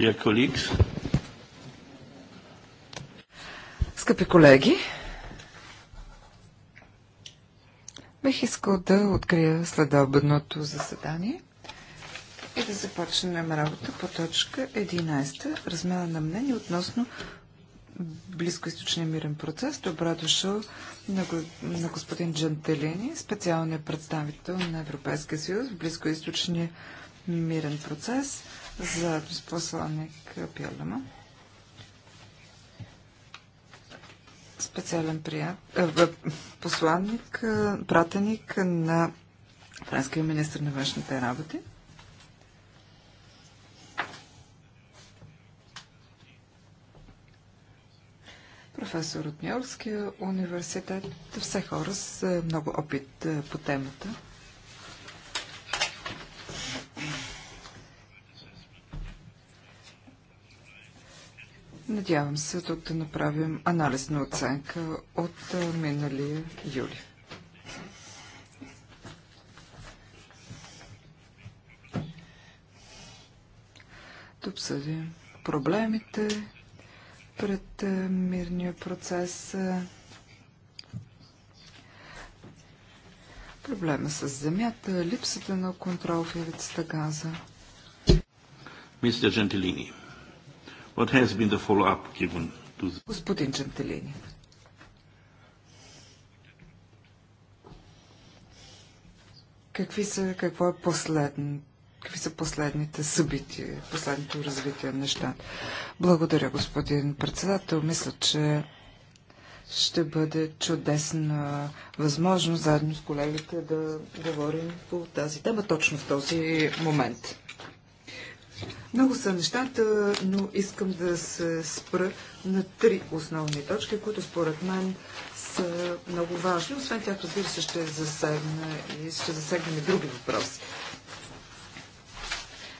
Dear colleagues. Скъпи колеги, бих искал да открия следобедното заседание и да започнем работа по точка 11. Размяна на мнение относно близкоисточния мирен процес. Добре дошъл на, го, на господин Джентелини, специалният представител на Европейския съюз в близкоисточния мирен мирен процес за посланник Пиолема. Специален прият... Е, посланник, е, пратеник на франския министр на външните работи. професор от Нью-Йоркския университет. Все хора с е, много опит по темата. Надявам се тук да направим анализ на оценка от миналия юли. Да обсъдим проблемите пред мирния процес. Проблема с земята, липсата на контрол в ивицата газа. Мистер Джентилини. What has been the follow-up given to the... Господин Джентелини. Какви са, какво е последно? Какви са последните събития, последното развитие на нещата? Благодаря, господин председател. Мисля, че ще бъде чудесна възможност заедно с колегите да говорим по тази тема точно в този момент. Много са нещата, но искам да се спра на три основни точки, които според мен са много важни. Освен тях, разбира се, ще засегна и ще засегнем и други въпроси.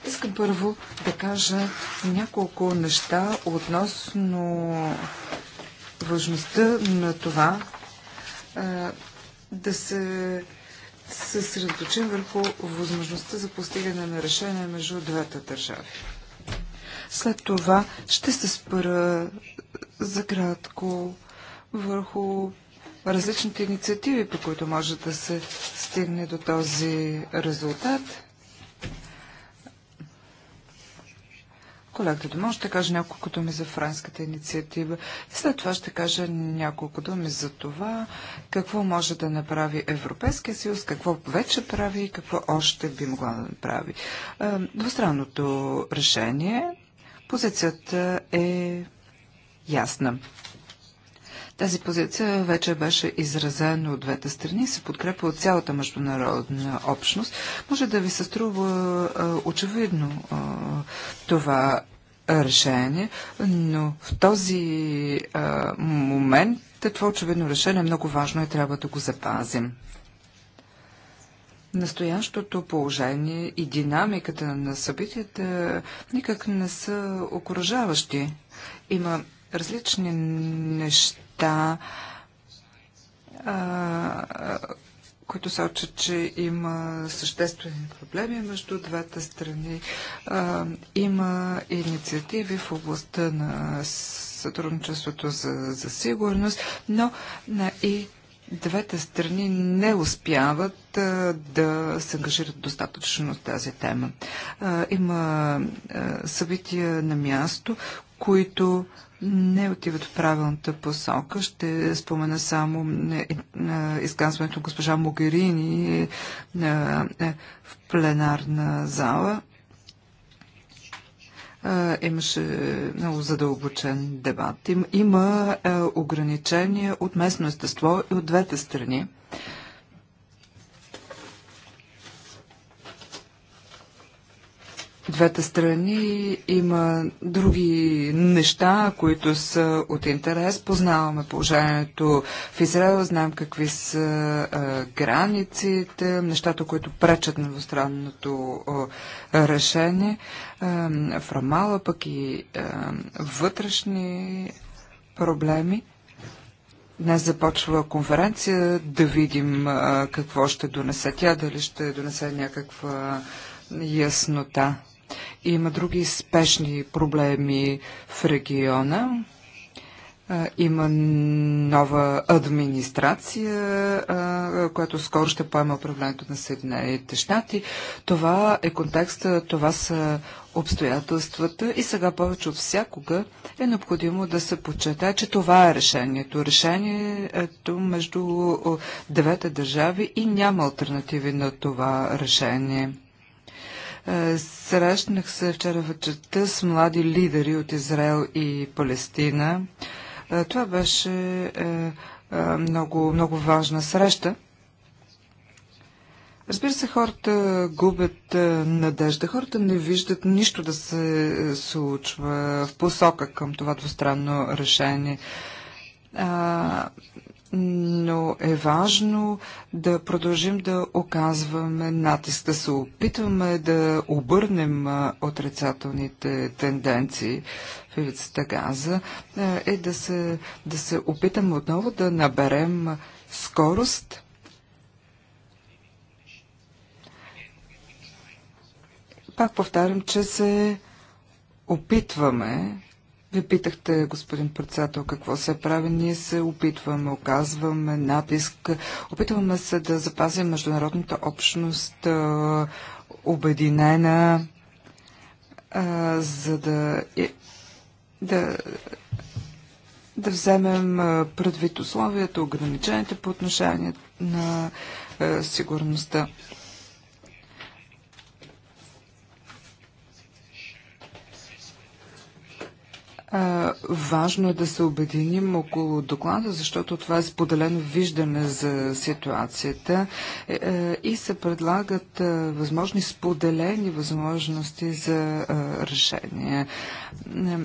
Искам първо да кажа няколко неща относно важността на това да се средоточим върху възможността за постигане на решение между двете държави. След това ще се спра за кратко върху различните инициативи, по които може да се стигне до този резултат. Колегата Дома ще каже няколко думи за френската инициатива. след това ще каже няколко думи за това, какво може да направи Европейския съюз, какво вече прави и какво още би могла да направи. Е, двустранното решение, позицията е ясна. Тази позиция вече беше изразена от двете страни и се подкрепа от цялата международна общност. Може да ви се струва очевидно това решение, но в този момент това очевидно решение е много важно и трябва да го запазим. Настоящото положение и динамиката на събитията никак не са окоръжаващи. Има различни неща неща, които сочат, че има съществени проблеми между двете страни. Има инициативи в областта на сътрудничеството за, за сигурност, но на и двете страни не успяват а, да се ангажират достатъчно с тази тема. А, има а, събития на място, които не отиват в правилната посока. Ще спомена само е, е, изказването на госпожа Могерини е, в пленарна зала. Имаше много задълбочен дебат. Има ограничения от местно естество и от двете страни. двете страни има други неща, които са от интерес. Познаваме положението в Израел, знаем какви са границите, нещата, които пречат на двустранното решение. в Рамала пък и вътрешни проблеми. Днес започва конференция, да видим какво ще донесе тя, дали ще донесе някаква яснота. Има други спешни проблеми в региона. Има нова администрация, която скоро ще поема управлението на Съединените щати. Това е контекста, това са обстоятелствата и сега повече от всякога е необходимо да се подчертае, че това е решението. Решението между девете държави и няма альтернативи на това решение. Е, срещнах се вчера вечерта с млади лидери от Израел и Палестина. Е, това беше е, много, много важна среща. Разбира се, хората губят надежда. Хората не виждат нищо да се случва в посока към това двустранно решение но е важно да продължим да оказваме натиск, да се опитваме да обърнем отрицателните тенденции в ивицата газа и е да се, да се опитаме отново да наберем скорост Пак повтарям, че се опитваме вие питахте, господин председател, какво се прави. Ние се опитваме, оказваме натиск, опитваме се да запазим международната общност обединена, за да, да, да вземем предвид условията, ограниченията по отношение на сигурността. Важно е да се обединим около доклада, защото това е споделено виждане за ситуацията е, е, и се предлагат възможни споделени възможности за решение.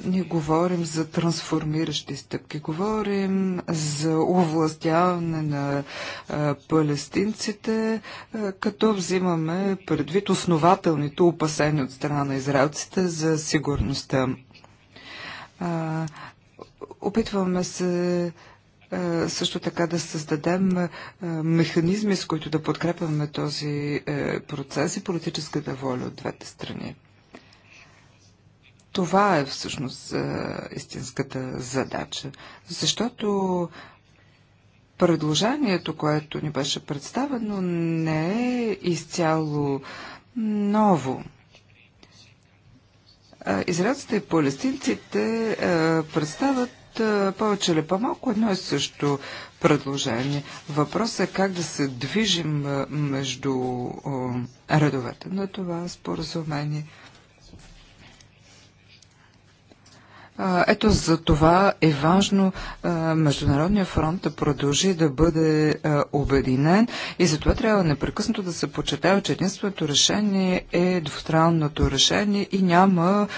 Ние говорим за трансформиращи стъпки, говорим за овластяване на палестинците, като взимаме предвид основателните опасения от страна на израелците за сигурността а, опитваме се също така да създадем механизми, с които да подкрепяме този е, процес и политическата воля от двете страни. Това е всъщност е, истинската задача, защото предложението, което ни беше представено, не е изцяло ново. Израелците и палестинците представят повече или по-малко едно и също предложение. Въпросът е как да се движим между редовете на това споразумение. Ето за това е важно Международния фронт да продължи да бъде обединен и за това трябва непрекъснато да се почетава, че единственото решение е двустранното решение и няма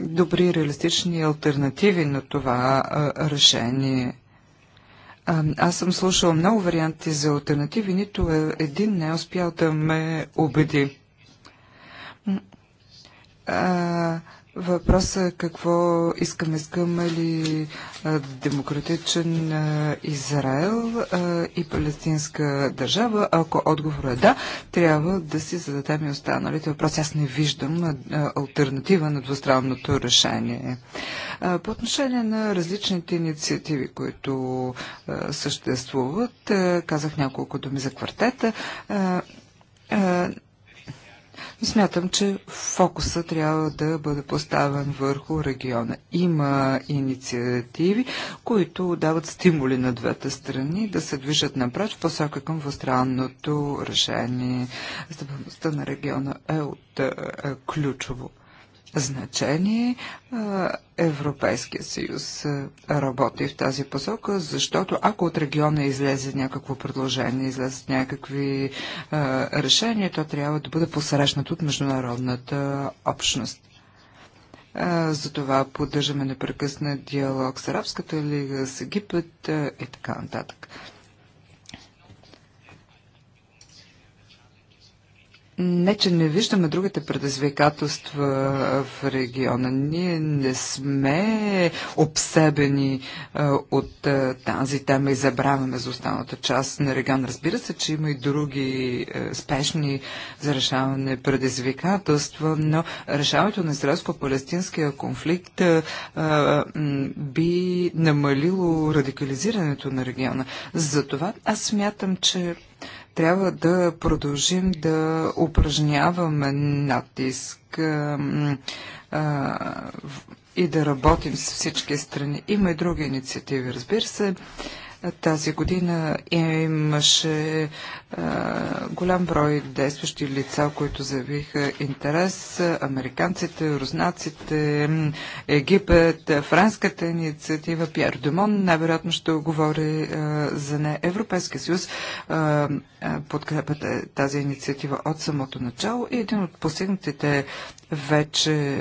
добри реалистични альтернативи на това решение. Аз съм слушал много варианти за альтернативи, нито е, един не е успял да ме убеди. А, Въпросът е какво искаме. искам ли демократичен Израел и палестинска държава? Ако отговорът е да, трябва да си зададем и останалите въпроси. Аз не виждам альтернатива на двустранното решение. По отношение на различните инициативи, които съществуват, казах няколко думи за квартета Смятам, че фокуса трябва да бъде поставен върху региона. Има инициативи, които дават стимули на двете страни да се движат напред в посока към възстранното решение. Стабилността на региона е от е, ключово значение. Европейския съюз работи в тази посока, защото ако от региона излезе някакво предложение, излезе някакви решения, то трябва да бъде посрещнато от международната общност. Затова поддържаме непрекъснат диалог с Арабската лига, с Египет и така нататък. Не, че не виждаме другите предизвикателства в региона. Ние не сме обсебени е, от е, тази тема и забравяме за останалата част на регион. Разбира се, че има и други е, спешни за решаване предизвикателства, но решаването на израелско-палестинския конфликт би намалило радикализирането на региона. Затова аз смятам, че трябва да продължим да упражняваме натиск а, а, и да работим с всички страни. Има и други инициативи, разбира се. А, тази година имаше а, голям брой действащи лица, които заявиха интерес. Американците, руснаците, Египет, франската инициатива, Пьер Демон, най-вероятно ще говори а, за не. Европейския съюз подкрепя тази инициатива от самото начало и един от постигнатите вече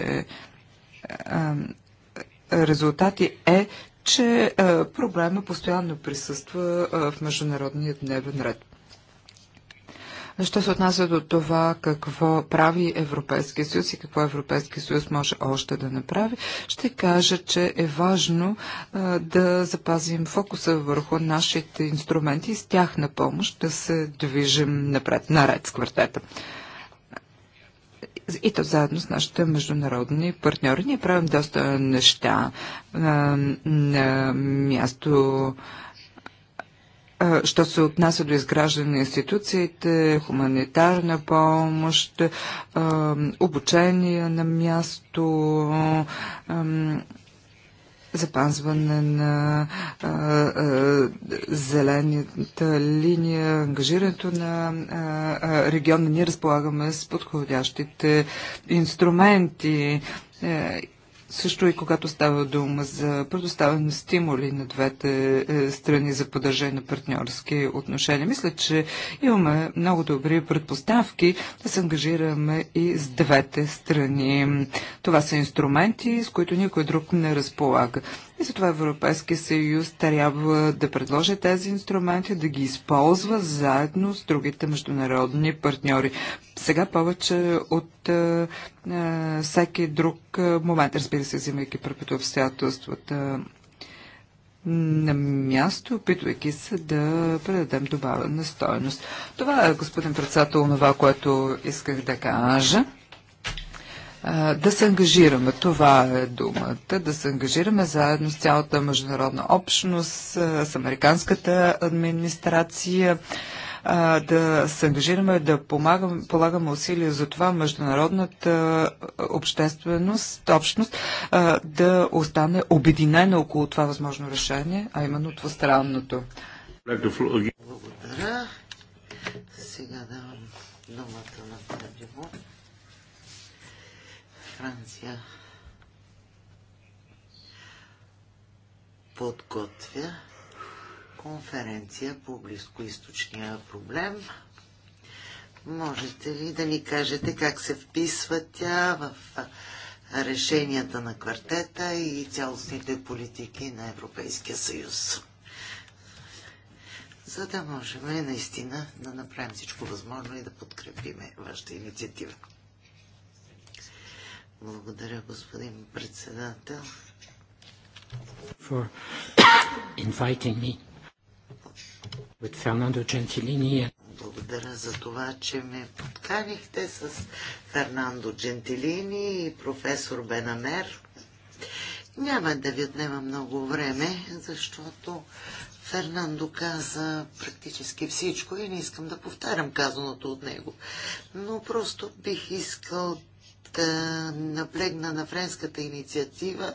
резултати е, че е, проблема постоянно присъства е, в международния дневен ред. Що се отнася до това какво прави Европейския съюз и какво Европейския съюз може още да направи, ще кажа, че е важно а, е, да запазим фокуса върху нашите инструменти и с тях на помощ да се движим напред, наред с квартета и то заедно с нашите международни партньори. Ние правим доста неща а, на място що се отнася до изграждане на институциите, хуманитарна помощ, обучение на място, запазване на а, а, зелената линия, ангажирането на а, региона. Ние разполагаме с подходящите инструменти е, също и когато става дума за предоставяне стимули на двете е, страни за поддържане на партньорски отношения. Мисля, че имаме много добри предпоставки да се ангажираме и с двете страни. Това са инструменти, с които никой друг не разполага затова Европейския съюз трябва да предложи тези инструменти, да ги използва заедно с другите международни партньори. Сега повече от а, е, а, е, всеки друг а, е, момент, разбира се, взимайки препод обстоятелствата на място, опитвайки се да предадем добавена стоеност. Това е, господин председател, това, което исках да кажа да се ангажираме. Това е думата. Да се ангажираме заедно с цялата международна общност, с американската администрация да се ангажираме да помагам, полагаме усилия за това международната общественост, общност да остане обединена около това възможно решение, а именно двустранното. Благодаря. Сега давам думата на Франция подготвя конференция по близкоисточния проблем. Можете ли да ни кажете как се вписва тя в решенията на квартета и цялостните политики на Европейския съюз? За да можем наистина да направим всичко възможно и да подкрепиме вашата инициатива. Благодаря, господин председател. For inviting me with Fernando Gentilini. Благодаря за това, че ме подканихте с Фернандо Джентилини и професор Бенамер. Няма да ви отнема много време, защото Фернандо каза практически всичко и не искам да повтарям казаното от него. Но просто бих искал наблегна на френската инициатива,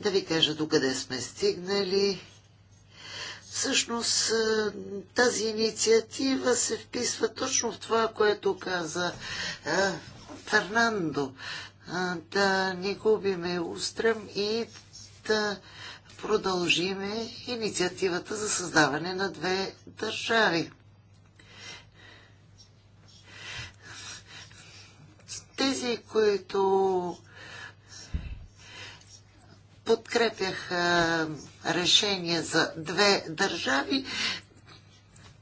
да ви кажа до къде сме стигнали. Всъщност тази инициатива се вписва точно в това, което каза Фернандо. Да не губиме устрем и да продължиме инициативата за създаване на две държави. Тези, които подкрепяха решение за две държави,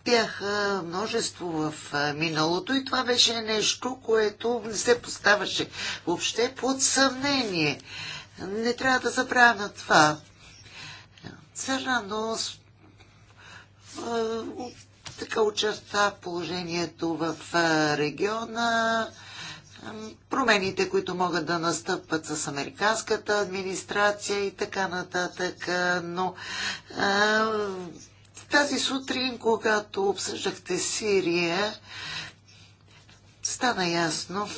бяха множество в миналото и това беше нещо, което не се поставаше въобще под съмнение. Не трябва да забравяме това. Царано така очерта положението в региона, промените, които могат да настъпват с американската администрация и така нататък, но а, тази сутрин, когато обсъждахте Сирия, стана ясно,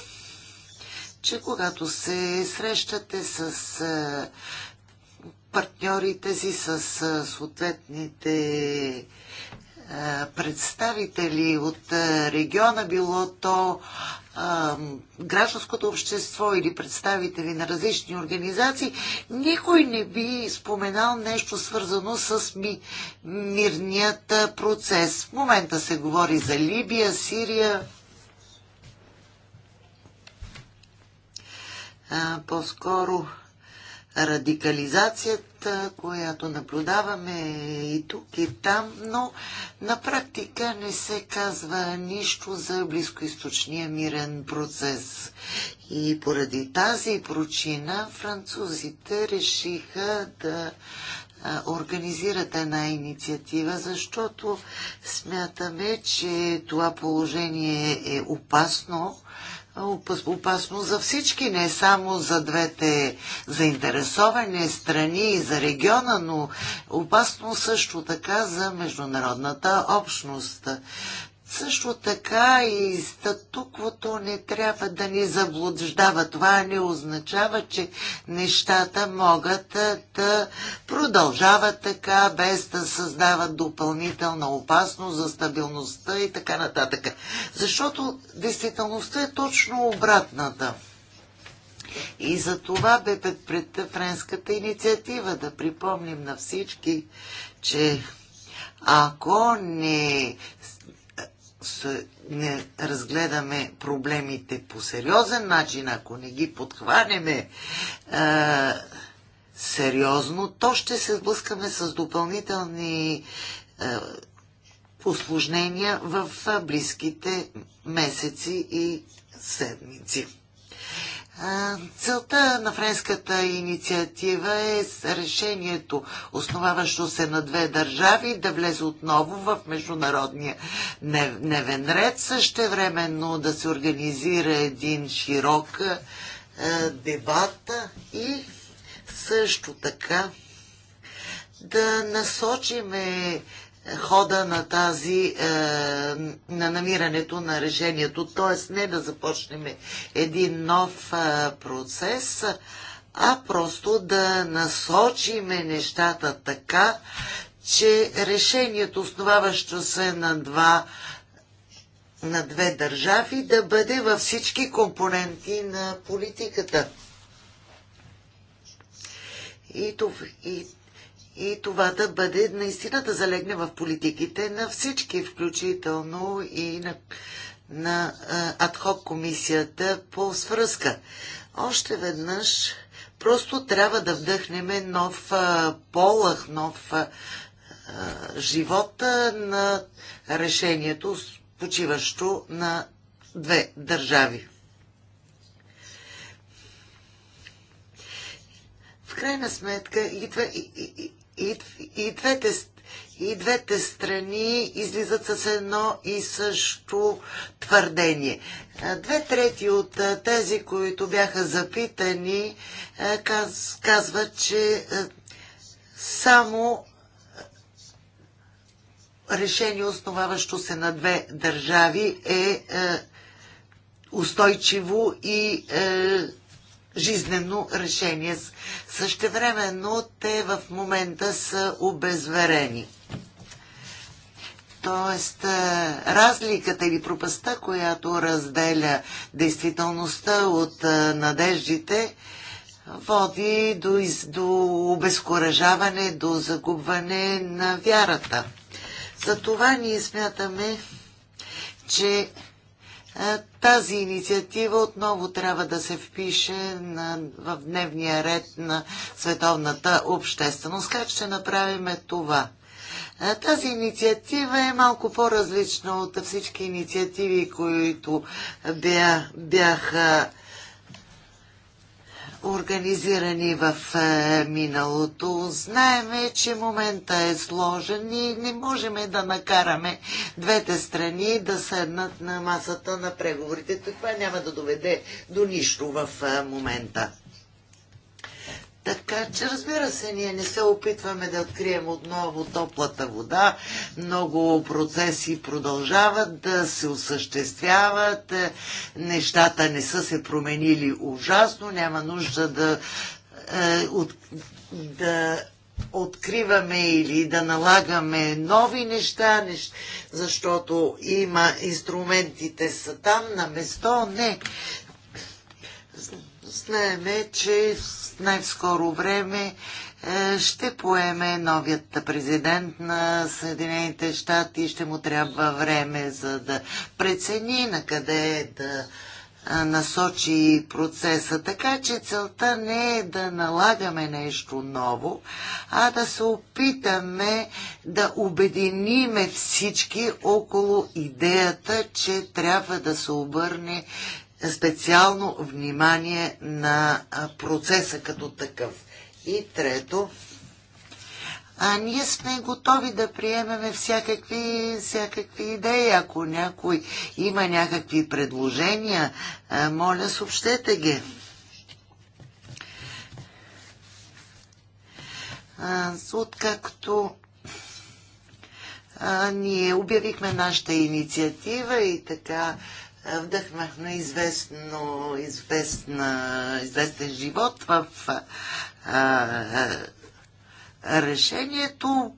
че когато се срещате с а, партньорите си, с а, съответните представители от региона, било то гражданското общество или представители на различни организации, никой не би споменал нещо свързано с ми, мирният процес. В момента се говори за Либия, Сирия. по-скоро радикализацията, която наблюдаваме и тук, и там, но на практика не се казва нищо за близкоисточния мирен процес. И поради тази причина французите решиха да организират една инициатива, защото смятаме, че това положение е опасно опасно за всички, не само за двете заинтересовани страни и за региона, но опасно също така за международната общност. Също така и статуквото не трябва да ни заблуждава. Това не означава, че нещата могат да продължават така, без да създават допълнителна опасност за стабилността и така нататък. Защото действителността е точно обратната. И за това бе пред френската инициатива да припомним на всички, че ако не не разгледаме проблемите по сериозен начин, ако не ги подхванеме е, сериозно, то ще се сблъскаме с допълнителни е, осложнения в е, близките месеци и седмици. Целта на френската инициатива е решението, основаващо се на две държави, да влезе отново в международния дневен ред, същевременно да се организира един широк дебат и също така да насочиме хода на тази, е, на намирането на решението. Т.е. не да започнем един нов е, процес, а просто да насочиме нещата така, че решението, основаващо се на два на две държави, да бъде във всички компоненти на политиката. И, това, и и това да бъде наистина да залегне в политиките на всички, включително и на, на адхок комисията по свръзка. Още веднъж просто трябва да вдъхнем нов полах, нов живота на решението, почиващо на две държави. В крайна сметка, идва, и, и, и, двете, и двете страни излизат с едно и също твърдение. Две трети от тези, които бяха запитани, каз, казват, че само решение, основаващо се на две държави, е устойчиво и е, жизнено решение. Същевременно те в момента са обезверени. Тоест, е, разликата или пропаста, която разделя действителността от е, надеждите, води до, из, до обезкуражаване, до загубване на вярата. Затова ние смятаме, че тази инициатива отново трябва да се впише на, в дневния ред на световната общественост. Как ще направим това? Тази инициатива е малко по-различна от всички инициативи, които бяха бяха организирани в е, миналото. Знаеме, че момента е сложен и не можем да накараме двете страни да седнат на масата на преговорите. Това няма да доведе до нищо в е, момента. Така че, разбира се, ние не се опитваме да открием отново топлата вода. Много процеси продължават да се осъществяват. Нещата не са се променили ужасно. Няма нужда да, е, да откриваме или да налагаме нови неща, защото има инструментите са там на место. Не. Знаеме, че най-скоро време е, ще поеме новият президент на Съединените щати и ще му трябва време за да прецени на къде е да насочи процеса. Така че целта не е да налагаме нещо ново, а да се опитаме да обединиме всички около идеята, че трябва да се обърне специално внимание на процеса като такъв. И трето, а ние сме готови да приемеме всякакви, всякакви идеи. Ако някой има някакви предложения, моля, съобщете ги. Откакто ние обявихме нашата инициатива и така е, вдъхнахме известно, известна, известен живот в а, решението.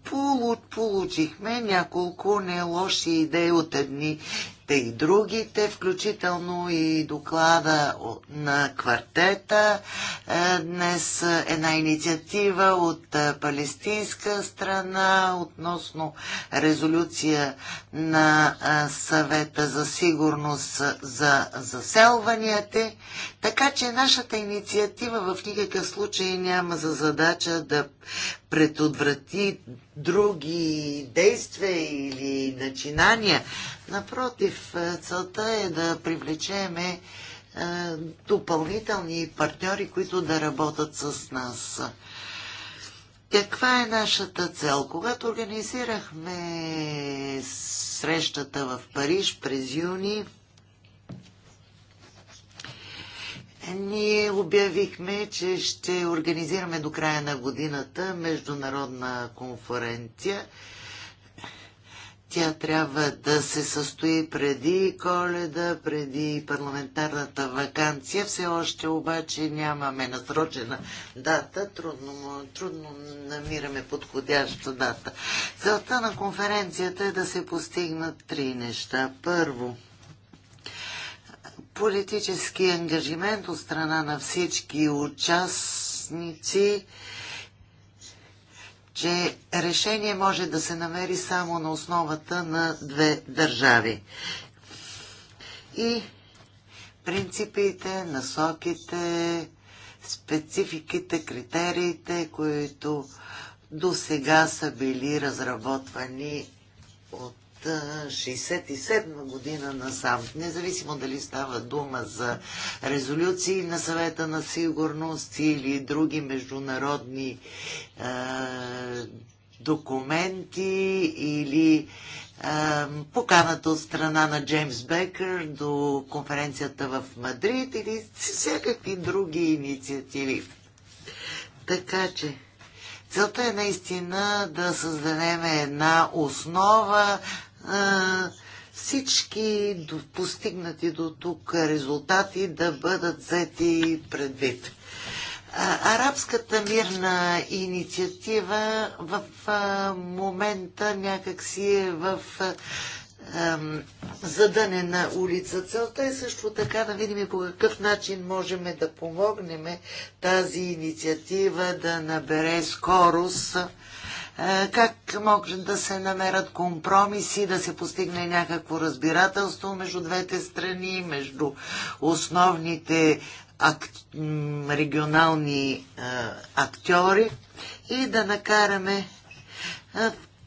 Получихме няколко нелоши идеи от едни те и другите, включително и доклада на квартета. Е, днес една инициатива от е, палестинска страна относно резолюция на е, съвета за сигурност за заселванията. Така че нашата инициатива в никакъв случай няма за задача да предотврати други действия или начинания. Напротив, е, целта е да привлечеме допълнителни партньори, които да работят с нас. Каква е нашата цел? Когато организирахме срещата в Париж през юни, Ние обявихме, че ще организираме до края на годината международна конференция. Тя трябва да се състои преди коледа, преди парламентарната вакансия. Все още обаче нямаме насрочена дата. Трудно, трудно намираме подходяща дата. Целта на конференцията е да се постигнат три неща. Първо, политически ангажимент от страна на всички участници, че решение може да се намери само на основата на две държави. И принципите, насоките, спецификите, критериите, които до сега са били разработвани от 67 година насам, независимо дали става дума за резолюции на съвета на сигурност или други международни е, документи или е, поканата от страна на Джеймс Бекър до конференцията в Мадрид или всякакви други инициативи. Така че, Целта е наистина да създадем една основа а, всички до, постигнати до тук резултати да бъдат взети предвид. А, арабската мирна инициатива в а, момента някакси е в а, задънена улица. Целта е също така да видим по какъв начин можем да помогнем тази инициатива да набере скорост е, как могат да се намерят компромиси, да се постигне някакво разбирателство между двете страни, между основните ак... регионални е, актьори и да накараме е,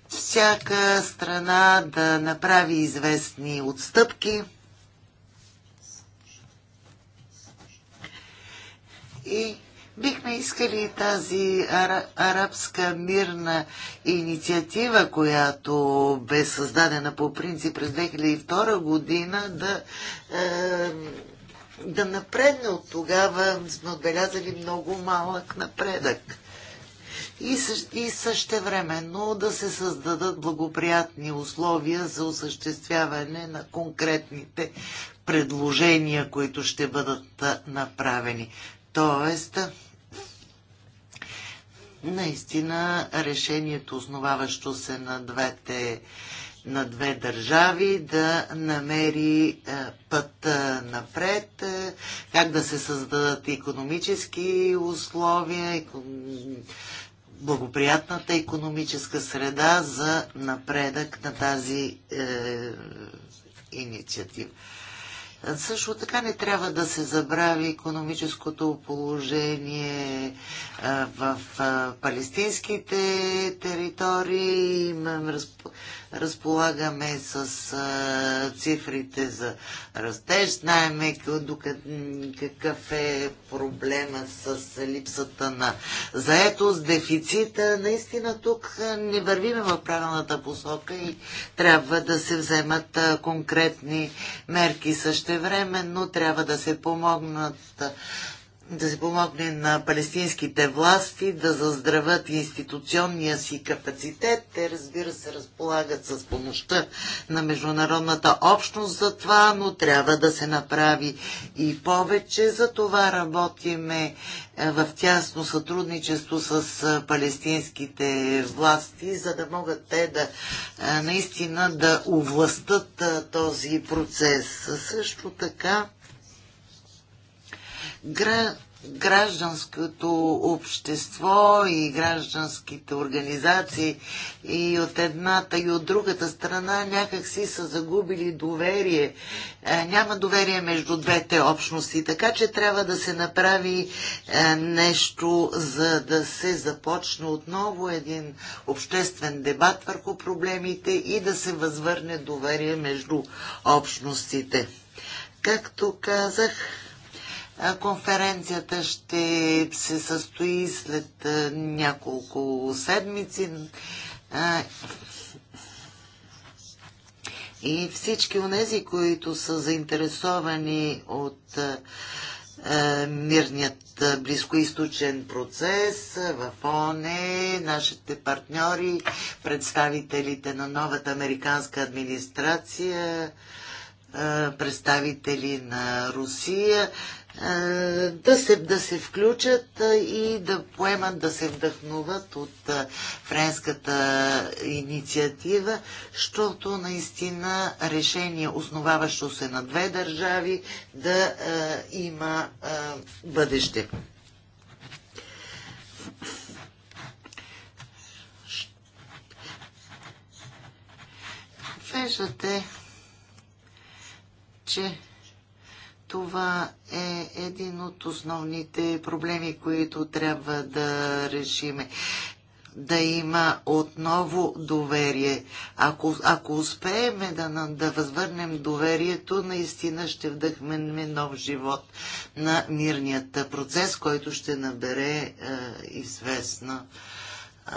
всяка страна да направи известни отстъпки. И Бихме искали тази арабска мирна инициатива, която бе създадена по принцип през 2002 година, да, е, да напредне от тогава. Сме отбелязали много малък напредък. И, също, и същевременно да се създадат благоприятни условия за осъществяване на конкретните предложения, които ще бъдат направени. Тоест, наистина решението, основаващо се на двете на две държави да намери е, път е, напред, е, как да се създадат економически условия, благоприятната економическа среда за напредък на тази инициатива. Също така не трябва да се забрави економическото положение в палестинските територии. Имам разп разполагаме с а, цифрите за растеж, знаем какъв е проблема с липсата на заетост, дефицита. Наистина тук не вървиме в правилната посока и трябва да се вземат а, конкретни мерки също време, но трябва да се помогнат да се помогне на палестинските власти да заздравят институционния си капацитет. Те, разбира се, разполагат с помощта на международната общност за това, но трябва да се направи и повече. За това работиме е, в тясно сътрудничество с е, палестинските власти, за да могат те да е, наистина да овластат този процес. Също така гражданското общество и гражданските организации и от едната и от другата страна някак си са загубили доверие. Е, няма доверие между двете общности, така че трябва да се направи е, нещо, за да се започне отново един обществен дебат върху проблемите и да се възвърне доверие между общностите. Както казах, Конференцията ще се състои след няколко седмици. И всички тези, които са заинтересовани от мирният близкоисточен процес в ОНЕ, нашите партньори, представителите на новата американска администрация, представители на Русия. Е, да се, да се включат е, и да поемат, да се вдъхнуват от е, френската инициатива, защото наистина решение, основаващо се на две държави, да има бъдеще. Виждате, че това е един от основните проблеми, които трябва да решиме. Да има отново доверие. Ако, ако успеем да, да възвърнем доверието, наистина ще вдъхнем нов живот на мирният процес, който ще набере е, известна е,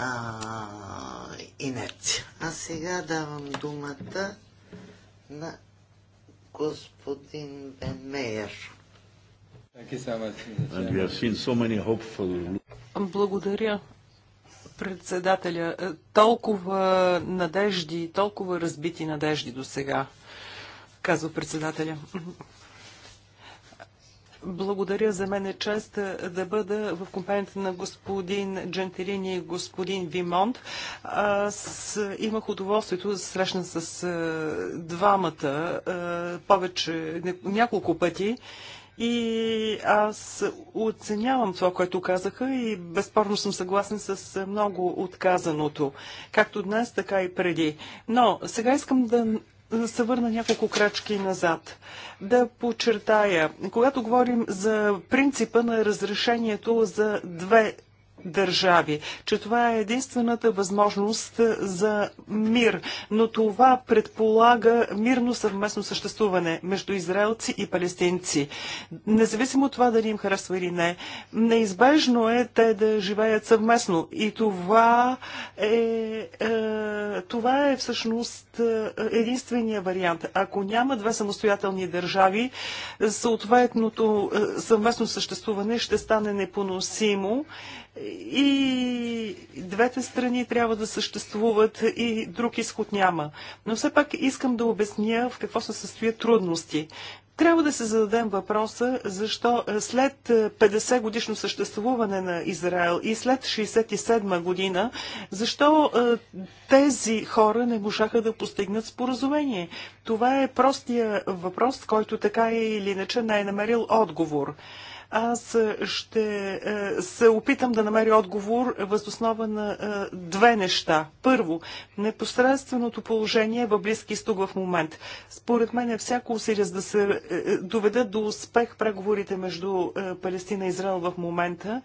инерция. А сега давам думата на господин Благодаря, председателя. Е, толкова надежди, толкова разбити надежди до сега, казва председателя. Благодаря. За мен е чест е, да бъда в компанията на господин Джентелини и господин Вимонт. Аз имах удоволствието да се срещна с е, двамата е, повече, няколко пъти. И аз оценявам това, което казаха и безспорно съм съгласен с много отказаното, както днес, така и преди. Но сега искам да се върна няколко крачки назад. Да подчертая, когато говорим за принципа на разрешението за две държави, че това е единствената възможност е, за мир, но това предполага мирно съвместно съществуване между израелци и палестинци. Независимо от това дали им харесва или не, неизбежно е те да живеят съвместно и това е, е, това е всъщност е, единствения вариант. Ако няма две самостоятелни държави, съответното е, съвместно съществуване ще стане непоносимо и двете страни трябва да съществуват и друг изход няма. Но все пак искам да обясня в какво се състоят трудности. Трябва да се зададем въпроса, защо след 50 е, годишно съществуване на Израел и след 67 година, защо е, тези хора не можаха да постигнат споразумение. Това е простия въпрос, който така или иначе не е намерил отговор. Аз е, ще е, се опитам да намеря отговор възоснова на е, две неща. Първо, непосредственото положение в Близки изток в момент. Според мен е всяко усилие да се доведат до успех преговорите между Палестина и Израел в момента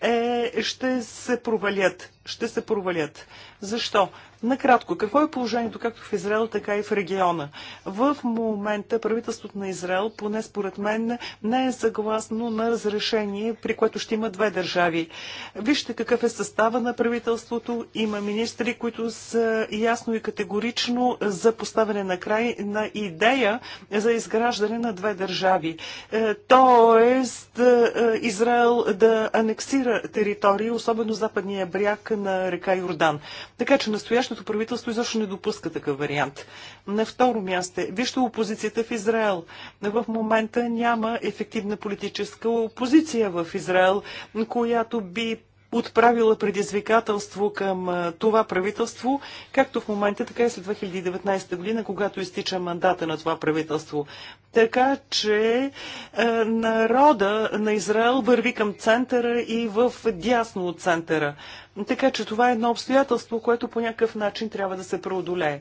е, ще се провалят. Ще се провалят. Защо? Накратко, какво е положението както в Израел, така и в региона? В момента правителството на Израел, поне според мен, не е съгласно на разрешение, при което ще има две държави. Вижте какъв е състава на правителството. Има министри, които са ясно и категорично за поставяне на край на идея за изграждане на две държави. Е, тоест, е, Израел да анексира територии, особено западния бряг на река Йордан. Така че настоящото сегашното правителство изобщо не допуска такъв вариант. На второ място, вижте опозицията в Израел. В момента няма ефективна политическа опозиция в Израел, която би отправила предизвикателство към това правителство, както в момента, така и след 2019 година, когато изтича мандата на това правителство. Така че народа на Израел върви към центъра и в дясно от центъра. Така че това е едно обстоятелство, което по някакъв начин трябва да се преодолее.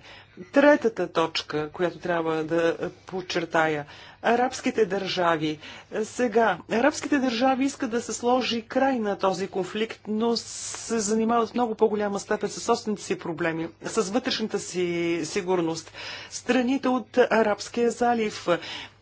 Третата точка, която трябва да подчертая. Арабските държави. Сега, арабските държави искат да се сложи край на този конфликт, но се занимават в много по-голяма степен с собствените си проблеми, с вътрешната си сигурност. Страните от Арабския залив,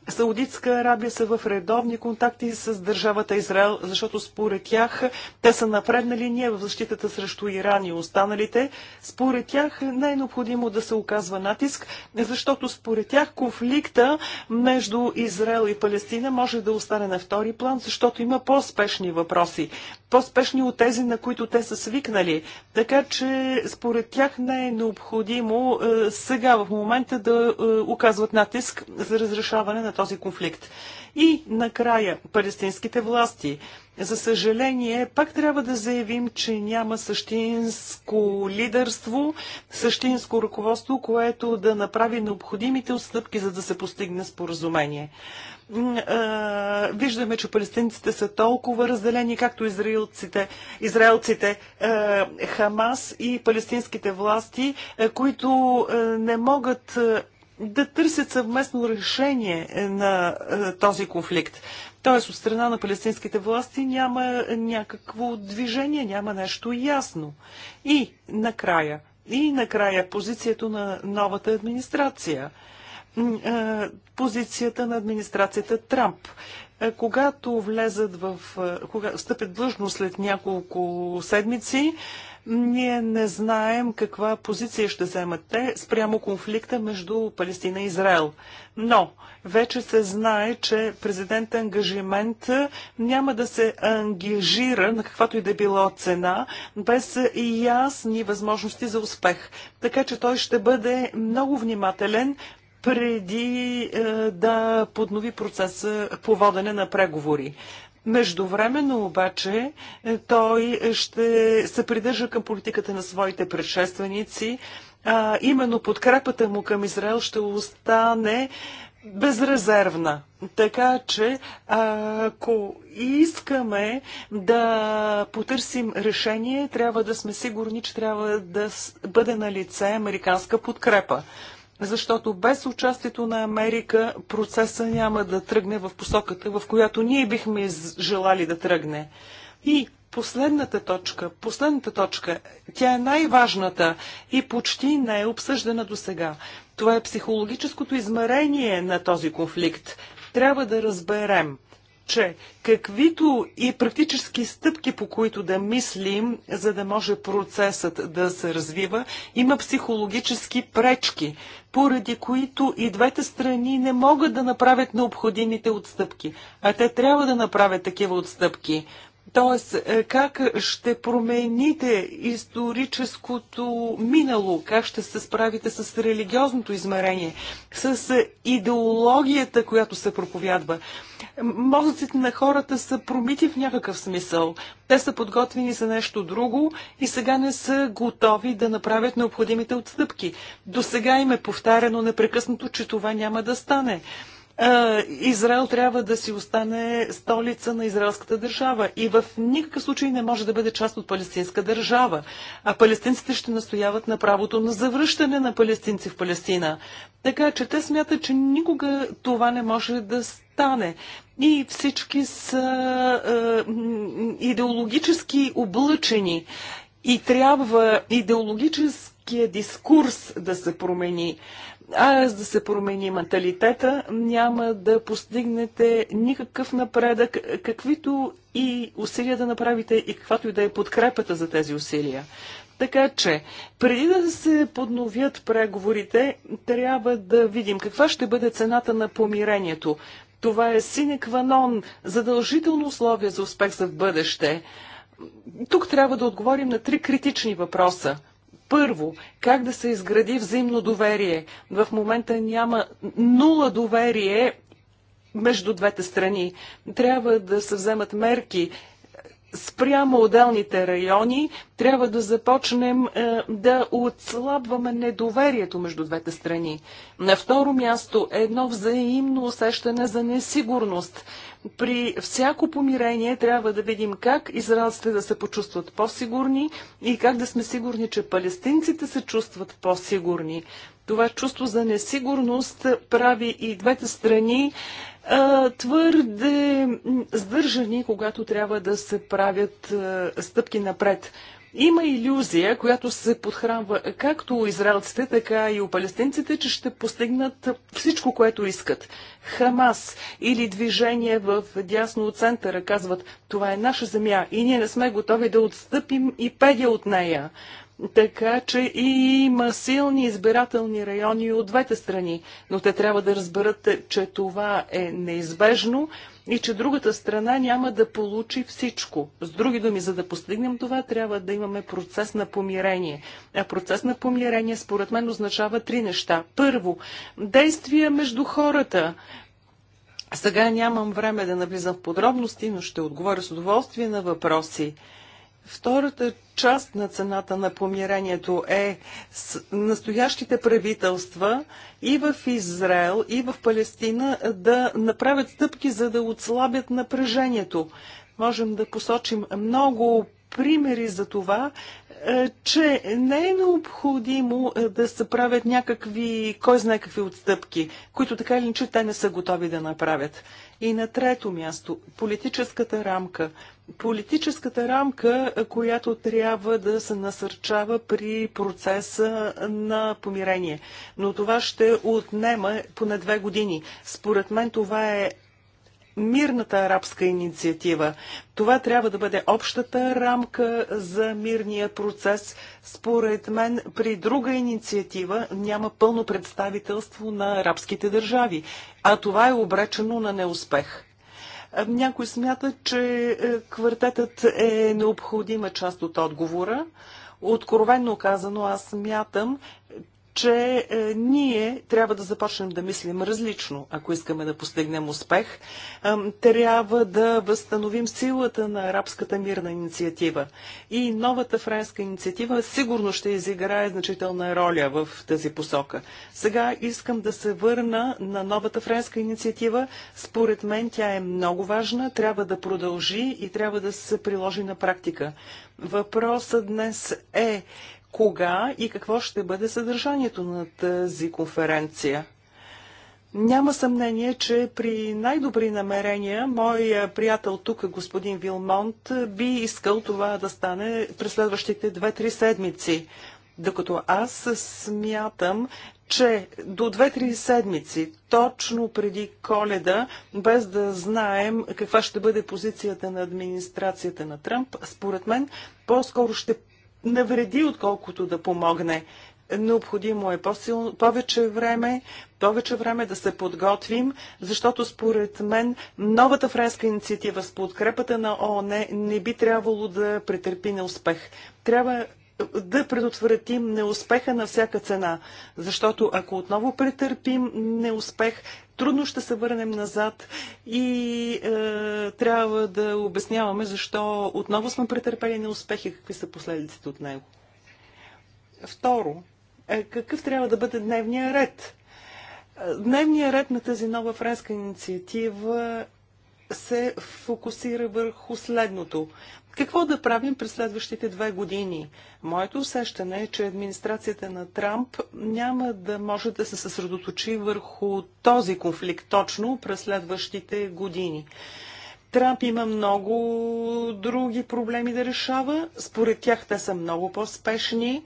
Саудитска Арабия са в редовни контакти с държавата Израел, защото според тях те са на предна линия в защитата срещу Иран и останалите. Според тях не е необходимо да се оказва натиск, защото според тях конфликта между Израел и Палестина може да остане на втори план, защото има по-спешни въпроси. По-спешни от тези, на които те са свикнали. Така че според тях не е необходимо е, сега в момента да е, оказват натиск за разрешаване на този този конфликт. И накрая, палестинските власти. За съжаление, пак трябва да заявим, че няма същинско лидерство, същинско ръководство, което да направи необходимите отстъпки, за да се постигне споразумение. Виждаме, че палестинците са толкова разделени, както израелците, израелците Хамас и палестинските власти, които не могат да търсят съвместно решение е, на е, този конфликт. Тоест от страна на палестинските власти няма някакво движение, няма нещо ясно. И накрая, и накрая позицията на новата администрация, е, позицията на администрацията Трамп когато влезат в, кога стъпят длъжно след няколко седмици, ние не знаем каква позиция ще вземат те спрямо конфликта между Палестина и Израел. Но вече се знае, че президент ангажимент няма да се ангажира на каквато и да е било цена, без ясни възможности за успех. Така че той ще бъде много внимателен преди е, да поднови процеса по водене на преговори. Междувременно обаче е, той ще се придържа към политиката на своите предшественици, а именно подкрепата му към Израел ще остане безрезервна. Така че, ако искаме да потърсим решение, трябва да сме сигурни, че трябва да бъде на лице американска подкрепа защото без участието на Америка процеса няма да тръгне в посоката, в която ние бихме желали да тръгне. И последната точка, последната точка, тя е най-важната и почти не е обсъждана до сега. Това е психологическото измерение на този конфликт. Трябва да разберем – че каквито и практически стъпки, по които да мислим, за да може процесът да се развива, има психологически пречки, поради които и двете страни не могат да направят необходимите отстъпки, а те трябва да направят такива отстъпки. Тоест, е, как ще промените историческото минало? Как ще се справите с религиозното измерение? С е, идеологията, която се проповядва? Мозъците на хората са промити в някакъв смисъл. Те са подготвени за нещо друго и сега не са готови да направят необходимите отстъпки. До сега им е повтаряно непрекъснато, че това няма да стане. Израел трябва да си остане столица на израелската държава и в никакъв случай не може да бъде част от палестинска държава. А палестинците ще настояват на правото на завръщане на палестинци в Палестина. Така че те смятат, че никога това не може да стане. И всички са е, идеологически облъчени и трябва идеологическия дискурс да се промени а да се промени менталитета, няма да постигнете никакъв напредък, каквито и усилия да направите и каквато и да е подкрепата за тези усилия. Така че, преди да се подновят преговорите, трябва да видим каква ще бъде цената на помирението. Това е сине кванон, задължително условие за успех за в бъдеще. Тук трябва да отговорим на три критични въпроса – първо, как да се изгради взаимно доверие? В момента няма нула доверие между двете страни. Трябва да се вземат мерки спрямо отделните райони, трябва да започнем е, да отслабваме недоверието между двете страни. На второ място е едно взаимно усещане за несигурност. При всяко помирение трябва да видим как израелците да се почувстват по-сигурни и как да сме сигурни, че палестинците се чувстват по-сигурни. Това чувство за несигурност прави и двете страни твърде сдържани, когато трябва да се правят стъпки напред. Има иллюзия, която се подхранва както израелците, така и у палестинците, че ще постигнат всичко, което искат. Хамас или движение в дясно от центъра казват, това е наша земя и ние не сме готови да отстъпим и педя от нея. Така че и има силни избирателни райони от двете страни, но те трябва да разберат, че това е неизбежно и че другата страна няма да получи всичко. С други думи, за да постигнем това, трябва да имаме процес на помирение. А процес на помирение, според мен, означава три неща. Първо, действия между хората. Сега нямам време да навлизам в подробности, но ще отговоря с удоволствие на въпроси. Втората част на цената на помирението е с настоящите правителства и в Израел, и в Палестина да направят стъпки, за да отслабят напрежението. Можем да посочим много примери за това, е, че не е необходимо е, да се правят някакви, кой знае какви отстъпки, които така или иначе те не са готови да направят. И на трето място, политическата рамка. Политическата рамка, е, която трябва да се насърчава при процеса на помирение. Но това ще отнема поне две години. Според мен това е мирната арабска инициатива. Това трябва да бъде общата рамка за мирния процес. Според мен, при друга инициатива няма пълно представителство на арабските държави, а това е обречено на неуспех. Е, някой смята, че е, квартетът е необходима част от отговора. Откровенно казано, аз мятам, че е, ние трябва да започнем да мислим различно, ако искаме да постигнем успех. Е, трябва да възстановим силата на арабската мирна инициатива. И новата френска инициатива сигурно ще изиграе значителна роля в тази посока. Сега искам да се върна на новата френска инициатива. Според мен тя е много важна, трябва да продължи и трябва да се приложи на практика. Въпросът днес е кога и какво ще бъде съдържанието на тази конференция. Няма съмнение, че при най-добри намерения мой приятел тук, господин Вилмонт, би искал това да стане през следващите 2-3 седмици. Докато аз смятам, че до 2-3 седмици, точно преди коледа, без да знаем каква ще бъде позицията на администрацията на Тръмп, според мен по-скоро ще навреди, отколкото да помогне. Необходимо е повече време, повече време да се подготвим, защото според мен новата френска инициатива с подкрепата на ООН не би трябвало да претърпи неуспех. Трябва да предотвратим неуспеха на всяка цена. Защото ако отново претърпим неуспех, трудно ще се върнем назад и е, трябва да обясняваме защо отново сме претърпели неуспехи, и какви са последиците от него. Второ, е, какъв трябва да бъде дневния ред? Е, Дневният ред на тази нова френска инициатива се фокусира върху следното. Какво да правим през следващите две години? Моето усещане е, че администрацията на Трамп няма да може да се съсредоточи върху този конфликт точно през следващите години. Трамп има много други проблеми да решава. Според тях те са много по-спешни.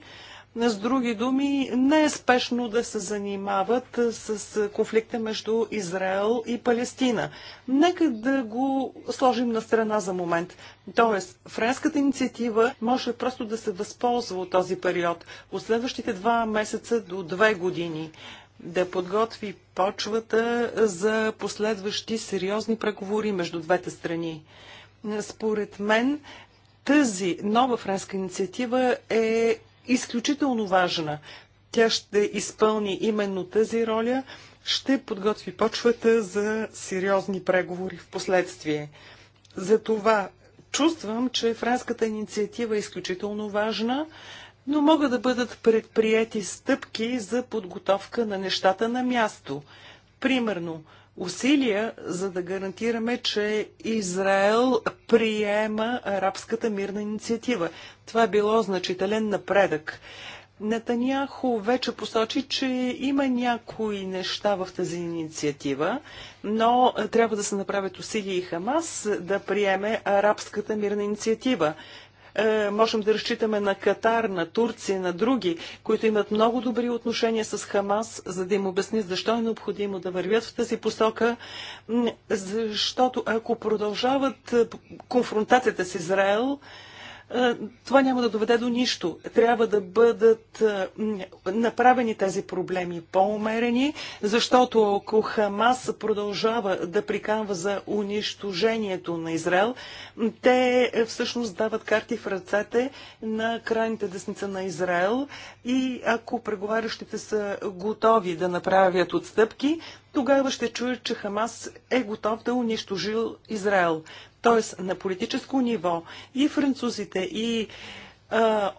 С други думи, не е спешно да се занимават с конфликта между Израел и Палестина. Нека да го сложим на страна за момент. Тоест, френската инициатива може просто да се възползва от този период, от следващите два месеца до две години да подготви почвата за последващи сериозни преговори между двете страни. Според мен тази нова френска инициатива е изключително важна. Тя ще изпълни именно тази роля, ще подготви почвата за сериозни преговори в последствие. Затова чувствам, че френската инициатива е изключително важна, но могат да бъдат предприяти стъпки за подготовка на нещата на място. Примерно, усилия, за да гарантираме, че Израел приема арабската мирна инициатива. Това е било значителен напредък. Натаняхо вече посочи, че има някои неща в тази инициатива, но трябва да се направят усилия и Хамас да приеме арабската мирна инициатива. Е, можем да разчитаме на Катар, на Турция, на други, които имат много добри отношения с Хамас, за да им обясни защо е необходимо да вървят в тази посока. Защото ако продължават е, конфронтацията с Израел, е, това няма да доведе до нищо. Трябва да бъдат е, направени тези проблеми по-умерени, защото ако Хамас продължава да приканва за унищожението на Израел, те е, всъщност дават карти в ръцете на крайните десница на Израел и ако преговарящите са готови да направят отстъпки, тогава ще чуят, че Хамас е готов да унищожил Израел. Т.е. на политическо ниво и французите, и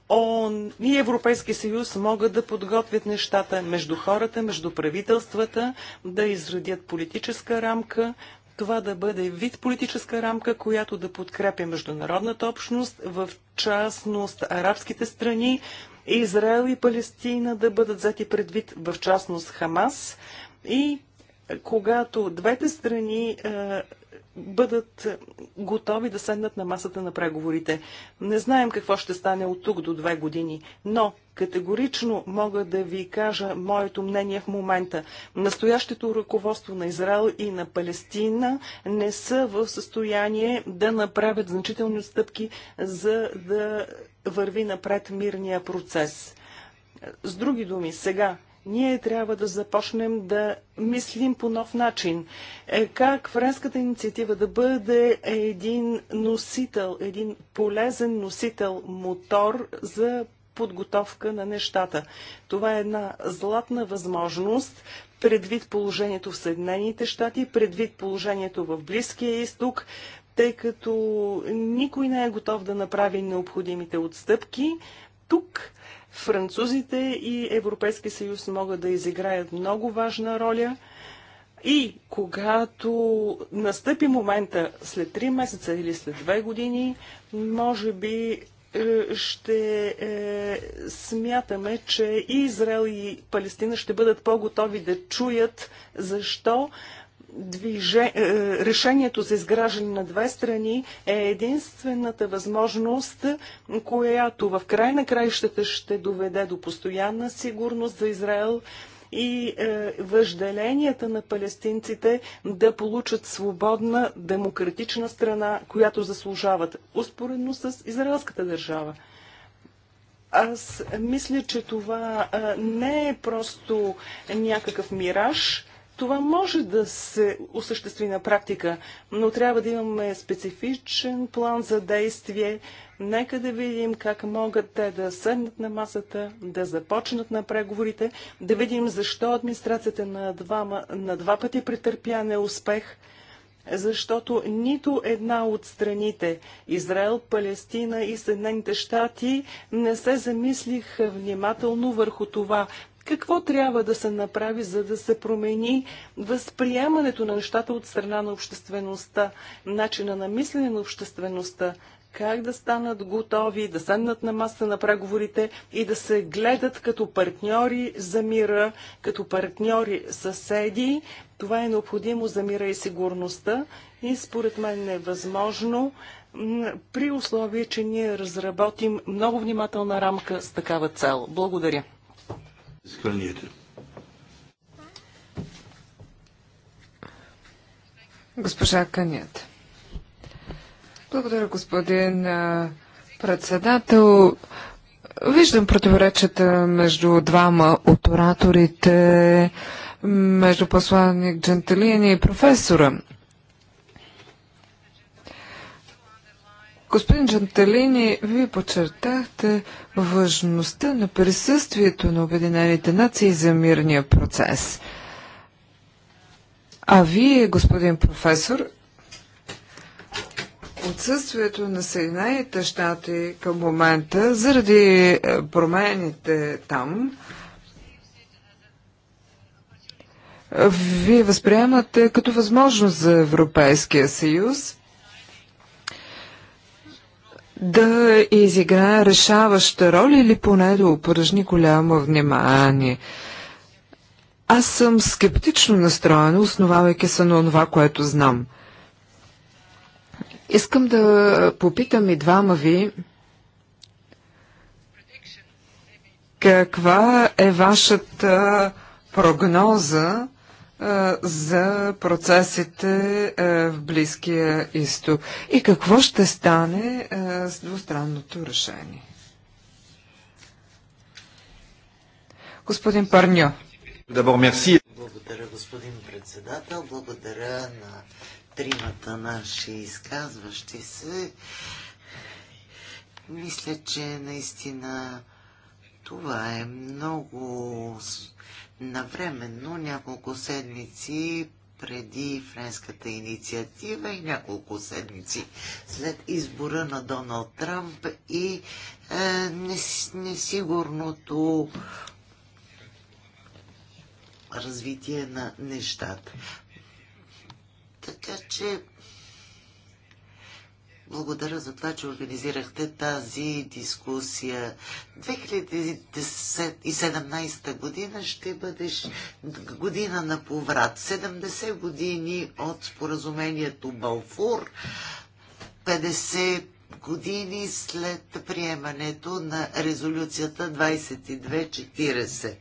ООН и Европейски съюз могат да подготвят нещата между хората, между правителствата, да израдят политическа рамка, това да бъде вид политическа рамка, която да подкрепя международната общност, в частност арабските страни, Израел и Палестина да бъдат взети предвид, в частност Хамас и когато двете страни бъдат готови да седнат на масата на преговорите. Не знаем какво ще стане от тук до две години, но категорично мога да ви кажа моето мнение в момента. Настоящето ръководство на Израел и на Палестина не са в състояние да направят значителни отстъпки, за да върви напред мирния процес. С други думи, сега ние трябва да започнем да мислим по нов начин. Е, как френската инициатива да бъде един носител, един полезен носител, мотор за подготовка на нещата. Това е една златна възможност предвид положението в Съединените щати, предвид положението в Близкия изток, тъй като никой не е готов да направи необходимите отстъпки. Тук Французите и Европейски съюз могат да изиграят много важна роля. И когато настъпи момента след 3 месеца или след 2 години, може би е, ще е, смятаме, че и Израел и Палестина ще бъдат по-готови да чуят защо движе, е, решението за изграждане на две страни е единствената възможност, която в край на краищата ще доведе до постоянна сигурност за Израел и е, въжделенията на палестинците да получат свободна демократична страна, която заслужават, успоредно с израелската държава. Аз мисля, че това е, не е просто някакъв мираж, това може да се осъществи на практика, но трябва да имаме специфичен план за действие. Нека да видим как могат те да седнат на масата, да започнат на преговорите, да видим защо администрацията на два, на два пъти претърпя неуспех защото нито една от страните Израел, Палестина и Съединените щати не се замислиха внимателно върху това какво трябва да се направи, за да се промени възприемането на нещата от страна на обществеността, начина на мислене на обществеността, как да станат готови, да седнат на маса на преговорите и да се гледат като партньори за мира, като партньори съседи. Това е необходимо за мира и сигурността и според мен е възможно при условие, че ние разработим много внимателна рамка с такава цел. Благодаря. Склонете. Госпожа Канят. Благодаря, господин председател. Виждам противоречията между двама от ораторите, между посланник Джентелини и професора. Господин Джантелини, вие подчертахте важността на присъствието на Обединените нации за мирния процес. А вие, господин професор, отсъствието на Съединените щати към момента заради е, промените там, вие възприемате като възможност за Европейския съюз да изиграе решаваща роля или поне да упражни голямо внимание. Аз съм скептично настроена, основавайки се на това, което знам. Искам да попитам и двама ви каква е вашата прогноза за процесите в Близкия изток и какво ще стане с двустранното решение. Господин Парньо. Благодаря, господин председател. Благодаря на тримата наши изказващи се. Мисля, че наистина това е много навременно няколко седмици преди френската инициатива и няколко седмици след избора на Доналд Трамп и е, несигурното развитие на нещата. Така че благодаря за това, че организирахте тази дискусия. 2017 година ще бъдеш година на поврат. 70 години от споразумението Балфур, 50 години след приемането на резолюцията 2240.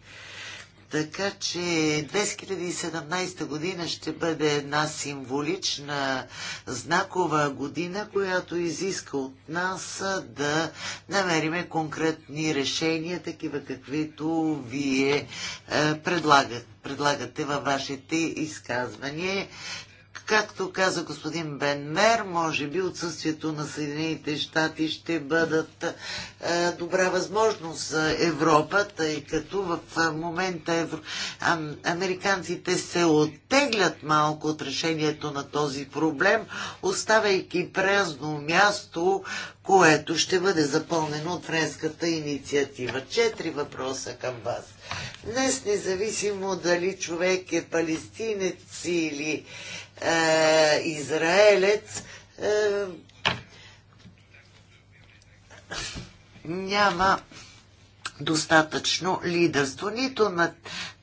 Така че 2017 година ще бъде една символична знакова година, която изиска от нас да намериме конкретни решения, такива каквито вие предлагате предлагате във вашите изказвания. Както каза господин Бен Мер, може би отсъствието на Съединените щати ще бъдат е, добра възможност за Европа, тъй като в е, момента евро... американците се оттеглят малко от решението на този проблем, оставяйки празно място, което ще бъде запълнено от френската инициатива. Четири въпроса към вас. Днес, независимо дали човек е палестинец или е, израелец е, няма достатъчно лидерство. Нито на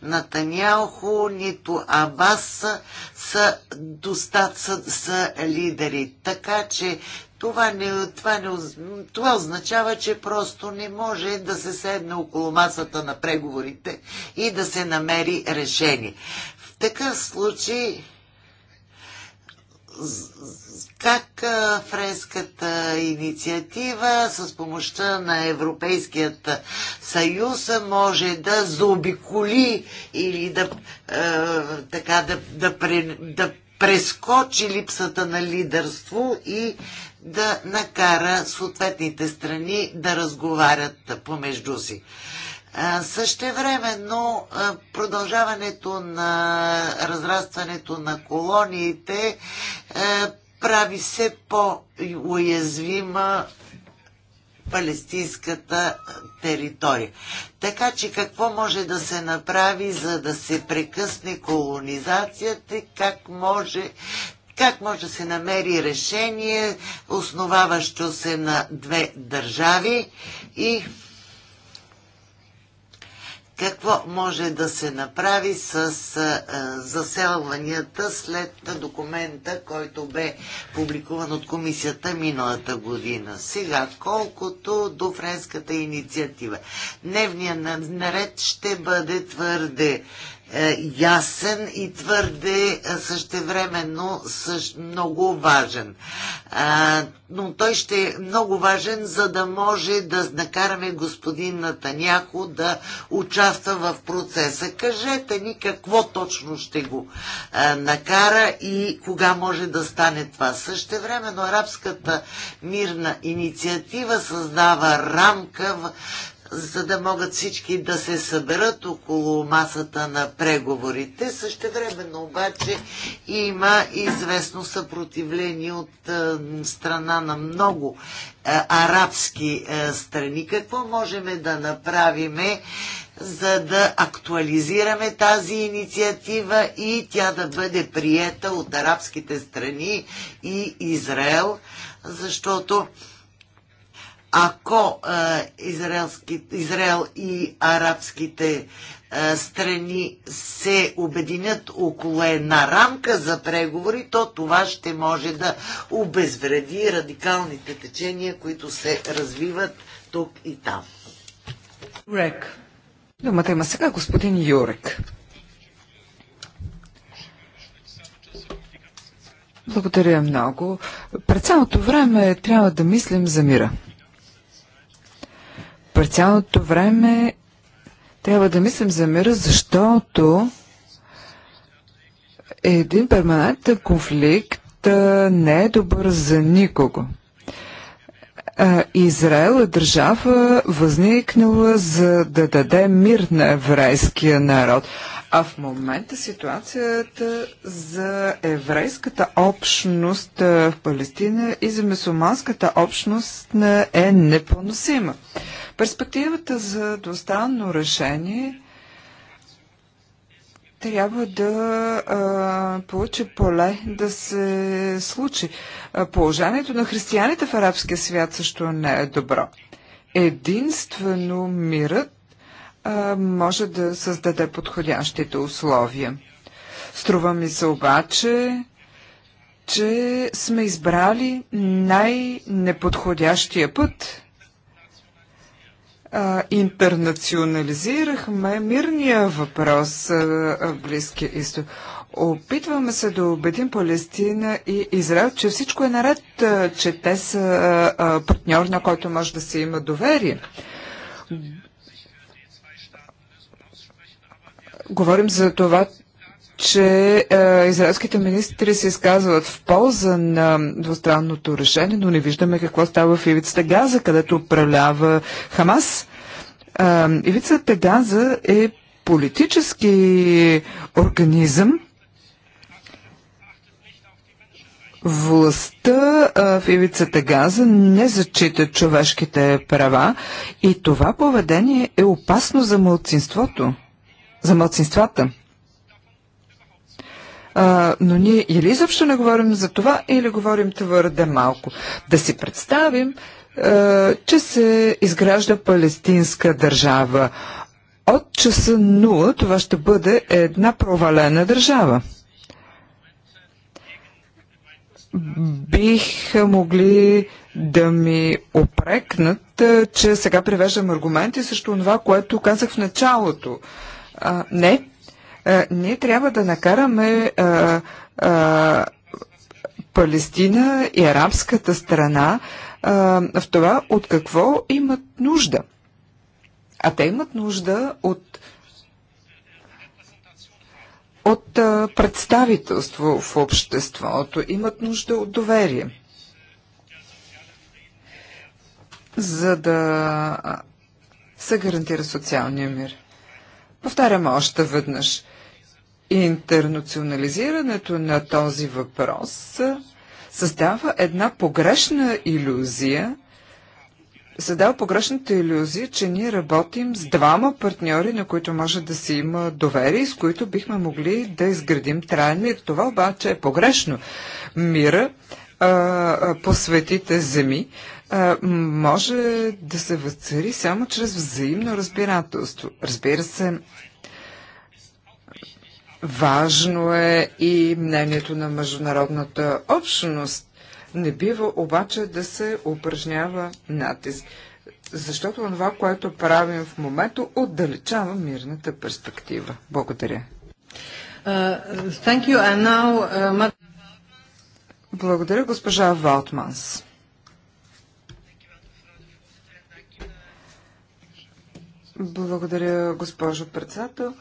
Натаняхо, нито Абас са, са, достат, са, са лидери. Така че това, не, това, не, това означава, че просто не може да се седне около масата на преговорите и да се намери решение. В такъв случай как френската инициатива с помощта на Европейският съюз може да заобиколи или да, е, така, да, да, пре, да прескочи липсата на лидерство и да накара съответните страни да разговарят помежду си. Същевременно продължаването на разрастването на колониите прави се по-уязвима палестинската територия. Така че какво може да се направи, за да се прекъсне колонизацията, как може как може да се намери решение, основаващо се на две държави и какво може да се направи с заселванията след документа, който бе публикуван от комисията миналата година. Сега, колкото до френската инициатива. Дневният наред ще бъде твърде е, ясен и твърде е, същевременно също много важен. Но той ще е много важен, за да може да накараме господин Натаняко да участва в процеса. Кажете ни какво точно ще го е, накара и кога може да стане това. Същевременно арабската мирна инициатива създава рамка за да могат всички да се съберат около масата на преговорите. Същевременно обаче има известно съпротивление от е, страна на много е, арабски е, страни. Какво можем да направиме, за да актуализираме тази инициатива и тя да бъде приета от арабските страни и Израел, защото ако Израел и арабските страни се обединят около една рамка за преговори, то това ще може да обезвреди радикалните течения, които се развиват тук и там. Рек. Думата има сега господин Юрек. Благодаря много. Пред цялото време трябва да мислим за мира. През цялото време трябва да мислим за мира, защото един перманентен конфликт не е добър за никого. Израел е държава възникнала за да даде мир на еврейския народ. А в момента ситуацията за еврейската общност в Палестина и за мусулманската общност е непоносима. Перспективата за достанно решение трябва да а, получи поле да се случи. А, положението на християните в арабския свят също не е добро. Единствено мирът а, може да създаде подходящите условия. Струва ми се обаче, че сме избрали най-неподходящия път а, интернационализирахме мирния въпрос а, в Близкия изток. Опитваме се да убедим Палестина и Израел, че всичко е наред, а, че те са а, партньор, на който може да се има доверие. Говорим за това, че е, израелските министри се изказват в полза на двустранното решение, но не виждаме какво става в ивицата Газа, където управлява Хамас. Е, ивицата Газа е политически организъм, Властта е, в ивицата Газа не зачита човешките права и това поведение е опасно за мълцинството, за мълцинствата. А, но ние или изобщо не говорим за това, или говорим твърде малко. Да си представим, а, че се изгражда палестинска държава. От часа 0 това ще бъде една провалена държава Бих могли да ми опрекнат, че сега привеждам аргументи срещу това, което казах в началото. А, не, е, ние трябва да накараме е, е, Палестина и арабската страна в това от какво имат нужда. А те имат нужда от от представителство в обществото, имат нужда от доверие. За да се гарантира социалния мир. Повтарям още веднъж. Интернационализирането на този въпрос създава една погрешна иллюзия, създава погрешната иллюзия, че ние работим с двама партньори, на които може да се има доверие, с които бихме могли да изградим траен мир. Това обаче е погрешно. Мира а, по светите земи а, може да се възцари само чрез взаимно разбирателство. Разбира се, Важно е и мнението на международната общност. Не бива обаче да се упражнява натиск, защото това, което правим в момента, отдалечава мирната перспектива. Благодаря. Uh, now, uh... Благодаря, госпожа Валтманс. Благодаря, госпожо председател.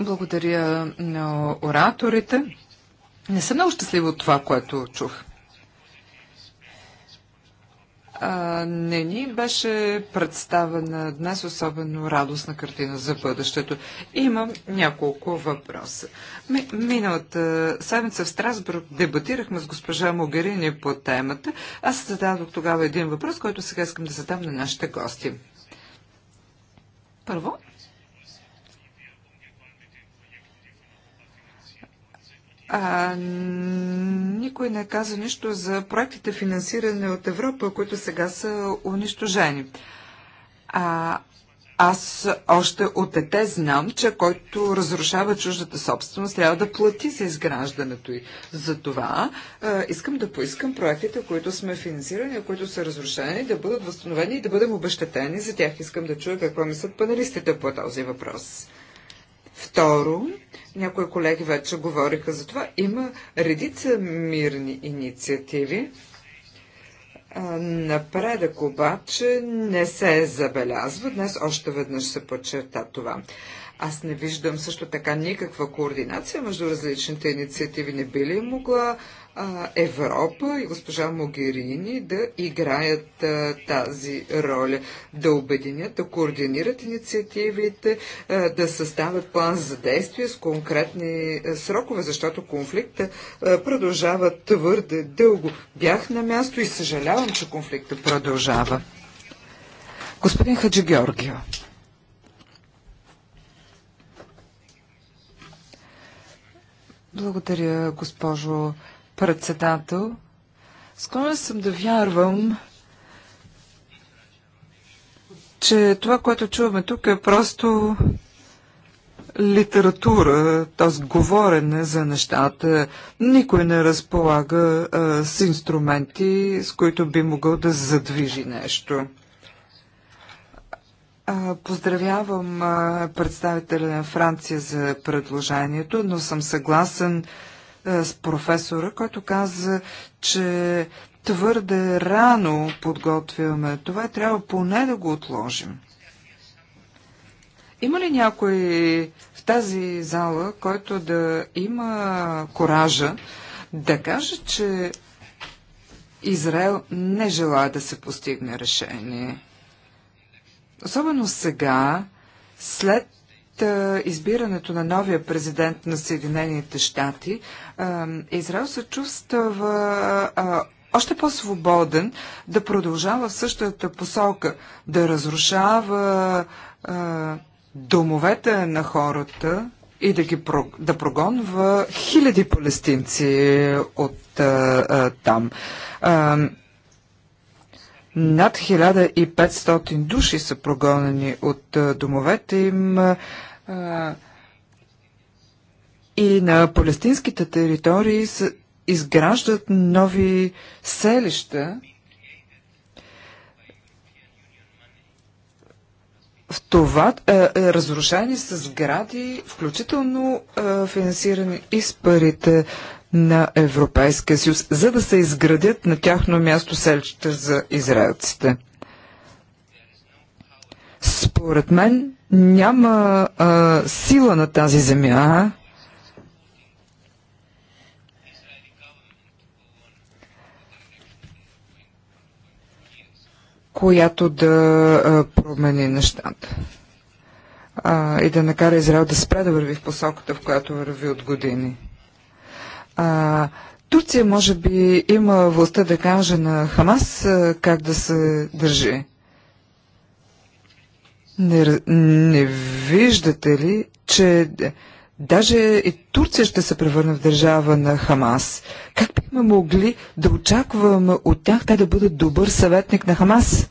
Благодаря на ораторите. Не съм много щастлива от това, което чух. А, не ни беше представена днес особено радостна картина за бъдещето. Имам няколко въпроса. Ми, миналата седмица в Страсбург дебатирахме с госпожа Могерини по темата. Аз зададох тогава един въпрос, който сега искам да задам на нашите гости. Първо, А, никой не каза нищо за проектите финансиране от Европа, които сега са унищожени. А, аз още от дете знам, че който разрушава чуждата собственост, трябва да плати за изграждането й. Затова а, искам да поискам проектите, които сме финансирани, които са разрушени, да бъдат възстановени и да бъдем обещатени. За тях искам да чуя какво мислят панелистите по този въпрос. Второ, някои колеги вече говориха за това. Има редица мирни инициативи. Напредък обаче не се забелязва. Днес още веднъж се подчерта това. Аз не виждам също така никаква координация между различните инициативи. Не би ли могла Европа и госпожа Могерини да играят а, тази роля, да обединят, да координират инициативите, а, да съставят план за действие с конкретни а, срокове, защото конфликта продължава твърде дълго. Бях на място и съжалявам, че конфликта продължава. Господин Хаджи Георгио. Благодаря, госпожо председател. Склонен съм да вярвам, че това, което чуваме тук е просто литература, т.е. говорене за нещата. Никой не разполага а, с инструменти, с които би могъл да задвижи нещо. А, поздравявам а, представителя на Франция за предложението, но съм съгласен е, с професора, който каза, че твърде рано подготвяме това е трябва поне да го отложим. Има ли някой в тази зала, който да има коража да каже, че Израел не желая да се постигне решение? Особено сега, след избирането на новия президент на Съединените щати, Израел се чувства още по-свободен да продължава в същата посока, да разрушава домовете на хората и да, ги, да прогонва хиляди палестинци от а, а, там. А, над 1500 души са прогонени от домовете им и на палестинските територии се изграждат нови селища. В това е, е, разрушени са сгради, включително е, финансирани и с парите на Европейския съюз, за да се изградят на тяхно място селчета за израелците. Според мен няма а, сила на тази земя. която да промени нещата а, и да накара Израел да спре да върви в посоката, в която върви от години. А, Турция може би има властта да каже на Хамас как да се държи. Не, не виждате ли, че е, даже и Турция ще се превърне в държава на Хамас? Как бихме могли да очакваме от тях те да бъдат добър съветник на Хамас?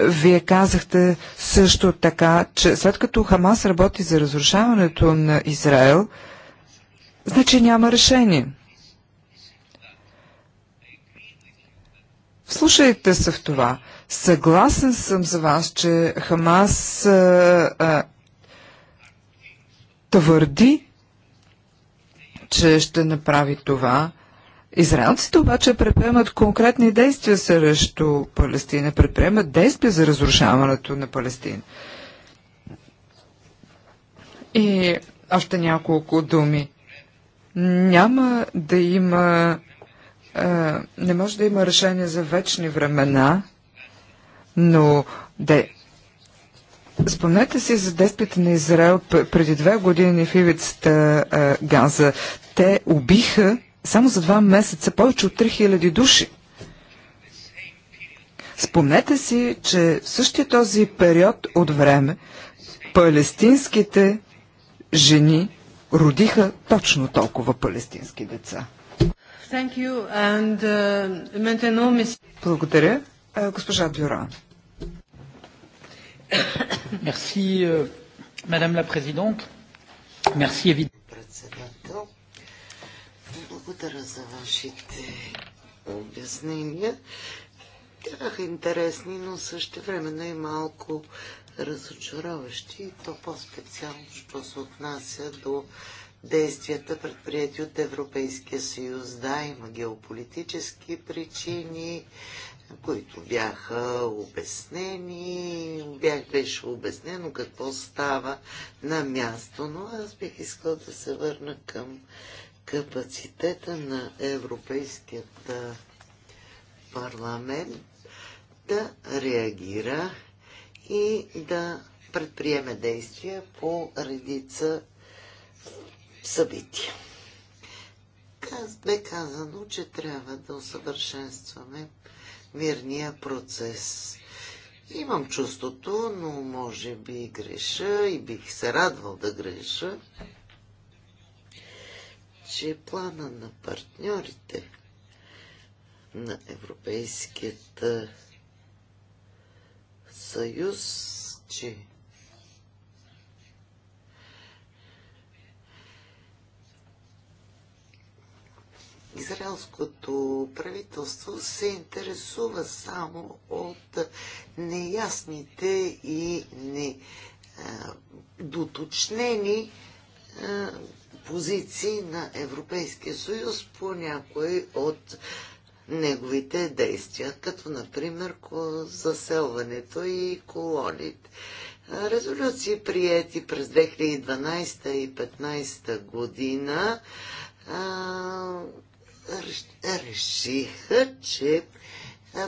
Вие казахте също така, че след като Хамас работи за разрушаването на Израел, значи няма решение. Слушайте се в това. Съгласен съм за вас, че Хамас а, а, твърди, че ще направи това. Израелците обаче предприемат конкретни действия срещу Палестина, предприемат действия за разрушаването на Палестина. И още няколко думи. Няма да има. А, не може да има решение за вечни времена, но да Спомнете си за деспите на Израел преди две години в ивицата а, Газа. Те убиха само за два месеца повече от 3000 души. Спомнете си, че в същия този период от време палестинските жени родиха точно толкова палестински деца. Uh, Благодаря. Госпожа Дюра. Мерси, мадам ла президент. Мерси, Председател, благодаря за вашите обяснения. Тяха бяха интересни, но също не е малко разочароващи, и то по-специално, що се отнася до действията, предприяти от Европейския съюз. Да, има геополитически причини, които бяха обяснени, бях, беше обяснено какво става на място, но аз бих искал да се върна към капацитета на Европейският парламент да реагира и да предприеме действия по редица събития. Бе казано, че трябва да усъвършенстваме мирния процес. Имам чувството, но може би греша и бих се радвал да греша, че плана на партньорите на Европейският съюз, че израелското правителство се интересува само от неясните и не доточнени позиции на Европейския съюз по някои от неговите действия, като например заселването и колоните. Резолюции приети през 2012 и 2015 година решиха, че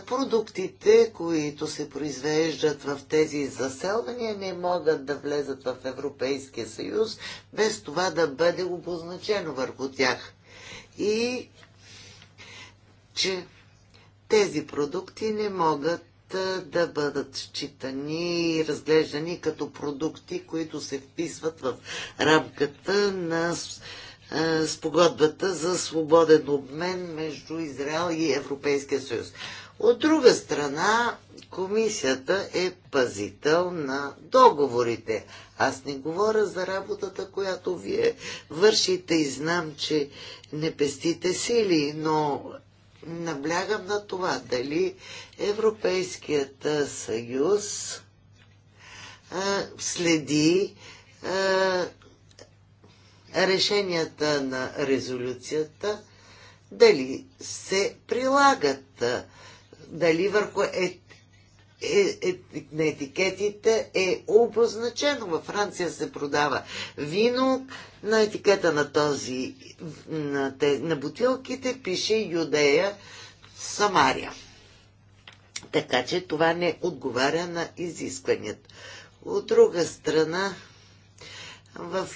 продуктите, които се произвеждат в тези заселвания, не могат да влезат в Европейския съюз, без това да бъде обозначено върху тях. И че тези продукти не могат да бъдат считани и разглеждани като продукти, които се вписват в рамката на е, спогодбата за свободен обмен между Израел и Европейския съюз. От друга страна, комисията е пазител на договорите. Аз не говоря за работата, която вие вършите и знам, че не пестите сили, но наблягам на това дали Европейският е, съюз а, е, следи а, решенията на резолюцията дали се прилагат, дали върху е, е, е, на етикетите е обозначено. Във Франция се продава вино, на етикета на, този, на, те, на бутилките пише Юдея Самария. Така че това не отговаря на изискванията. От друга страна, в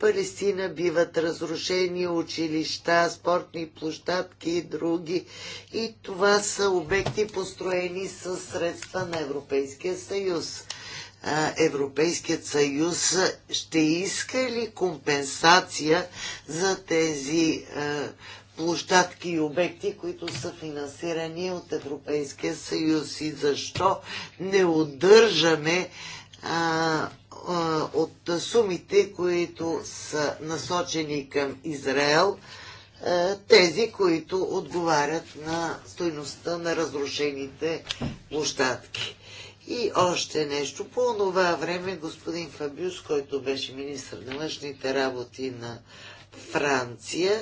Палестина биват разрушени училища, спортни площадки и други. И това са обекти построени с средства на Европейския съюз. Европейският съюз ще иска ли компенсация за тези площадки и обекти, които са финансирани от Европейския съюз и защо не удържаме а, от сумите, които са насочени към Израел, тези, които отговарят на стойността на разрушените площадки. И още нещо. По това време господин Фабюс, който беше министр на външните работи на Франция,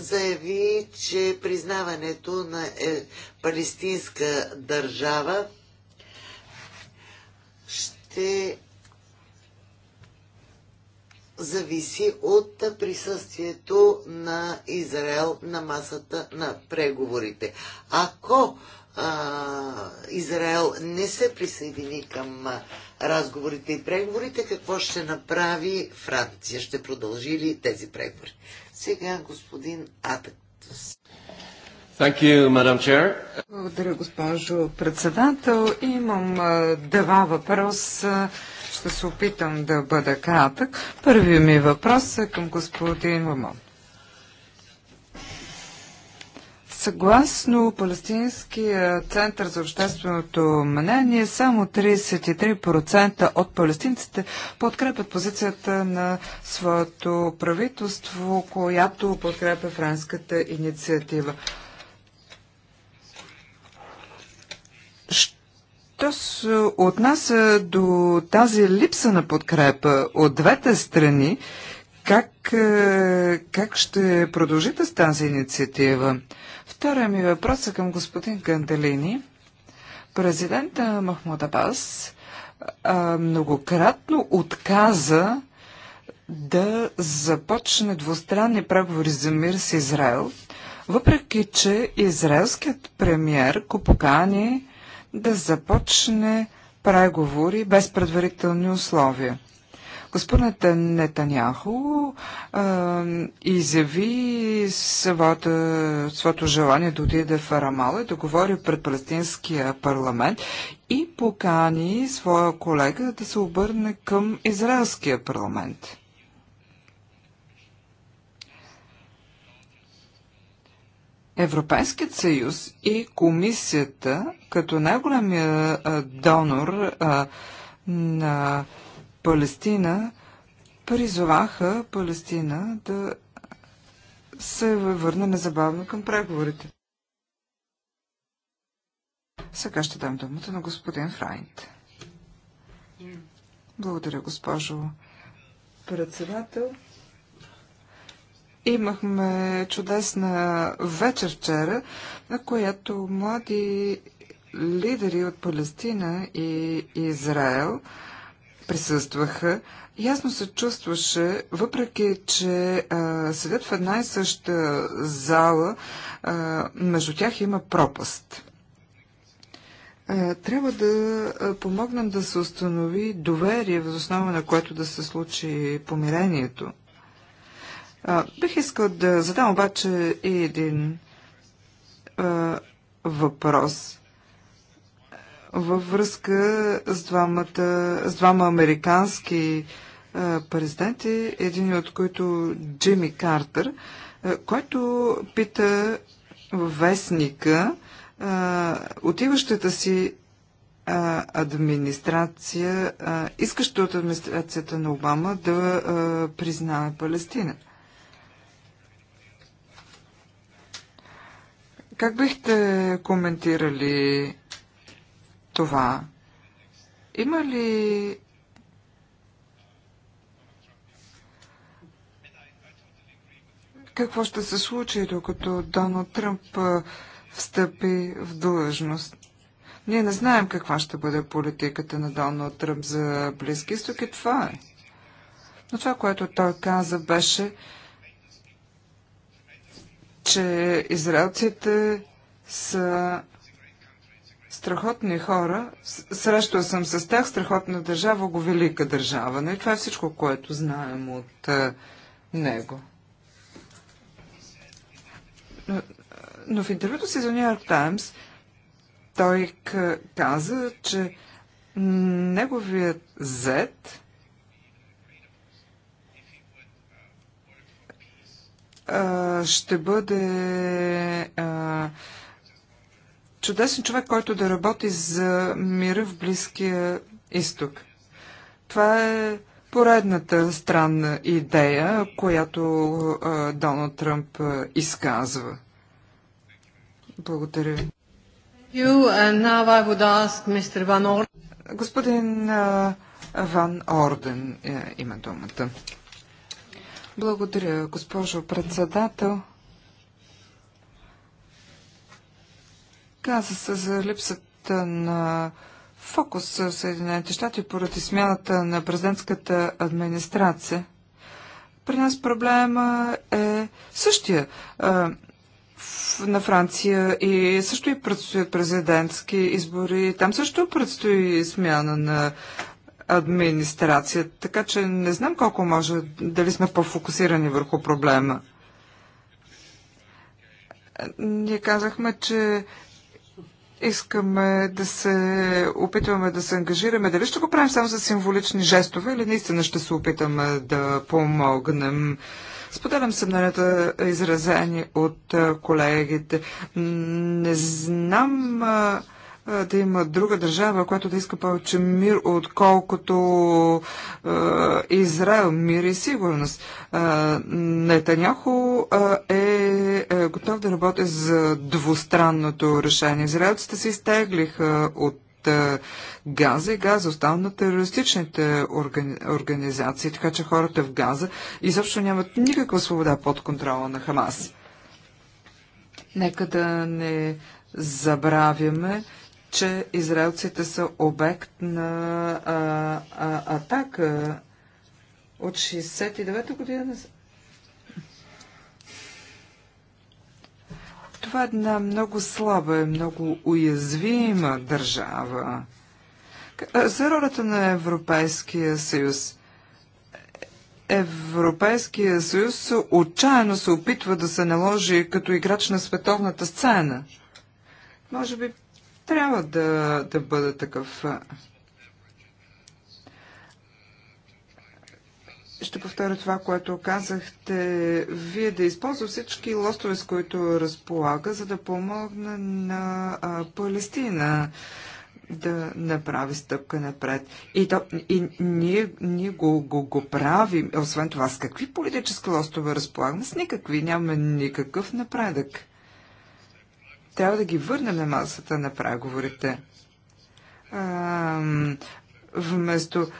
заяви, че признаването на е, палестинска държава ще зависи от присъствието на Израел на масата на преговорите. Ако а, Израел не се присъедини към разговорите и преговорите, какво ще направи Франция? Ще продължи ли тези преговори? Сега господин Атактус. Thank you, Madam Chair. Благодаря, госпожо председател. Имам два въпроса. Ще се опитам да бъда кратък. Първият ми въпрос е към господин Ламон. Съгласно Палестинския център за общественото мнение, само 33% от палестинците подкрепят позицията на своето правителство, която подкрепя френската инициатива. Що се отнася до тази липса на подкрепа от двете страни, как, е, как ще продължите с тази инициатива? Втория ми въпрос е към господин Ганделини. Президента Махмуд Абас а, е, многократно отказа да започне двустранни преговори за мир с Израел, въпреки че израелският премьер го покани да започне преговори без предварителни условия. Господинът Нетаняхо изяви своята, своето желание да отиде е в Арамала и да говори пред палестинския парламент и покани своя колега да се обърне към израелския парламент. Европейският съюз и комисията, като най-големия донор а, на Палестина, призоваха Палестина да се върне незабавно към преговорите. Сега ще дам думата на господин Фрайнт. Благодаря, госпожо председател. Имахме чудесна вечер вчера, на която млади лидери от Палестина и Израел присъстваха. Ясно се чувстваше, въпреки че а, седят в една и съща зала, а, между тях има пропаст. А, трябва да помогнем да се установи доверие, в основа на което да се случи помирението. А, бих искал да задам обаче и един а, въпрос във връзка с, двамата, с двама американски а, президенти, един от които Джимми Картер, а, който пита вестника, а, отиващата си а, администрация, а, искаща от администрацията на Обама да а, признае Палестина. Как бихте коментирали това? Има ли какво ще се случи, докато Доналд Тръмп встъпи в длъжност? Ние не знаем каква ще бъде политиката на Доналд Тръмп за Близки изток и това е. Но това, което той каза, беше, че израелците са страхотни хора. Срещал съм с тях страхотна държава, го велика държава. Не? Нали? Това е всичко, което знаем от а, е, него. Но, но в интервюто си за New York Times той каза, че неговият зет ще бъде чудесен човек, който да работи за мира в Близкия изток. Това е поредната странна идея, която Доналд Тръмп изказва. Благодаря ви. Господин Ван Орден е, има думата. Благодаря, госпожо председател. Каза се за липсата на фокус в Съединените щати поради смяната на президентската администрация. При нас проблема е същия. На Франция и също и предстоят президентски избори. Там също предстои смяна на администрацията, така че не знам колко може, дали сме по-фокусирани върху проблема. Ние казахме, че искаме да се опитваме да се ангажираме. Дали ще го правим само за символични жестове или наистина ще се опитаме да помогнем? Споделям съмненията, изразени от колегите. Не знам да има друга държава, която да иска повече мир, отколкото е, Израел, мир и сигурност. Е, Нетаняхо е, е готов да работи за двустранното решение. Израелците се изтеглиха от Газа и Газа остава на терористичните организации, така че хората в Газа изобщо нямат никаква свобода под контрола на Хамас. Нека да не забравяме, че израелците са обект на а, а, атака от 69-та година. Това е една много слаба и много уязвима държава. За ролята на Европейския съюз. Европейския съюз отчаяно се опитва да се наложи като играч на световната сцена. Може би трябва да, да бъда такъв. Ще повторя това, което казахте. Вие да използва всички лостове, с които разполага, за да помогне на а, Палестина да направи стъпка напред. И, то, и ние, ние го, го, го правим. Освен това, с какви политически лостове разполагаме? С никакви. Нямаме никакъв напредък трябва да ги върнем на масата на преговорите. Вместо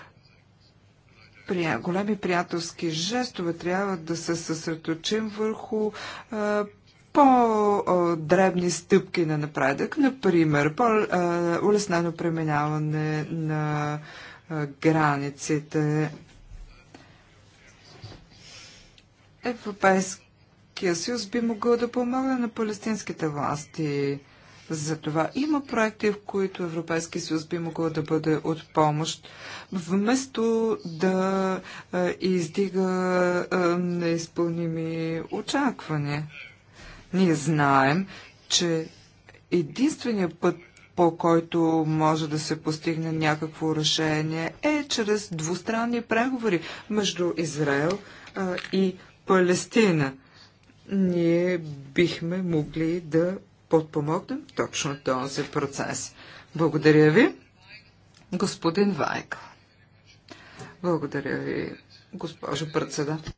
прия, големи приятелски жестове трябва да се съсредоточим върху а, по-дребни стъпки на напредък, например, по-улеснено преминаване на а, границите. Европейски Европейския съюз би могъл да помогне на палестинските власти за това. Има проекти, в които Европейския съюз би могъл да бъде от помощ, вместо да издига неизпълними очаквания. Ние знаем, че единственият път, по който може да се постигне някакво решение, е чрез двустранни преговори между Израел и Палестина ние бихме могли да подпомогнем точно този процес. Благодаря ви, господин Вайкъл. Благодаря ви, госпожо председател.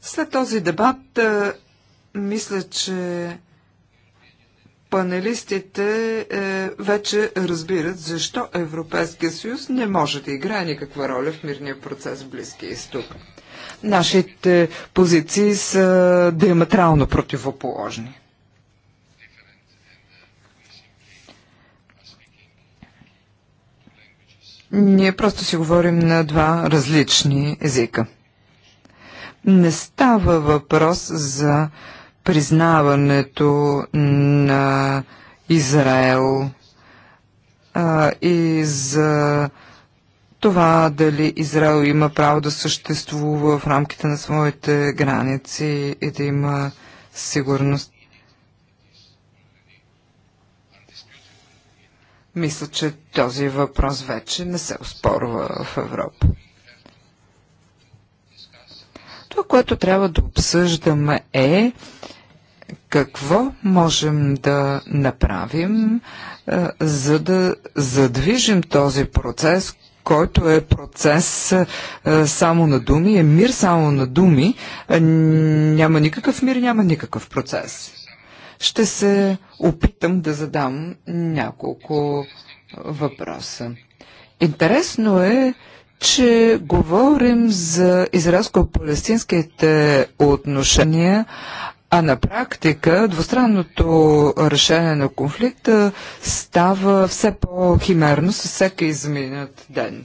След този дебат, мисля, че панелистите е, вече разбират защо Европейския съюз не може да играе никаква роля в мирния процес в Близкия изток. Нашите позиции са диаметрално противоположни. Ние просто си говорим на два различни езика. Не става въпрос за признаването на Израел а, и за това дали Израел има право да съществува в рамките на своите граници и да има сигурност. Мисля, че този въпрос вече не се успорва в Европа. Това, което трябва да обсъждаме е какво можем да направим, за да задвижим този процес, който е процес е, е, само на думи, е мир само на думи, е, няма никакъв мир, няма никакъв процес. Ще се опитам да задам няколко въпроса. Интересно е, че говорим за израелско-палестинските отношения, а на практика двустранното решение на конфликта става все по-химерно със всеки изминат ден.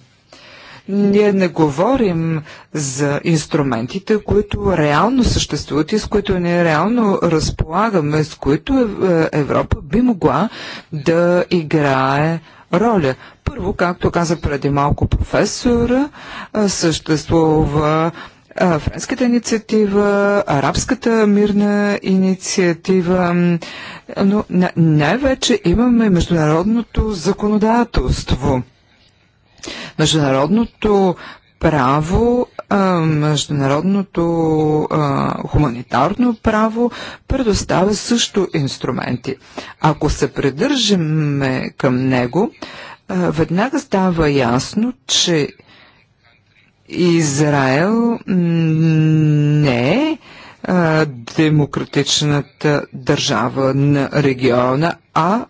Ние не говорим за инструментите, които реално съществуват и с които ние реално разполагаме, с които е, Европа би могла да играе роля. Първо, както каза преди малко професора, съществува френската инициатива, арабската мирна инициатива, но най-вече имаме международното законодателство. Международното право, международното хуманитарно право предоставя също инструменти. Ако се придържаме към него, веднага става ясно, че Израел не е демократичната държава на региона, а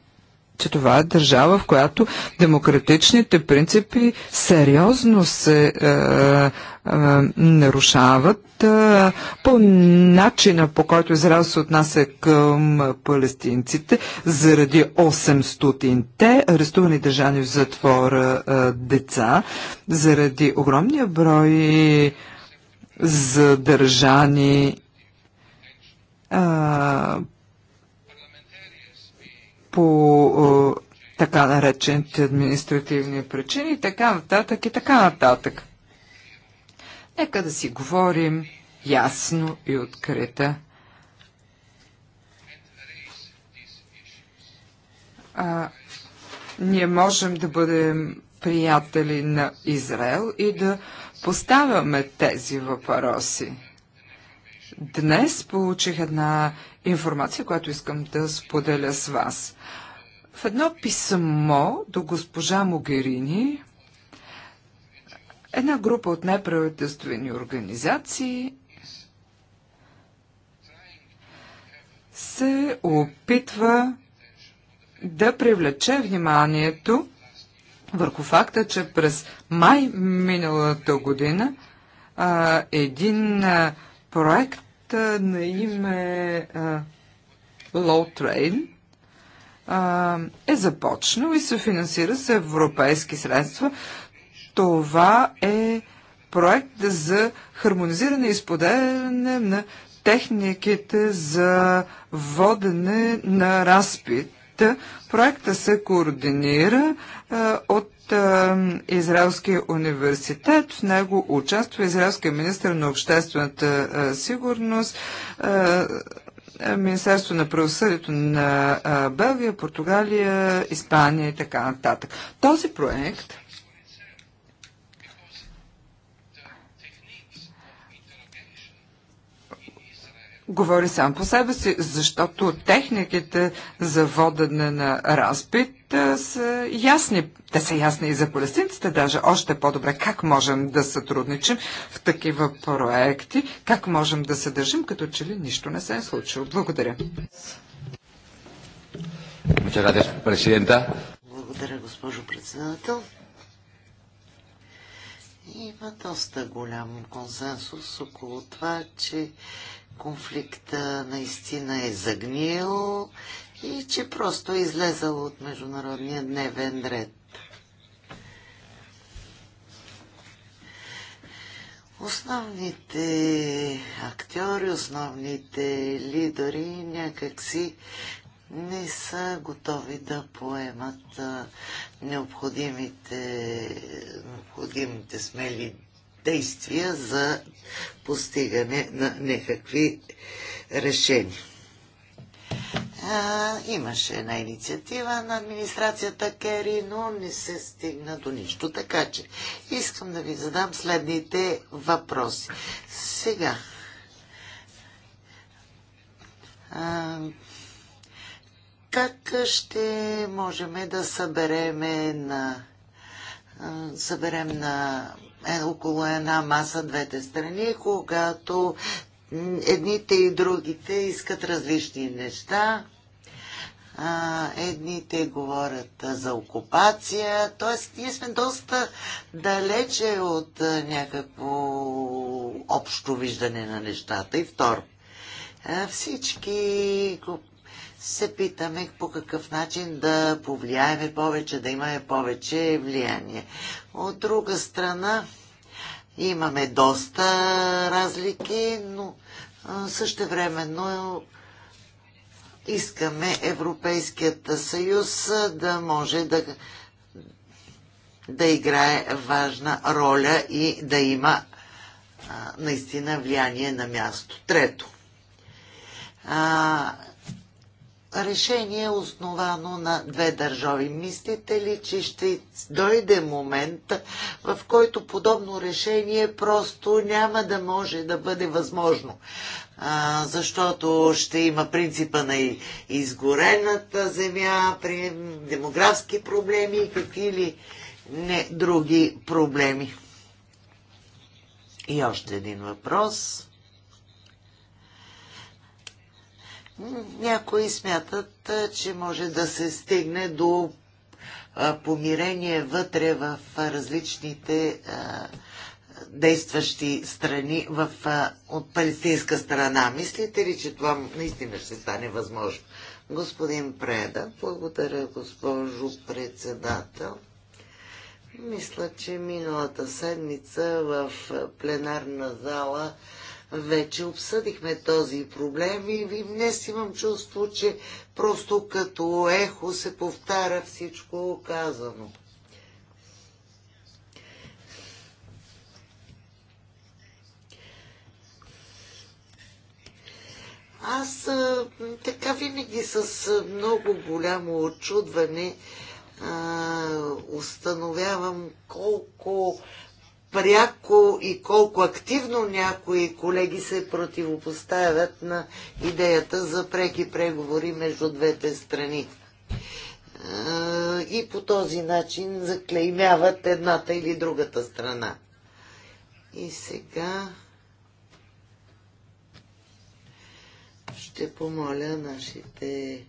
че това е държава, в която демократичните принципи сериозно се е, е, нарушават е, по начина по който Израел се отнася към палестинците заради 800-те арестувани държани в затвора е, деца, заради огромния брой задържани е, по е, така наречените административни причини, така нататък и така нататък. Нека да си говорим ясно и открита. А, ние можем да бъдем приятели на Израел и да поставяме тези въпроси. Днес получих една информация, която искам да споделя с вас. В едно писмо до госпожа Могерини, една група от неправителствени организации се опитва да привлече вниманието върху факта, че през май миналата година а, един а, проект на име Low Train е започнал и се финансира с европейски средства. Това е проект за хармонизиране и споделяне на техниките за водене на разпит проекта. Проекта се координира а, от Израелския университет. В него участва Израелския министр на обществената сигурност. Министерство на правосъдието на Белгия, Португалия, Испания и така нататък. Този проект говори сам по себе си, защото техниките за водене на разпит са ясни. Те са ясни и за палестинците, даже още по-добре. Как можем да сътрудничим в такива проекти? Как можем да се държим, като че ли нищо не се е случило? Благодаря. Благодаря, госпожо председател. Има доста голям консенсус около това, че конфликта наистина е загнил и че просто е излезал от международния дневен ред. Основните актьори, основните лидери някакси не са готови да поемат необходимите, необходимите смели действия за постигане на някакви решения. А, имаше една инициатива на администрацията Кери, но не се стигна до нищо. Така че искам да ви задам следните въпроси. Сега. А, как ще можем да събереме на съберем на е, около една маса двете страни, когато едните и другите искат различни неща. А, едните говорят за окупация, т.е. ние сме доста далече от някакво общо виждане на нещата. И второ, всички се питаме по какъв начин да повлияеме повече, да имаме повече влияние. От друга страна, имаме доста разлики, но същевременно искаме Европейският съюз да може да, да играе важна роля и да има наистина влияние на място. Трето решение основано на две държави. Мислите ли, че ще дойде момент, в който подобно решение просто няма да може да бъде възможно? А, защото ще има принципа на изгорената земя, при демографски проблеми и какви ли не други проблеми. И още един въпрос. Някои смятат, че може да се стигне до помирение вътре в различните действащи страни в, от палестинска страна. Мислите ли, че това наистина ще стане възможно? Господин Преда, благодаря, госпожо председател. Мисля, че миналата седмица в пленарна зала вече обсъдихме този проблем и, ви днес имам чувство, че просто като ехо се повтаря всичко казано. Аз така винаги с много голямо очудване а, установявам колко пряко и колко активно някои колеги се противопоставят на идеята за преки преговори между двете страни. Е, и по този начин заклеймяват едната или другата страна. И сега ще помоля нашите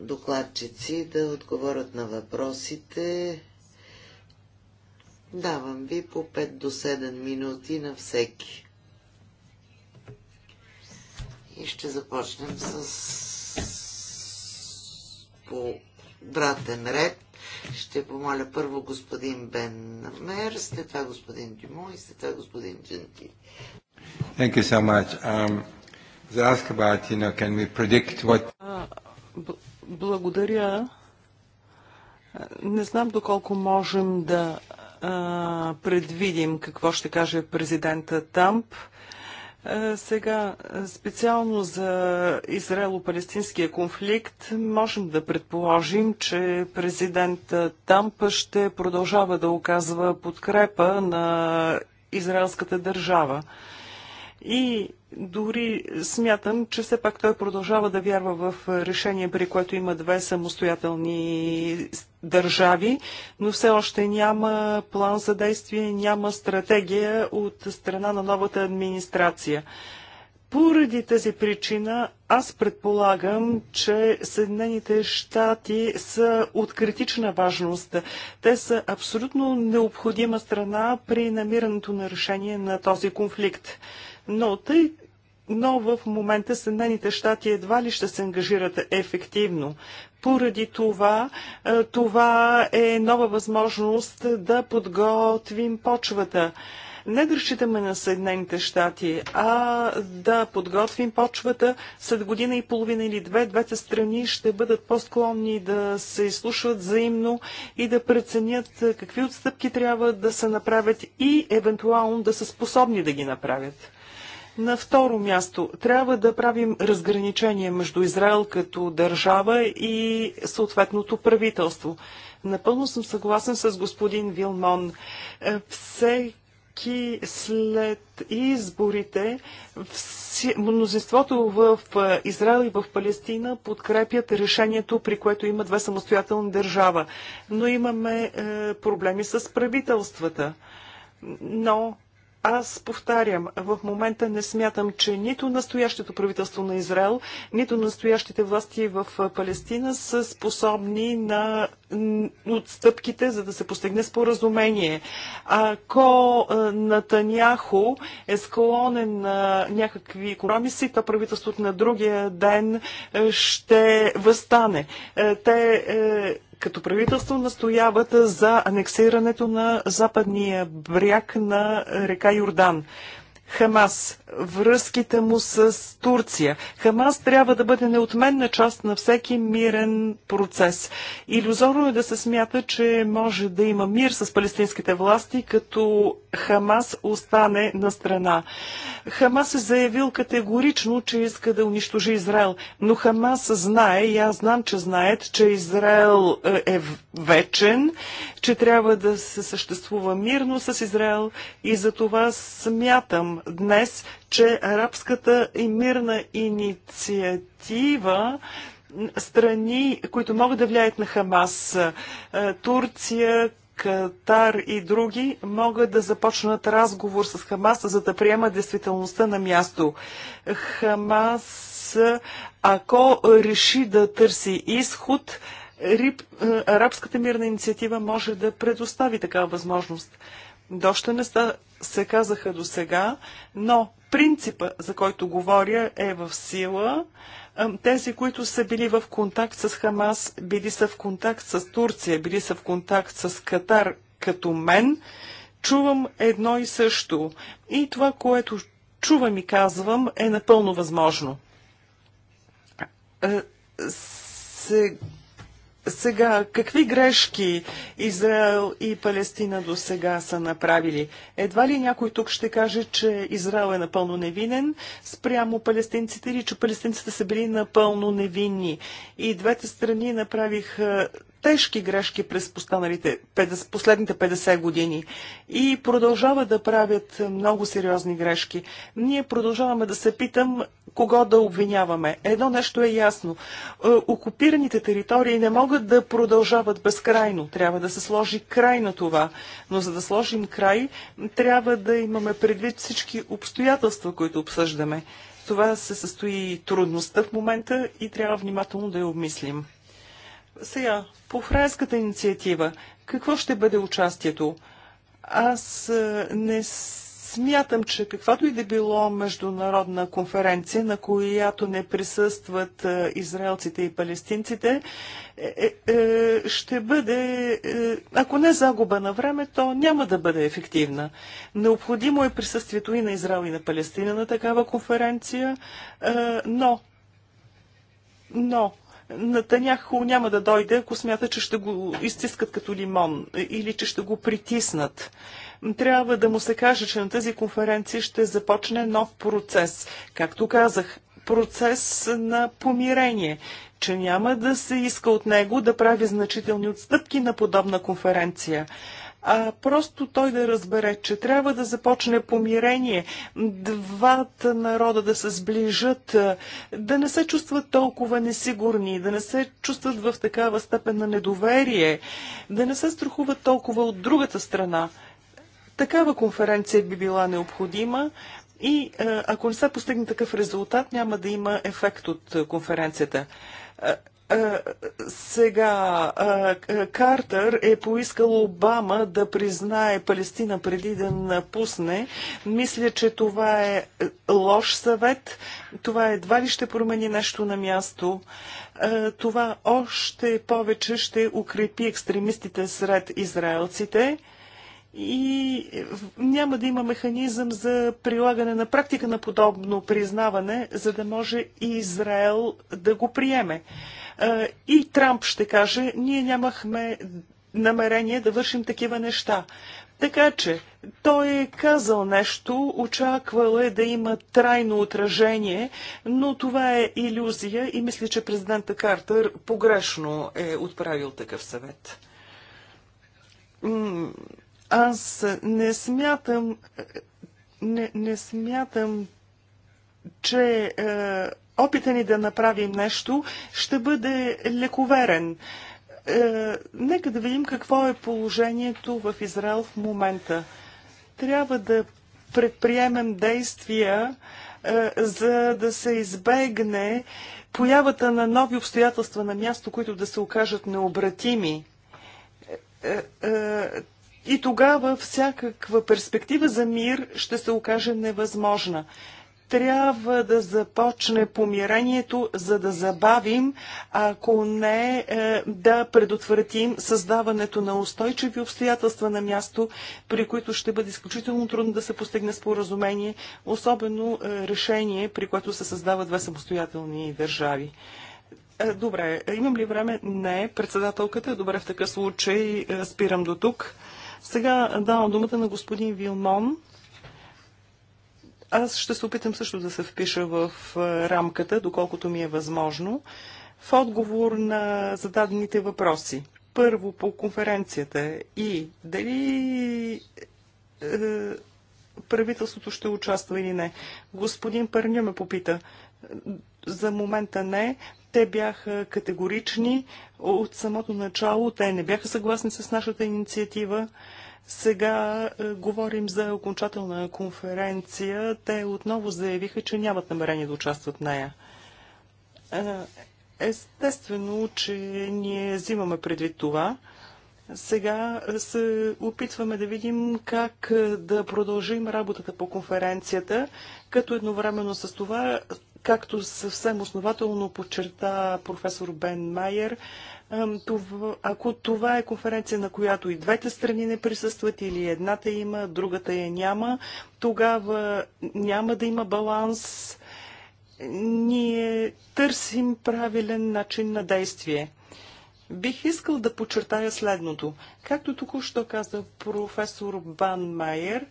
докладчици да отговорят на въпросите Давам ви по 5 до 7 минути на всеки. И ще започнем с по обратен ред. Ще помоля първо господин Бен Мер, след това господин Дюмо и след това господин Дженти. so much. Um, ask about, you know, can we predict what... Uh, благодаря. Не знам доколко можем да предвидим какво ще каже президента Тамп. Сега, специално за израело-палестинския конфликт, можем да предположим, че президент Тамп ще продължава да оказва подкрепа на израелската държава и дори смятам, че все пак той продължава да вярва в решение, при което има две самостоятелни държави, но все още няма план за действие, няма стратегия от страна на новата администрация. Поради тази причина аз предполагам, че Съединените щати са от критична важност. Те са абсолютно необходима страна при намирането на решение на този конфликт. Но тъй но в момента Съединените щати едва ли ще се ангажират ефективно. Поради това, е, това е нова възможност да подготвим почвата. Не да разчитаме на Съединените щати, а да подготвим почвата. След година и половина или две, двете страни ще бъдат по-склонни да се изслушват взаимно и да преценят е, какви отстъпки трябва да се направят и евентуално да са способни да ги направят. На второ място, трябва да правим разграничение между Израел като държава и съответното правителство. Напълно съм съгласен с господин Вилмон. Е, всеки след изборите вси, мнозинството в е, Израел и в Палестина подкрепят решението, при което има две самостоятелни държава. Но имаме е, проблеми с правителствата. Но аз повтарям, в момента не смятам, че нито настоящето правителство на Израел, нито настоящите власти в Палестина са способни на отстъпките, за да се постигне споразумение. Ако Натаняхо е склонен на някакви компромиси, то правителството на другия ден ще възстане. Те е, като правителство настояват за анексирането на западния бряг на река Йордан. Хамас връзките му с Турция. Хамас трябва да бъде неотменна част на всеки мирен процес. Иллюзорно е да се смята, че може да има мир с палестинските власти, като Хамас остане на страна. Хамас е заявил категорично, че иска да унищожи Израел, но Хамас знае, и аз знам, че знаят, че Израел е, е вечен, че трябва да се съществува мирно с Израел и за това смятам днес, че арабската и мирна инициатива страни, които могат да влияят на Хамас, Турция, Катар и други могат да започнат разговор с Хамас, за да приемат действителността на място. Хамас, ако реши да търси изход, Риб, арабската мирна инициатива може да предостави такава възможност. Доща не ста, се казаха до сега, но Принципа, за който говоря, е в сила. Тези, които са били в контакт с Хамас, били са в контакт с Турция, били са в контакт с Катар, като мен, чувам едно и също. И това, което чувам и казвам, е напълно възможно. Е, сега, какви грешки Израел и Палестина до сега са направили? Едва ли някой тук ще каже, че Израел е напълно невинен спрямо палестинците или че палестинците са били напълно невинни? И двете страни направиха тежки грешки през останалите последните 50 години и продължава да правят много сериозни грешки. Ние продължаваме да се питам кого да обвиняваме. Едно нещо е ясно. Е, окупираните територии не могат да продължават безкрайно. Трябва да се сложи край на това. Но за да сложим край, трябва да имаме предвид всички обстоятелства, които обсъждаме. Това се състои трудността в момента и трябва внимателно да я обмислим. Сега, по френската инициатива, какво ще бъде участието? Аз е, не смятам, че каквато и да било международна конференция, на която не присъстват е, израелците и палестинците, е, ще бъде, ако не загуба на време, то няма да бъде ефективна. Необходимо е присъствието и на Израел и на Палестина на такава конференция, но, но Натаняхо няма да дойде, ако смята, че ще го изтискат като лимон или че ще го притиснат. Трябва да му се каже, че на тази конференция ще започне нов процес. Както казах, процес на помирение, че няма да се иска от него да прави значителни отстъпки на подобна конференция а просто той да разбере, че трябва да започне помирение, двата народа да се сближат, да не се чувстват толкова несигурни, да не се чувстват в такава степен на недоверие, да не се страхуват толкова от другата страна. Такава конференция би била необходима и ако не се постигне такъв резултат, няма да има ефект от конференцията. Е, сега, е, Картер е поискал Обама да признае Палестина преди да напусне. Мисля, че това е лош съвет. Това едва ли ще промени нещо на място. Е, това още повече ще укрепи екстремистите сред израелците и няма да има механизъм за прилагане на практика на подобно признаване, за да може и Израел да го приеме. И Трамп ще каже, ние нямахме намерение да вършим такива неща. Така че той е казал нещо, очаквал е да има трайно отражение, но това е иллюзия и мисля, че президента Картер погрешно е отправил такъв съвет аз не смятам, не, не смятам, че е, опита ни да направим нещо ще бъде лековерен. Е, нека да видим какво е положението в Израел в момента. Трябва да предприемем действия, е, за да се избегне появата на нови обстоятелства на място, които да се окажат необратими е, е, и тогава всякаква перспектива за мир ще се окаже невъзможна трябва да започне помирението, за да забавим, ако не е, да предотвратим създаването на устойчиви обстоятелства на място, при които ще бъде изключително трудно да се постигне споразумение, особено е, решение, при което се създават две самостоятелни държави. Е, добре, имам ли време? Не. Председателката, добре в такъв случай спирам до тук. Сега давам думата на господин Вилмон. Аз ще се опитам също да се впиша в е, рамката, доколкото ми е възможно, в отговор на зададените въпроси. Първо по конференцията и дали е, правителството ще участва или не. Господин Пърня ме попита. За момента не, те бяха категорични от самото начало. Те не бяха съгласни с нашата инициатива. Сега е, говорим за окончателна конференция. Те отново заявиха, че нямат намерение да участват в нея. Е, естествено, че ние взимаме предвид това. Сега се опитваме да видим как е, да продължим работата по конференцията, като едновременно с това както съвсем основателно подчерта професор Бен Майер, това, ако това е конференция, на която и двете страни не присъстват или едната има, другата я няма, тогава няма да има баланс. Ние търсим правилен начин на действие. Бих искал да подчертая следното. Както току-що каза професор Бан Майер,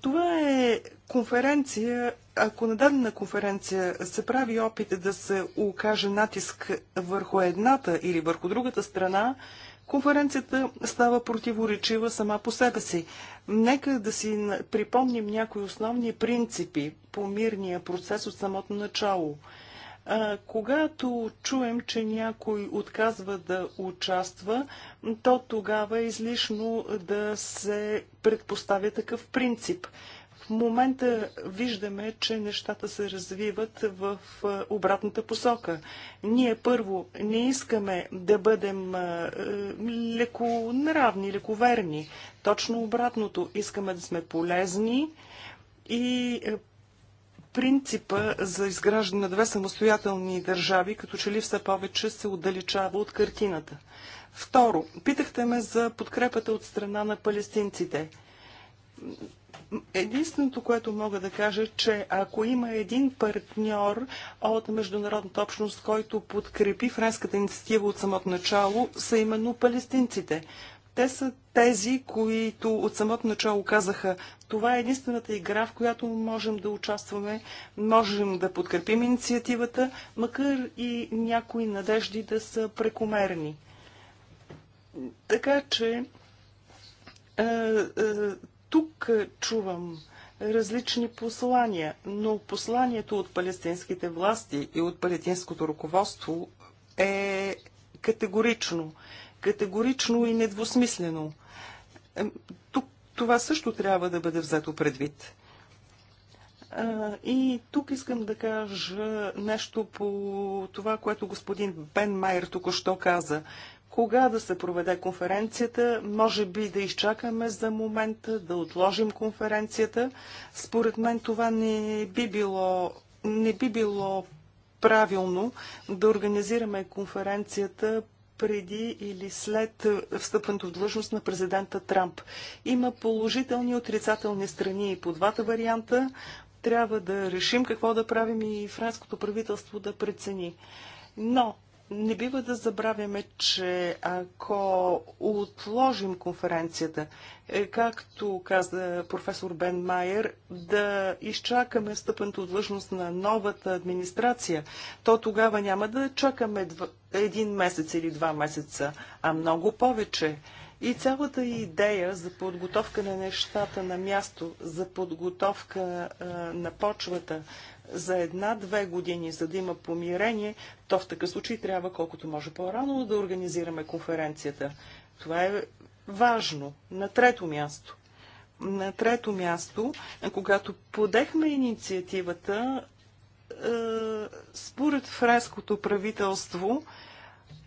това е конференция, ако на дадена конференция се прави опит да се окаже натиск върху едната или върху другата страна, конференцията става противоречива сама по себе си. Нека да си припомним някои основни принципи по мирния процес от самото начало – когато чуем, че някой отказва да участва, то тогава е излишно да се предпоставя такъв принцип. В момента виждаме, че нещата се развиват в обратната посока. Ние първо не искаме да бъдем леконравни, лековерни. Точно обратното. Искаме да сме полезни и принципа за изграждане на две самостоятелни държави, като че ли все повече се отдалечава от картината. Второ, питахте ме за подкрепата от страна на палестинците. Единственото, което мога да кажа, че ако има един партньор от международната общност, който подкрепи френската инициатива от самото начало, са именно палестинците. Те са тези, които от самото начало казаха, това е единствената игра, в която можем да участваме, можем да подкрепим инициативата, макар и някои надежди да са прекомерни. Така че е, е, тук чувам различни послания, но посланието от палестинските власти и от палестинското руководство е категорично – категорично и недвусмислено. Е, тук това също трябва да бъде взето предвид. И тук искам да кажа нещо по това, което господин Бен Майер току-що каза. Кога да се проведе конференцията? Може би да изчакаме за момента, да отложим конференцията. Според мен това не би било, не би било правилно да организираме конференцията преди или след е, встъпването в длъжност на президента Трамп. Има положителни и отрицателни страни и по двата варианта. Трябва да решим какво да правим и френското правителство да прецени. Но не бива да забравяме, че ако отложим конференцията, е, както каза професор Бен Майер, да изчакаме стъпенто длъжност на новата администрация, то тогава няма да чакаме един месец или два месеца, а много повече. И цялата идея за подготовка на нещата на място, за подготовка а, на почвата, за една-две години, за да има помирение, то в такъв случай трябва колкото може по-рано да организираме конференцията. Това е важно. На трето място. На трето място, когато подехме инициативата, е, според френското правителство,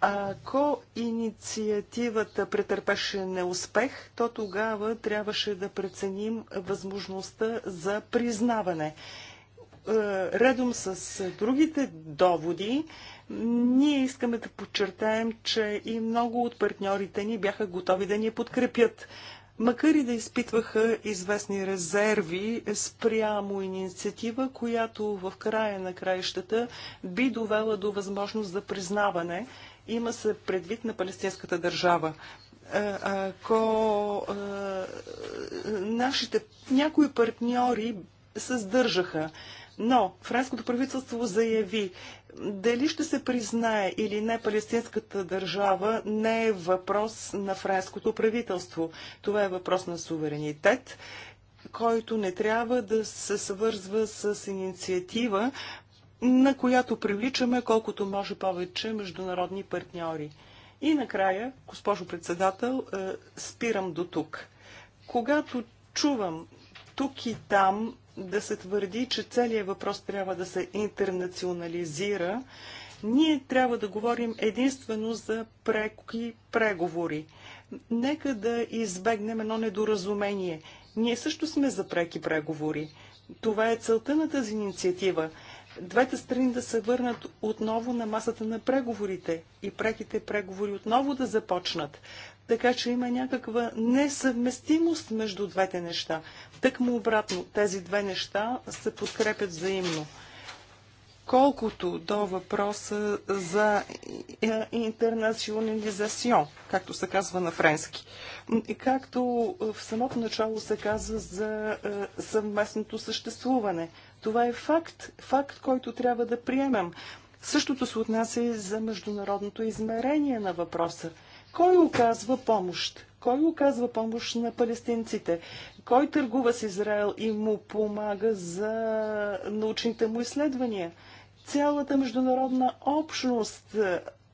ако инициативата претърпеше неуспех, то тогава трябваше да преценим възможността за признаване. Е, редом с другите доводи, ние искаме да подчертаем, че и много от партньорите ни бяха готови да ни подкрепят. Макар и да изпитваха известни резерви спрямо инициатива, която в края на краищата би довела до възможност за признаване, има се предвид на палестинската държава е, ако е, нашите някои партньори се сдържаха. Но френското правителство заяви, дали ще се признае или не палестинската държава не е въпрос на френското правителство. Това е въпрос на суверенитет, който не трябва да се свързва с инициатива, на която привличаме колкото може повече международни партньори. И накрая, госпожо председател, е, спирам до тук. Когато чувам тук и там да се твърди, че целият въпрос трябва да се интернационализира, ние трябва да говорим единствено за преки преговори. Нека да избегнем едно недоразумение. Ние също сме за преки преговори. Това е целта на тази инициатива. Двете страни да се върнат отново на масата на преговорите и преките преговори отново да започнат така че има някаква несъвместимост между двете неща. Тъкмо му обратно, тези две неща се подкрепят взаимно. Колкото до въпроса за интернационализация, както се казва на френски, и както в самото начало се казва за е, съвместното съществуване. Това е факт, факт, който трябва да приемем. Същото се отнася и за международното измерение на въпроса – кой оказва помощ? Кой оказва помощ на палестинците? Кой търгува с Израел и му помага за научните му изследвания? Цялата международна общност,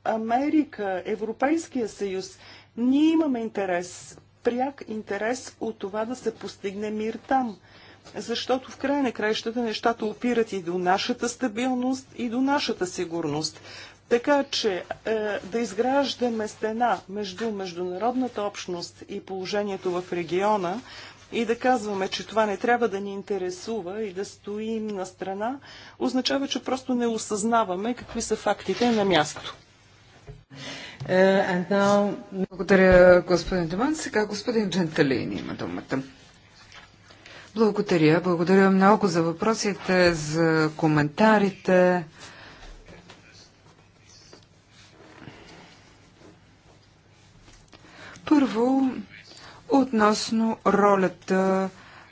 Америка, Европейския съюз, ние имаме интерес, пряк интерес от това да се постигне мир там. Защото в край на краищата нещата опират и до нашата стабилност, и до нашата сигурност. Така че е, да изграждаме стена между международната общност и положението в региона и да казваме, че това не трябва да ни интересува и да стоим на страна, означава, че просто не осъзнаваме какви са фактите на място. Е, now... Благодаря, господин Доман. Сега господин Дженталин има думата. Благодаря. Благодаря много за въпросите, за коментарите. Първо, относно ролята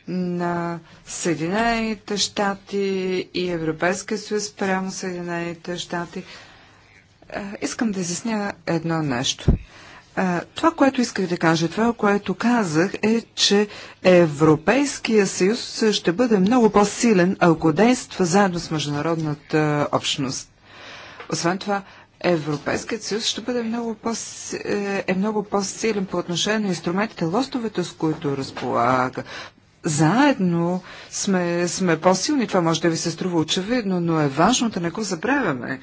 на Съединените щати и Европейския съюз прямо Съединените щати. Е, искам да изясня едно нещо. Е, това, което исках да кажа, това, което казах е, че Европейския съюз ще бъде много по-силен, ако действа заедно с международната общност. Освен това, Европейският съюз ще бъде много по е, е много по-силен по отношение на инструментите, лостовете, с които разполага. Заедно сме, сме по-силни. Това може да ви се струва очевидно, но е важно да не го забравяме.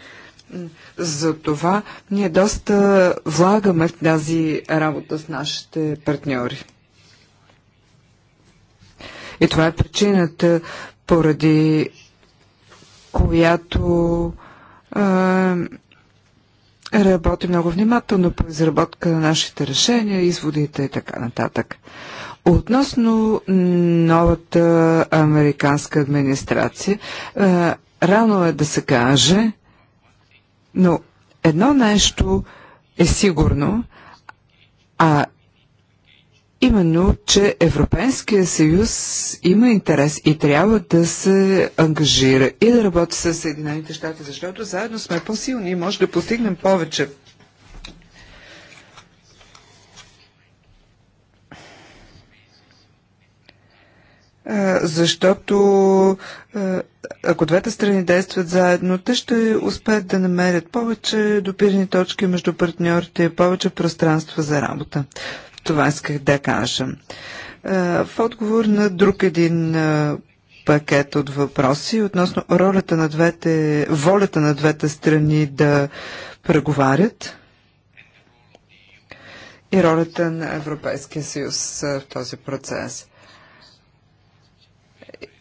Затова ние доста влагаме в тази работа с нашите партньори. И това е причината, поради която е, работи много внимателно по изработка на нашите решения, изводите и така нататък. Относно новата американска администрация, рано е да се каже, но едно нещо е сигурно, а Именно, че Европейския съюз има интерес и трябва да се ангажира и да работи с Съединените щати, защото заедно сме по-силни и може да постигнем повече. защото ако двете страни действат заедно, те ще успеят да намерят повече допирни точки между партньорите, и повече пространство за работа. Това исках да кажа. Е, в отговор на друг един е, пакет от въпроси относно ролята на двете, волята на двете страни да преговарят и ролята на Европейския съюз е, в този процес.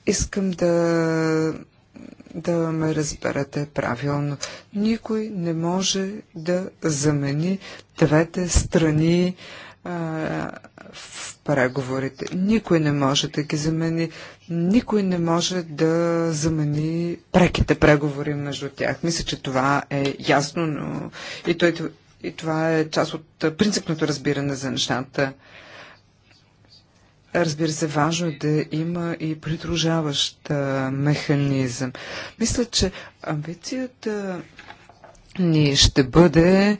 Искам да да ме разберете правилно. Никой не може да замени двете страни в преговорите. Никой не може да ги замени. Никой не може да замени преките преговори между тях. Мисля, че това е ясно, но и, той, и това е част от принципното разбиране за нещата. Разбира се, важно е да има и придружаващ механизъм. Мисля, че амбицията ни ще бъде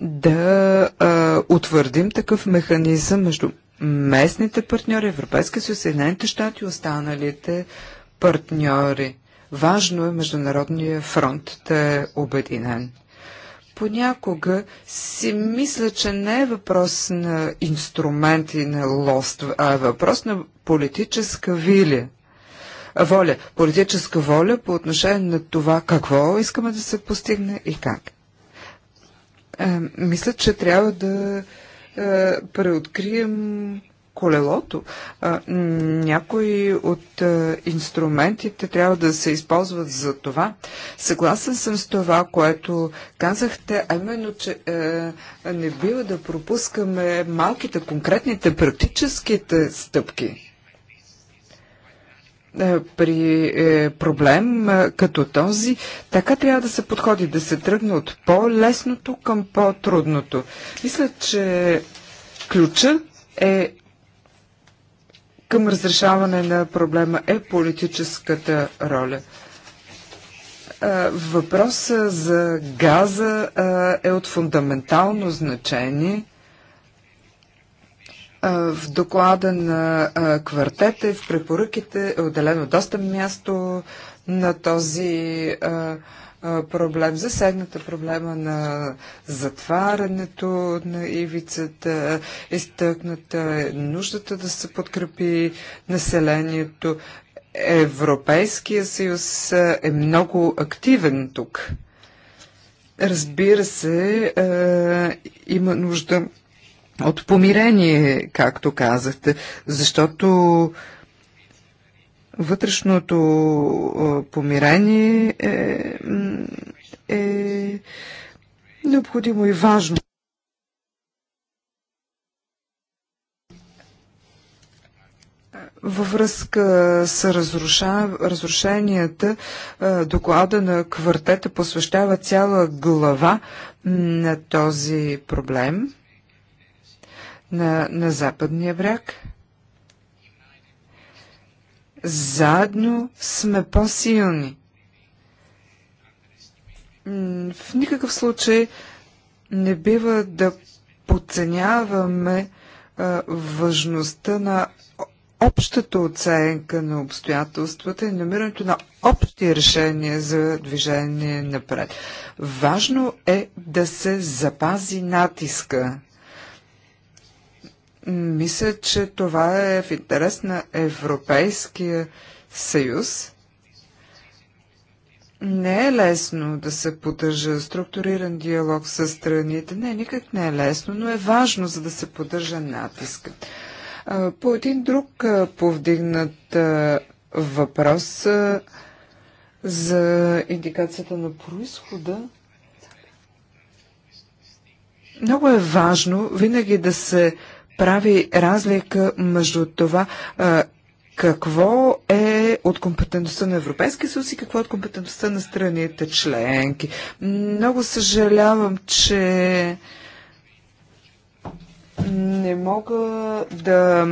да а, утвърдим такъв механизъм между местните партньори, Европейска съюз, Съединените щати и останалите партньори. Важно е Международния фронт да е обединен. Понякога си мисля, че не е въпрос на инструменти на лост, а е въпрос на политическа вилия воля, политическа воля по отношение на това какво искаме да се постигне и как. Е, мисля, че трябва да е, преоткрием колелото. Някои от е, инструментите трябва да се използват за това. Съгласен съм с това, което казахте, а именно, че не бива да пропускаме малките, конкретните, практическите стъпки. Е, при е, проблем е, като този, така трябва да се подходи, да се тръгне от по-лесното към по-трудното. Мисля, че ключа е към разрешаване на проблема е политическата роля. Въпросът за газа е от фундаментално значение – в доклада на квартета и в препоръките е отделено доста място на този проблем. Засегната проблема на затварянето на ивицата, изтъкната е нуждата да се подкрепи населението. Европейския съюз е много активен тук. Разбира се, има нужда от помирение, както казахте, защото вътрешното помирение е, е необходимо и важно. Във връзка с разруша... разрушенията, доклада на квартета посвещава цяла глава на този проблем – на, на западния бряг. Заедно сме по-силни. В никакъв случай не бива да подценяваме а, важността на общата оценка на обстоятелствата и намирането на общи решения за движение напред. Важно е да се запази натиска. Мисля, че това е в интерес на Европейския съюз. Не е лесно да се поддържа структуриран диалог с страните. Не, никак не е лесно, но е важно, за да се поддържа натиск. По един друг повдигнат въпрос за индикацията на происхода. Много е важно винаги да се прави разлика между това какво е от компетентността на Европейския съюз и какво е от компетентността на страните членки. Много съжалявам, че не мога да,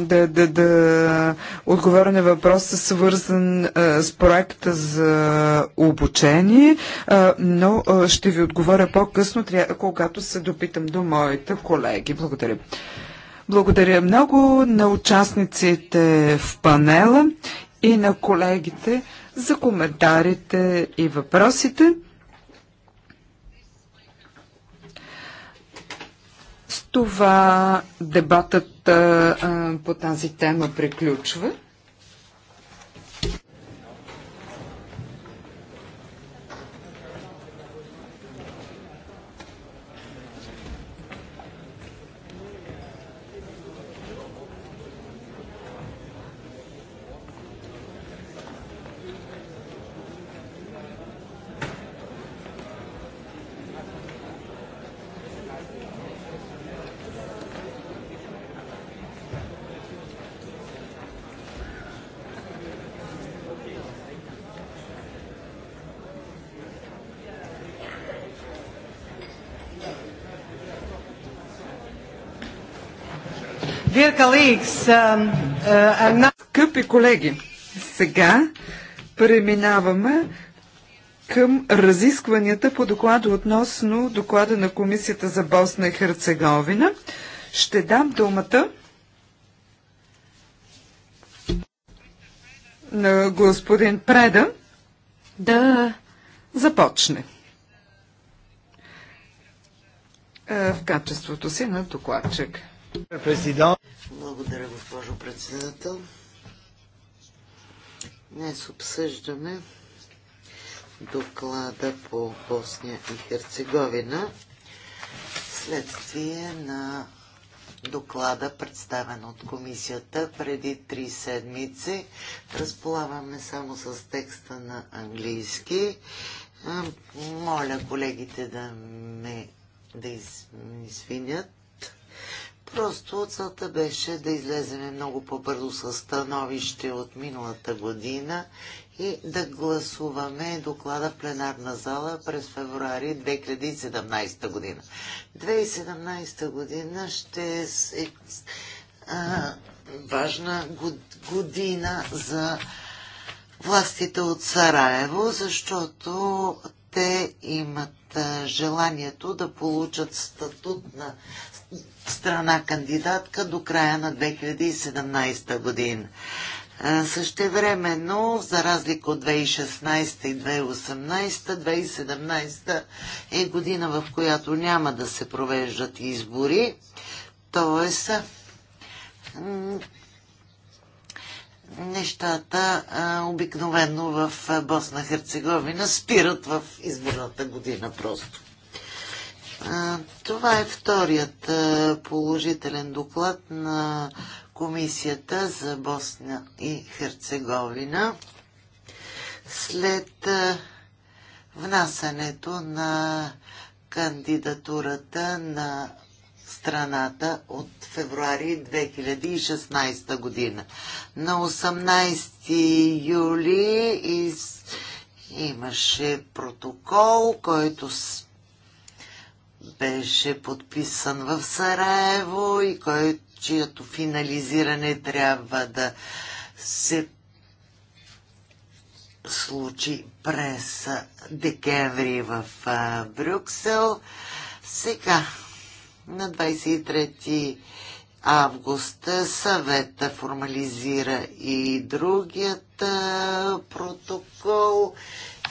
да, да, да отговоря на въпроса, свързан а, с проекта за обучение, а, но а, ще ви отговоря по-късно, когато се допитам до моите колеги. Благодаря. Благодаря много на участниците в панела и на колегите за коментарите и въпросите. това дебатът а, по тази тема приключва. Um, uh, Скъпи колеги, сега преминаваме към разискванията по доклада относно доклада на Комисията за Босна и Херцеговина. Ще дам думата на господин Преда да започне в качеството си на докладчик. Благодаря, госпожо председател. Днес обсъждаме доклада по Босния и Херцеговина следствие на доклада, представен от комисията преди три седмици. Разполагаме само с текста на английски. Моля колегите да ме да извинят. Просто целта беше да излеземе много по-бързо с становище от миналата година и да гласуваме доклада в пленарна зала през февруари 2017 година. 2017 година ще е а, важна година за властите от Сараево, защото те имат желанието да получат статут на страна кандидатка до края на 2017 година. Същевременно, за разлика от 2016 и 2018, 2017 е година, в която няма да се провеждат избори. Тоест, нещата обикновено в Босна Херцеговина спират в изборната година просто. Това е вторият положителен доклад на Комисията за Босна и Херцеговина след внасането на кандидатурата на страната от февруари 2016 година. На 18 юли из... имаше протокол, който с беше подписан в Сараево и кой, чието финализиране трябва да се случи през декември в Брюксел. Сега, на 23 август съвета формализира и другият протокол.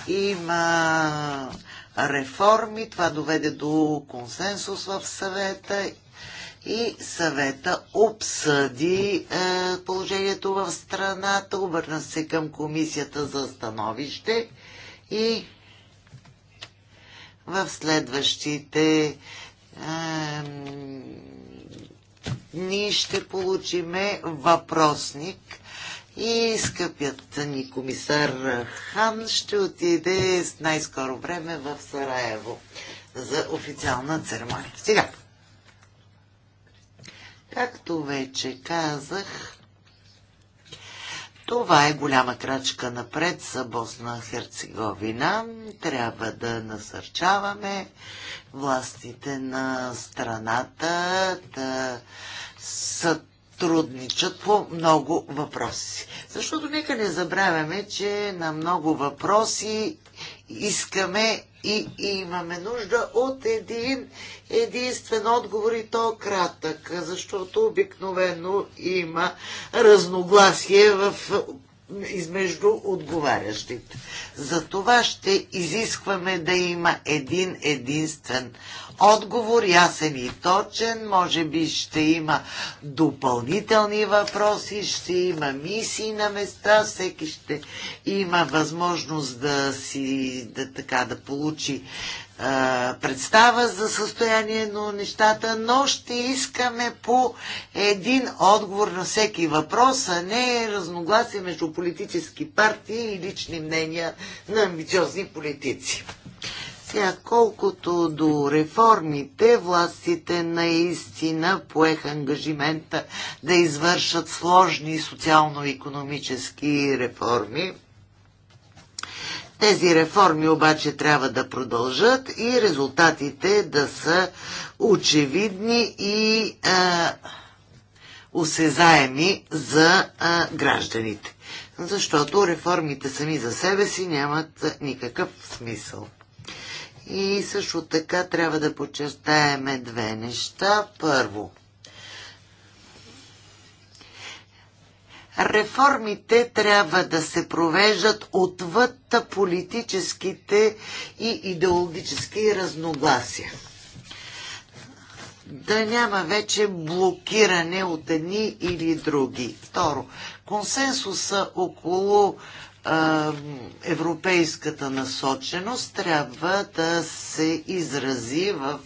Има реформи. Това доведе до консенсус в съвета и съвета обсъди е, положението в страната, обърна се към комисията за становище и в следващите е, ние ще получиме въпросник и скъпият ни комисар Хан ще отиде с най-скоро време в Сараево за официална церемония. Сега, както вече казах, това е голяма крачка напред за Босна Херцеговина. Трябва да насърчаваме властите на страната да са сътрудничат по много въпроси. Защото нека не забравяме, че на много въпроси искаме и, имаме нужда от един единствен отговор и то кратък, защото обикновено има разногласие в измежду отговарящите. За това ще изискваме да има един единствен отговор, ясен и точен. Може би ще има допълнителни въпроси, ще има мисии на места, всеки ще има възможност да си, да, така, да получи представа за състояние на нещата, но ще искаме по един отговор на всеки въпрос, а не разногласие между политически партии и лични мнения на амбициозни политици. Сега, колкото до реформите, властите наистина поеха ангажимента да извършат сложни социално-економически реформи. Тези реформи обаче трябва да продължат и резултатите да са очевидни и а, осезаеми за а, гражданите. Защото реформите сами за себе си нямат никакъв смисъл. И също така трябва да подчертаеме две неща. Първо, реформите трябва да се провеждат отвъд политическите и идеологически разногласия. Да няма вече блокиране от едни или други. Второ, консенсуса около европейската насоченост трябва да се изрази в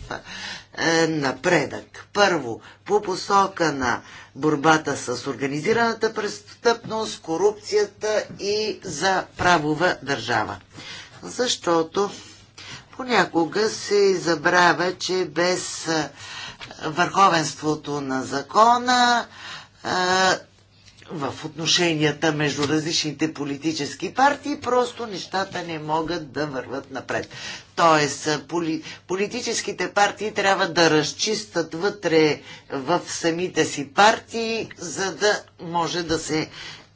е, напредък. Първо, по посока на борбата с организираната престъпност, корупцията и за правова държава. Защото понякога се забравя, че без е, върховенството на закона е, в отношенията между различните политически партии, просто нещата не могат да върват напред. Тоест, поли, политическите партии трябва да разчистат вътре в самите си партии, за да може да се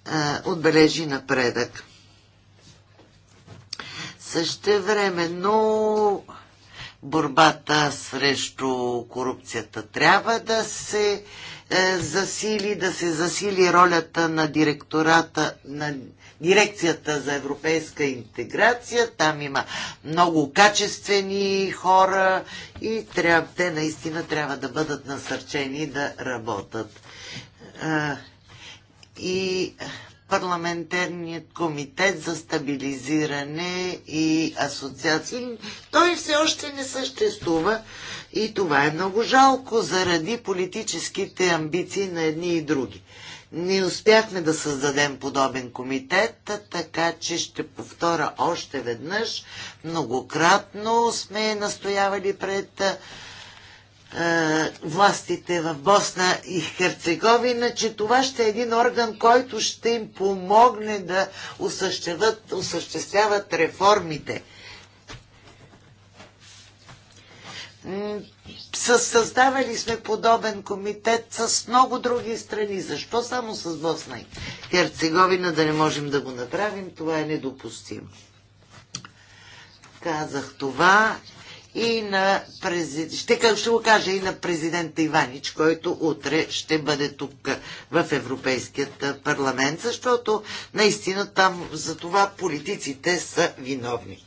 а, отбележи напредък. но борбата срещу корупцията трябва да се е, засили, да се засили ролята на директората, на дирекцията за европейска интеграция. Там има много качествени хора и трябва, те наистина трябва да бъдат насърчени да работят. Е, и парламентарният комитет за стабилизиране и асоциации. Той все още не съществува и това е много жалко заради политическите амбиции на едни и други. Не успяхме да създадем подобен комитет, така че ще повторя още веднъж. Многократно сме настоявали пред властите в Босна и Херцеговина, че това ще е един орган, който ще им помогне да осъществяват реформите. Създавали сме подобен комитет с много други страни. Защо само с Босна и Херцеговина да не можем да го направим? Това е недопустимо. Казах това и на президент, ще, ще го кажа и на президента Иванич, който утре ще бъде тук в Европейският парламент, защото наистина там за това политиците са виновни.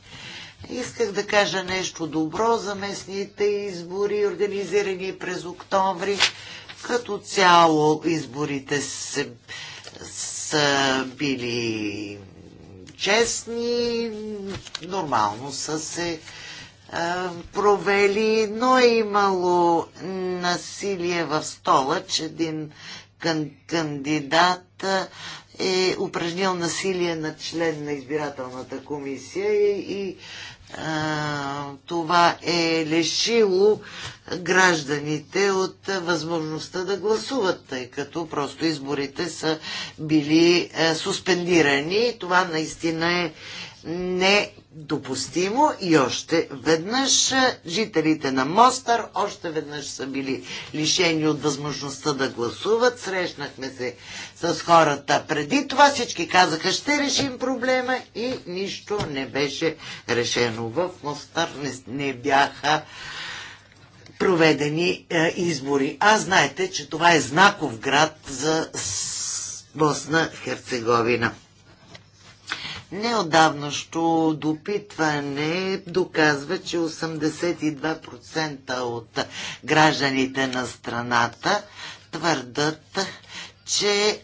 Исках да кажа нещо добро за местните избори, организирани през октомври. Като цяло изборите са, са били честни, нормално са се провели, но е имало насилие в стола, че един кандидат е упражнил насилие на член на избирателната комисия и, и а, това е лишило гражданите от възможността да гласуват, тъй като просто изборите са били а, е, суспендирани. Това наистина е недопустимо и още веднъж жителите на Мостър още веднъж са били лишени от възможността да гласуват. Срещнахме се с хората преди това. Всички казаха, ще решим проблема и нищо не беше решено. В Мостър не, не бяха проведени е, избори. А знаете, че това е знаков град за Босна Херцеговина. Неодавнащо допитване доказва, че 82% от гражданите на страната твърдат, че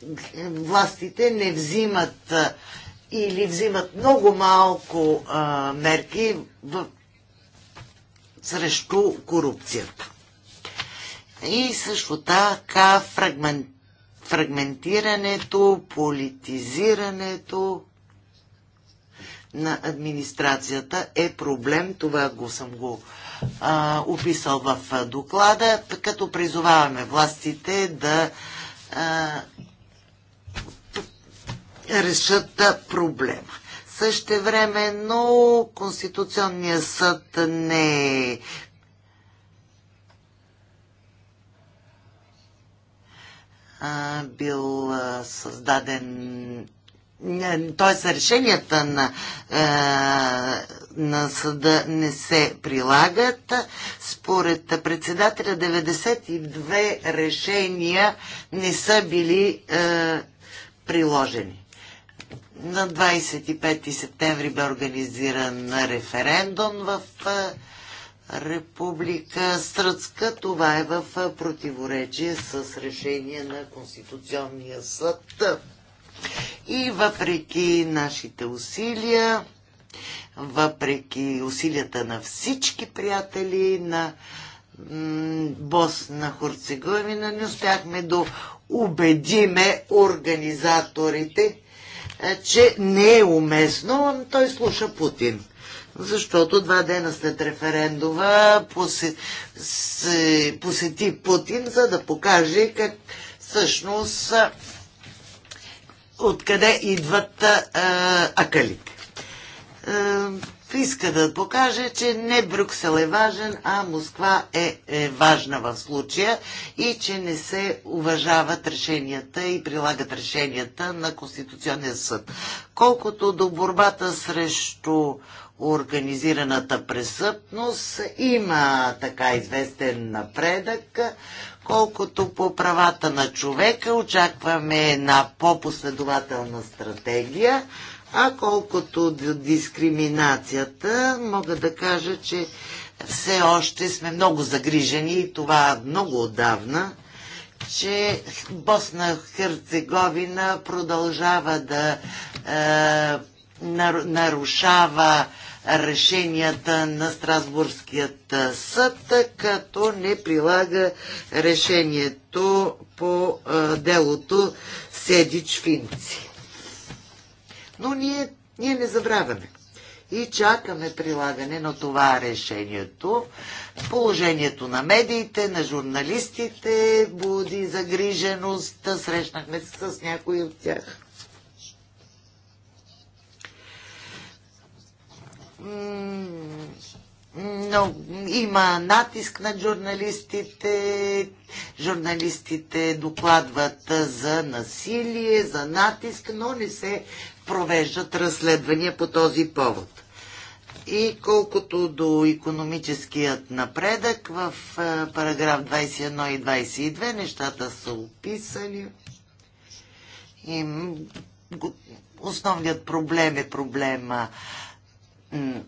властите не взимат или взимат много малко а, мерки в, срещу корупцията. И също така фрагмент, фрагментирането, политизирането на администрацията е проблем. Това го съм го а, описал в доклада, като призоваваме властите да а, решат проблема. Също време, но Конституционният съд не е бил създаден т.е. решенията на, е, на съда не се прилагат. Според председателя 92 решения не са били е, приложени. На 25 септември бе организиран референдум в е, Република Сръцка. Това е в е, противоречие с решение на Конституционния съд. И въпреки нашите усилия, въпреки усилията на всички приятели на Босна Хорцеговина, не успяхме да убедиме организаторите, е, че не е уместно, той слуша Путин. Защото два дена след референдума се, посети Путин, за да покаже как всъщност откъде идват а, акалите. А, иска да покаже, че не Брюксел е важен, а Москва е, е важна в случая и че не се уважават решенията и прилагат решенията на Конституционния съд. Колкото до борбата срещу организираната престъпност има така известен напредък. Колкото по правата на човека очакваме една по-последователна стратегия, а колкото до дискриминацията, мога да кажа, че все още сме много загрижени и това много отдавна, че Босна Херцеговина продължава да е, нарушава решенията на Страсбургският съд, като не прилага решението по делото Седич Финци. Но ние, ние не забравяме и чакаме прилагане на това решението. Положението на медиите, на журналистите буди загриженост. Срещнахме се с някои от тях. но има натиск на журналистите. Журналистите докладват за насилие, за натиск, но не се провеждат разследвания по този повод. И колкото до економическият напредък, в е, параграф 21 и 22 нещата са описани. И основният проблем е проблема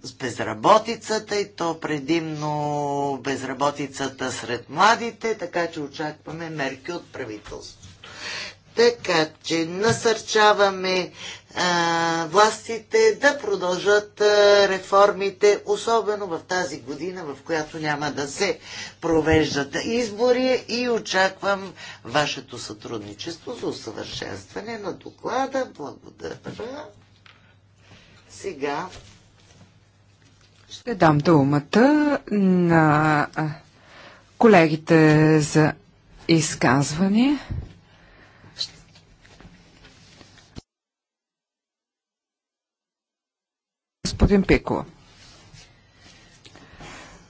с безработицата и то предимно безработицата сред младите, така че очакваме мерки от правителството. Така че насърчаваме а, властите да продължат а, реформите, особено в тази година, в която няма да се провеждат избори и очаквам вашето сътрудничество за усъвършенстване на доклада. Благодаря. Сега ще дам думата на колегите за изказване. Господин Пикова.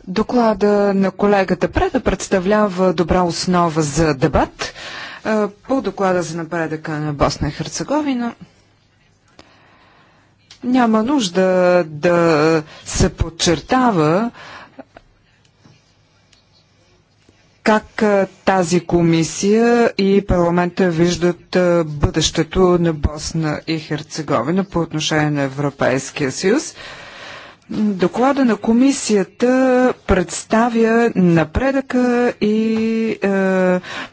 Доклада на колегата Преда представлява добра основа за дебат по доклада за напредъка на Босна и Херцеговина. Няма нужда да се подчертава как тази комисия и парламента виждат бъдещето на Босна и Херцеговина по отношение на Европейския съюз. Доклада на комисията представя напредъка и е,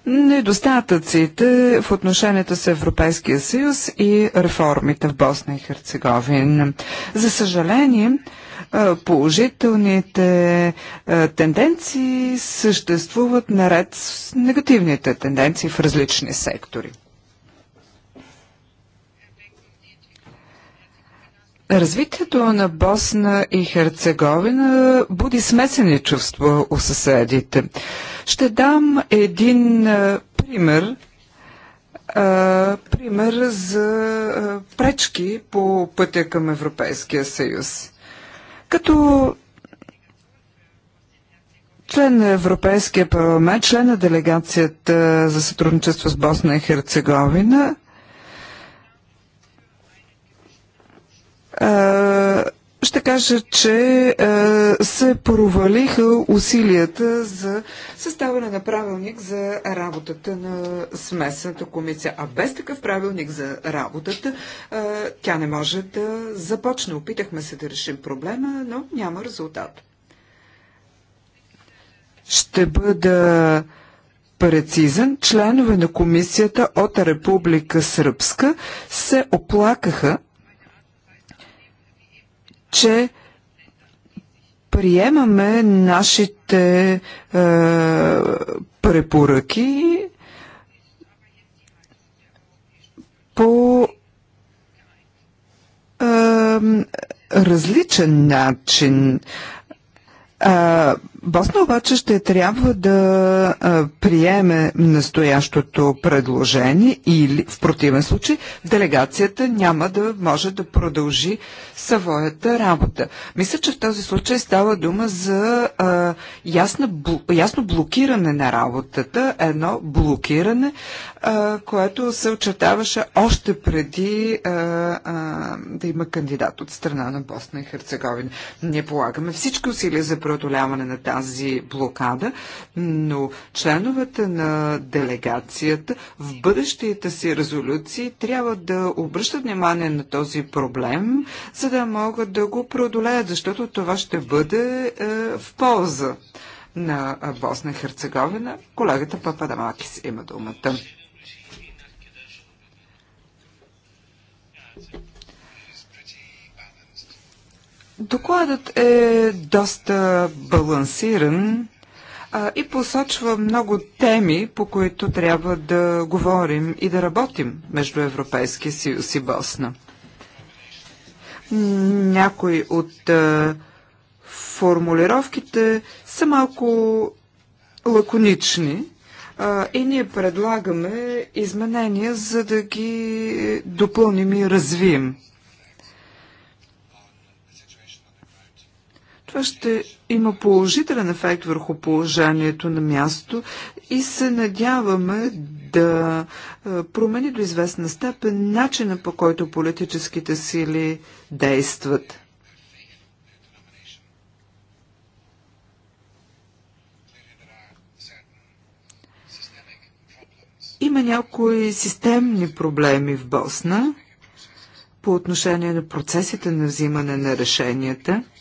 недостатъците в отношенията с Европейския съюз и реформите в Босна и Херцеговина. За съжаление, е, положителните е, тенденции съществуват наред с негативните тенденции в различни сектори. Развитието на Босна и Херцеговина буди смесени чувства у съседите. Ще дам един а, пример. А, пример за а, пречки по пътя към Европейския съюз. Като член на Европейския парламент, член на делегацията за сътрудничество с Босна и Херцеговина, Е, ще кажа, че е, се провалиха усилията за съставане на правилник за работата на смесната комисия. А без такъв правилник за работата, е, тя не може да започне. Опитахме се да решим проблема, но няма резултат. Ще бъда прецизен, членове на комисията от Република Сръбска се оплакаха, че приемаме нашите е, препоръки по е, различен начин. Е, Босна обаче ще трябва да приеме настоящото предложение или в противен случай делегацията няма да може да продължи своята работа. Мисля, че в този случай става дума за а, ясна, бл, ясно блокиране на работата, едно блокиране, а, което се очертаваше още преди а, а, да има кандидат от страна на Босна и Херцеговина. Ние полагаме всички усилия за преодоляване на тази тази блокада, но членовете на делегацията в бъдещите си резолюции трябва да обръщат внимание на този проблем, за да могат да го преодолеят, защото това ще бъде е, в полза на Босна и Херцеговина. Колегата Пападамакис има думата. Докладът е доста балансиран а, и посочва много теми, по които трябва да говорим и да работим между Европейския съюз и Босна. Някои от а, формулировките са малко лаконични а, и ние предлагаме изменения, за да ги допълним и развием. Това ще има положителен ефект върху положението на място и се надяваме да промени до известна степен начина по който политическите сили действат. Има някои системни проблеми в Босна по отношение на процесите на взимане на решенията –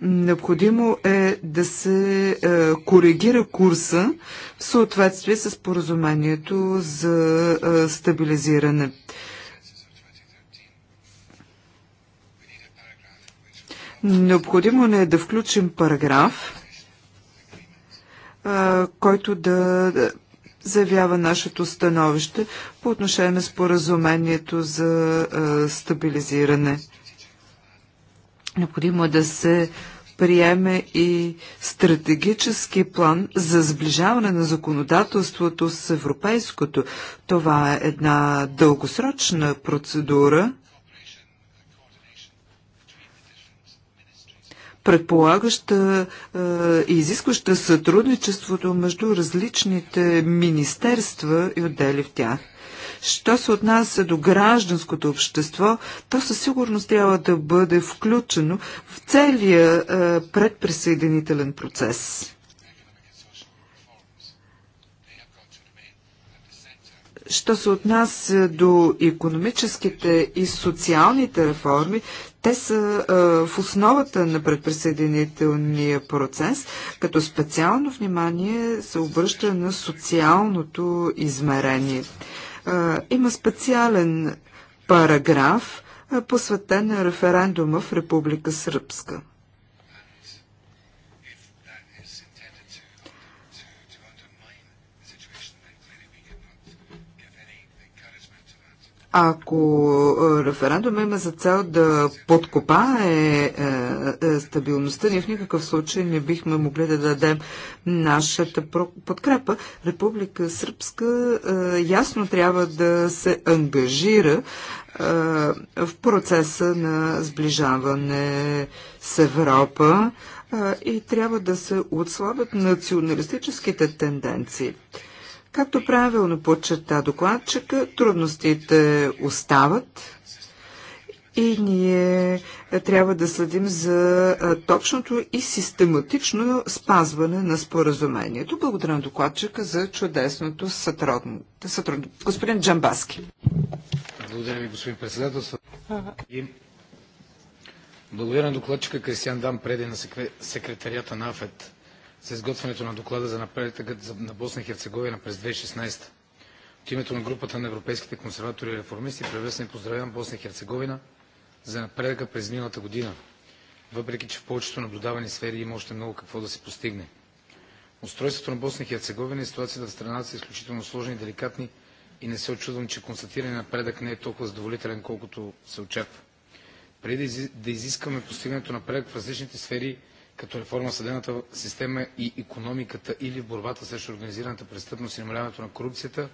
Необходимо е да се е, коригира курса в съответствие с поразумението за е, стабилизиране. Необходимо не е да включим параграф, е, който да заявява нашето становище по отношение на споразумението за стабилизиране. Необходимо е да се приеме и стратегически план за сближаване на законодателството с европейското. Това е една дългосрочна процедура, предполагаща и изискваща сътрудничеството между различните министерства и отдели в тях. Що се отнася до гражданското общество, то със сигурност трябва да бъде включено в целия е, предприсъединителен процес. Що се отнася до економическите и социалните реформи, те са е, в основата на предприсъединителния процес, като специално внимание се обръща на социалното измерение. Има специален параграф, посветен на референдума в Република Сръбска. Ако е, референдум има за цел да подкопае е, е, стабилността, ние в никакъв случай не бихме могли да дадем нашата подкрепа. Република Сръбска ясно трябва да се ангажира в процеса на сближаване с Европа и трябва да се отслабят националистическите тенденции. Както правилно подчерта докладчика, трудностите остават и ние е, трябва да следим за е, точното и систематично спазване на споразумението. Благодаря на докладчика за чудесното сътрудничество. Господин Джамбаски. Благодаря ви, господин председател. благодаря на докладчика Кристиан Дам Преди на секретарията на АФЕД за изготвянето на доклада за напредъкът на Босна и Херцеговина през 2016. От името на групата на европейските консерватори и реформисти превесен поздравявам Босна и Херцеговина за напредъка през миналата година, въпреки че в повечето наблюдавани сфери има още много какво да се постигне. Устройството на Босна и Херцеговина и ситуацията в страната са изключително сложни и деликатни и не се очудвам, че констатиран напредък не е толкова задоволителен, колкото се очаква. Преди да изискваме постигането на напредък в различните сфери, като реформа в съдебната система и икономиката или в борбата срещу организираната престъпност и намаляването на корупцията,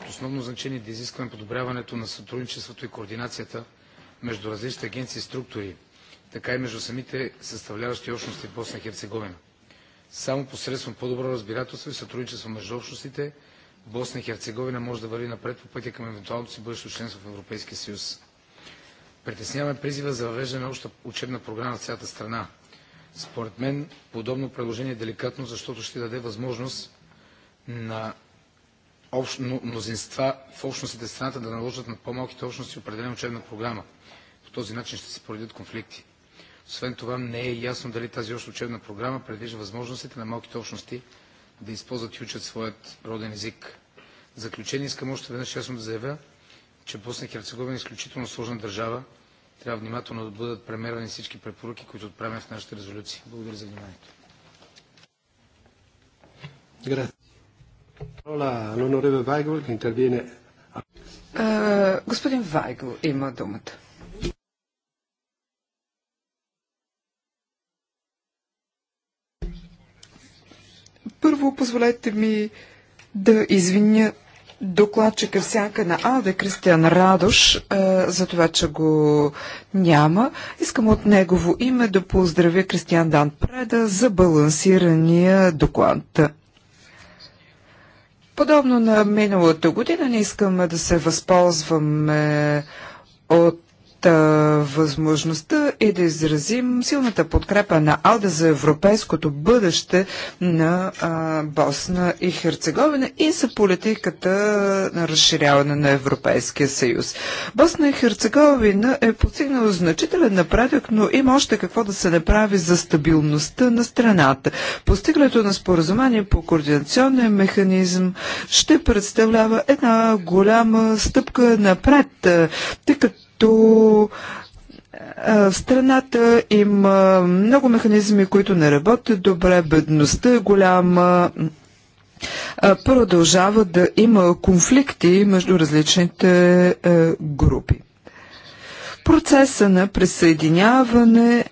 от основно значение е да изискваме подобряването на сътрудничеството и координацията между различните агенции и структури, така и между самите съставляващи общности в Босна и Херцеговина. Само посредством по-добро разбирателство и сътрудничество между общностите Босна и Херцеговина може да върви напред по пътя към евентуалното си бъдещо членство в Европейския съюз. Притесняваме призива за въвеждане на обща учебна програма в цялата страна. Според мен подобно предложение е деликатно, защото ще даде възможност на мнозинства в общностите страната да наложат на по-малките общности определена учебна програма. По този начин ще се поредят конфликти. Освен това не е ясно дали тази обща учебна програма предвижда възможностите на малките общности да използват и учат своят роден език. В заключение искам още веднъж ясно да заявя, че Босна и Херцеговина е изключително сложна държава, трябва внимателно да бъдат премерени всички препоръки, които отправяме в нашите резолюции. Благодаря за вниманието. господин Вайгл има думата. Първо, позволете ми да извиня докладчика всяка сянка на Алде Кристиан Радош е, за това, че го няма. Искам от негово име да поздравя Кристиан Дан Преда за балансирания доклад. Подобно на миналата година, не искам да се възползвам от възможността и е да изразим силната подкрепа на АЛДА за европейското бъдеще на а, Босна и Херцеговина и за политиката на разширяване на Европейския съюз. Босна и Херцеговина е постигнала значителен напредък, но има още какво да се направи за стабилността на страната. Постигането на споразумение по координационния механизъм ще представлява една голяма стъпка напред, тъй като които в страната има много механизми, които не работят добре, бедността е голяма, продължава да има конфликти между различните групи. Процеса на присъединяване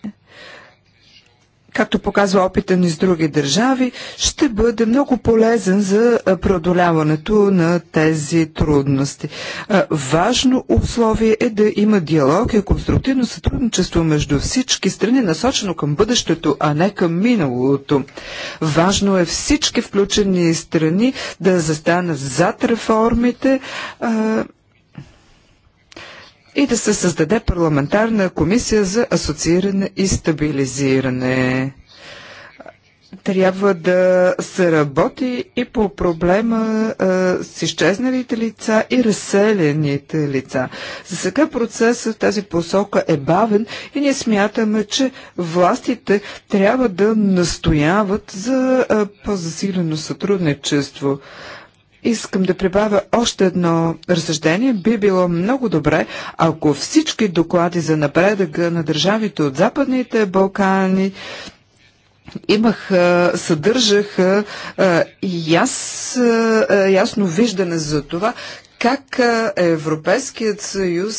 както показва опита ни с други държави, ще бъде много полезен за преодоляването на тези трудности. Важно условие е да има диалог и конструктивно сътрудничество между всички страни, насочено към бъдещето, а не към миналото. Важно е всички включени страни да застанат зад реформите и да се създаде парламентарна комисия за асоцииране и стабилизиране. Трябва да се работи и по проблема а, с изчезналите лица и разселените лица. За сега процесът в тази посока е бавен и ние смятаме, че властите трябва да настояват за по-засилено сътрудничество. Искам да прибавя още едно разсъждение. Би било много добре, ако всички доклади за напредъка на държавите от Западните Балкани имах, съдържах яс, ясно виждане за това, как Европейският съюз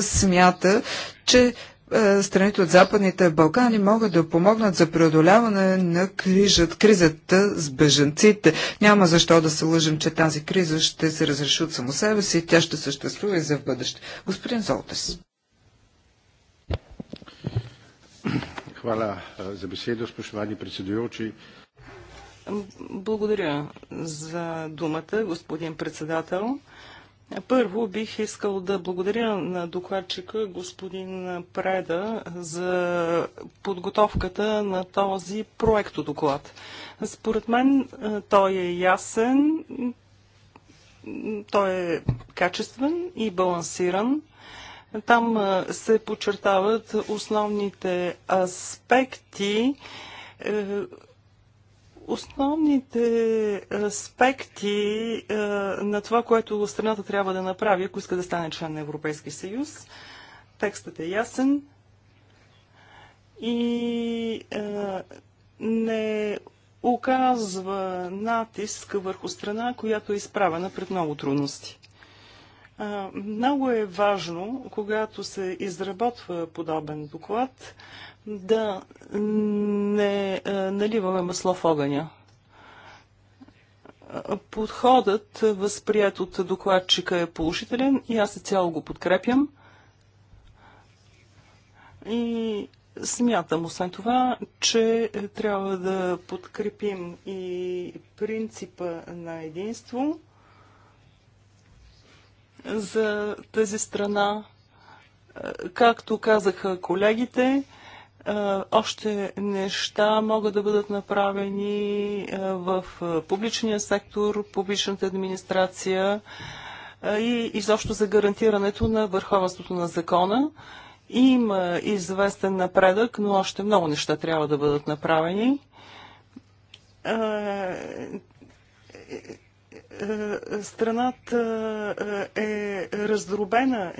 смята, че е, страните от Западните Балкани могат да помогнат за преодоляване на крижът, кризата с бежанците. Няма защо да се лъжим, че тази криза ще се разреши от само себе си и тя ще съществува и за в бъдеще. Господин Золтес. Хвала е, за беседа, spoštovani председателчи. Благодаря за думата, господин председател. Първо бих искал да благодаря на докладчика господин Преда за подготовката на този проектодоклад. Според мен е, той е ясен, той е качествен и балансиран. Там е, се подчертават основните аспекти, е, Основните аспекти е, на това, което страната трябва да направи, ако иска да стане член на Европейския съюз, текстът е ясен и е, не оказва натиск върху страна, която е изправена пред много трудности. Е, много е важно, когато се изработва подобен доклад, да не е, наливаме масло в огъня. Подходът, възприят от докладчика, е положителен и аз цяло го подкрепям. И смятам, освен това, че трябва да подкрепим и принципа на единство за тази страна. Е, както казаха колегите, е, още неща могат да бъдат направени е, в е, публичния сектор, публичната администрация и изобщо за гарантирането на върховенството на закона. Има известен напредък, но още много неща трябва да бъдат направени страната е раздробена,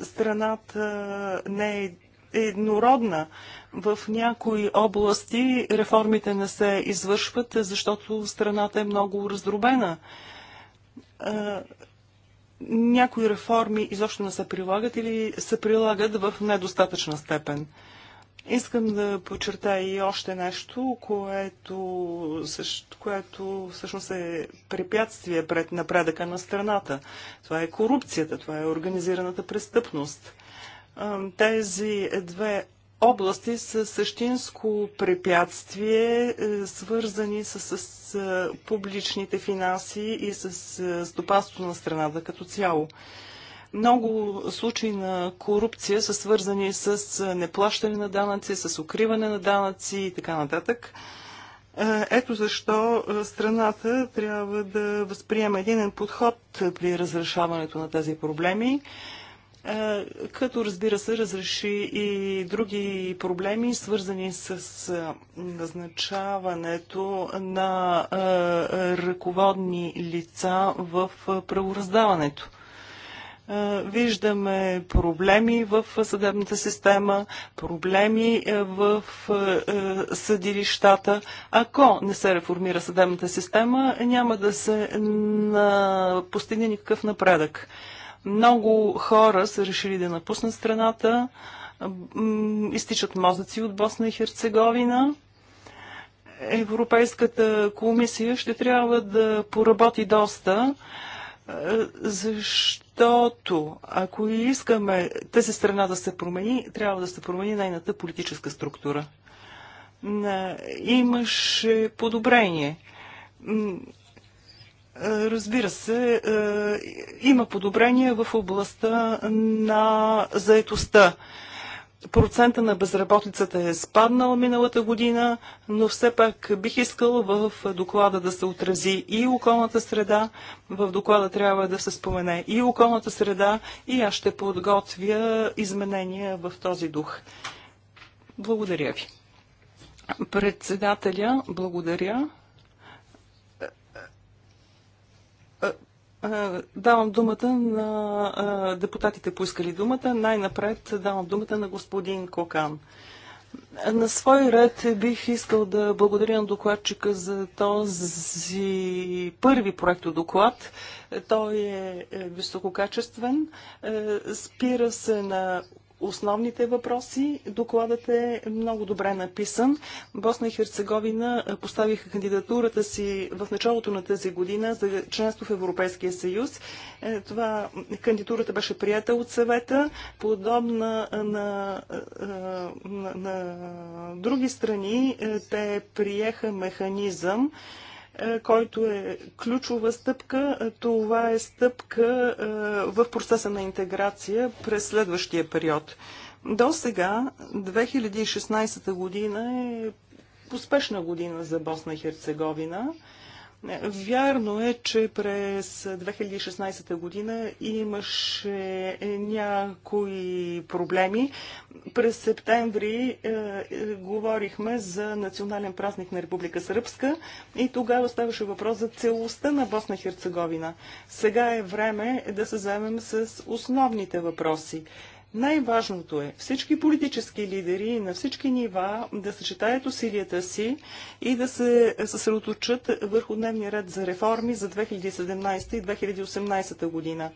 страната не е еднородна. В някои области реформите не се извършват, защото страната е много раздробена. Някои реформи изобщо не се прилагат или се прилагат в недостатъчна степен. Искам да подчертая и още нещо, което, също, което всъщност е препятствие пред напредъка на страната. Това е корупцията, това е организираната престъпност. Тези две области са същинско препятствие, е, свързани с, с, с е, публичните финанси и с, с е, стопанството на страната като цяло. Много случаи на корупция са свързани с неплащане на данъци, с укриване на данъци и така нататък. Ето защо страната трябва да възприема един подход при разрешаването на тези проблеми. Е, като разбира се разреши и други проблеми, свързани с е, назначаването на е, ръководни лица в правораздаването виждаме проблеми в съдебната система, проблеми в съдилищата. Ако не се реформира съдебната система, няма да се постигне никакъв напредък. Много хора са решили да напуснат страната, изтичат мозъци от Босна и Херцеговина. Европейската комисия ще трябва да поработи доста, е, защото ако искаме тази страна да се промени, трябва да се промени нейната политическа структура. Имаше подобрение е, разбира се, е, има подобрения в областта на заетостта. Процента на безработицата е спаднал миналата година, но все пак бих искал в доклада да се отрази и околната среда. В доклада трябва да се спомене и околната среда и аз ще подготвя изменения в този дух. Благодаря ви. Председателя, благодаря. Давам думата на депутатите, поискали думата. Най-напред давам думата на господин Кокан. На свой ред бих искал да благодаря на докладчика за този първи проект доклад. Той е, е висококачествен, е, спира се на основните въпроси. Докладът е много добре написан. Босна и Херцеговина поставиха кандидатурата си в началото на тази година за членство в Европейския съюз. Е, това кандидатурата беше прията от съвета, подобна на, на, е, на, на други страни. Е, те приеха механизъм е, който е ключова стъпка. Е, това е стъпка е, в процеса на интеграция през следващия период. До сега, 2016 година е успешна година за Босна и Херцеговина. Вярно е, че през 2016 година имаше някои проблеми. През септември е, е, говорихме за национален празник на Република Сръбска и тогава ставаше въпрос за целостта на Босна Херцеговина. Сега е време да се заемем с основните въпроси. Най-важното е всички политически лидери на всички нива да съчетаят усилията си и да се съсредоточат върху дневния ред за реформи за 2017 и 2018 година.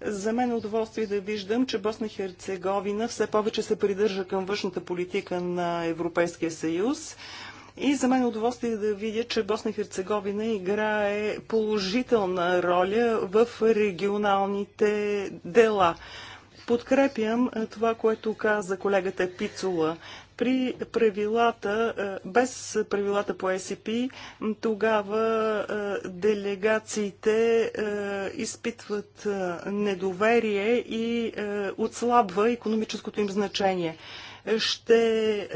За мен е удоволствие да виждам, че Босна и Херцеговина все повече се придържа към външната политика на Европейския съюз. И за мен е удоволствие да видя, че Босна и Херцеговина играе положителна роля в регионалните дела. Подкрепям е, това, което каза колегата Пицула при правилата, е, без правилата по ЕСП, тогава е, делегациите изпитват недоверие и отслабва економическото им значение. Ще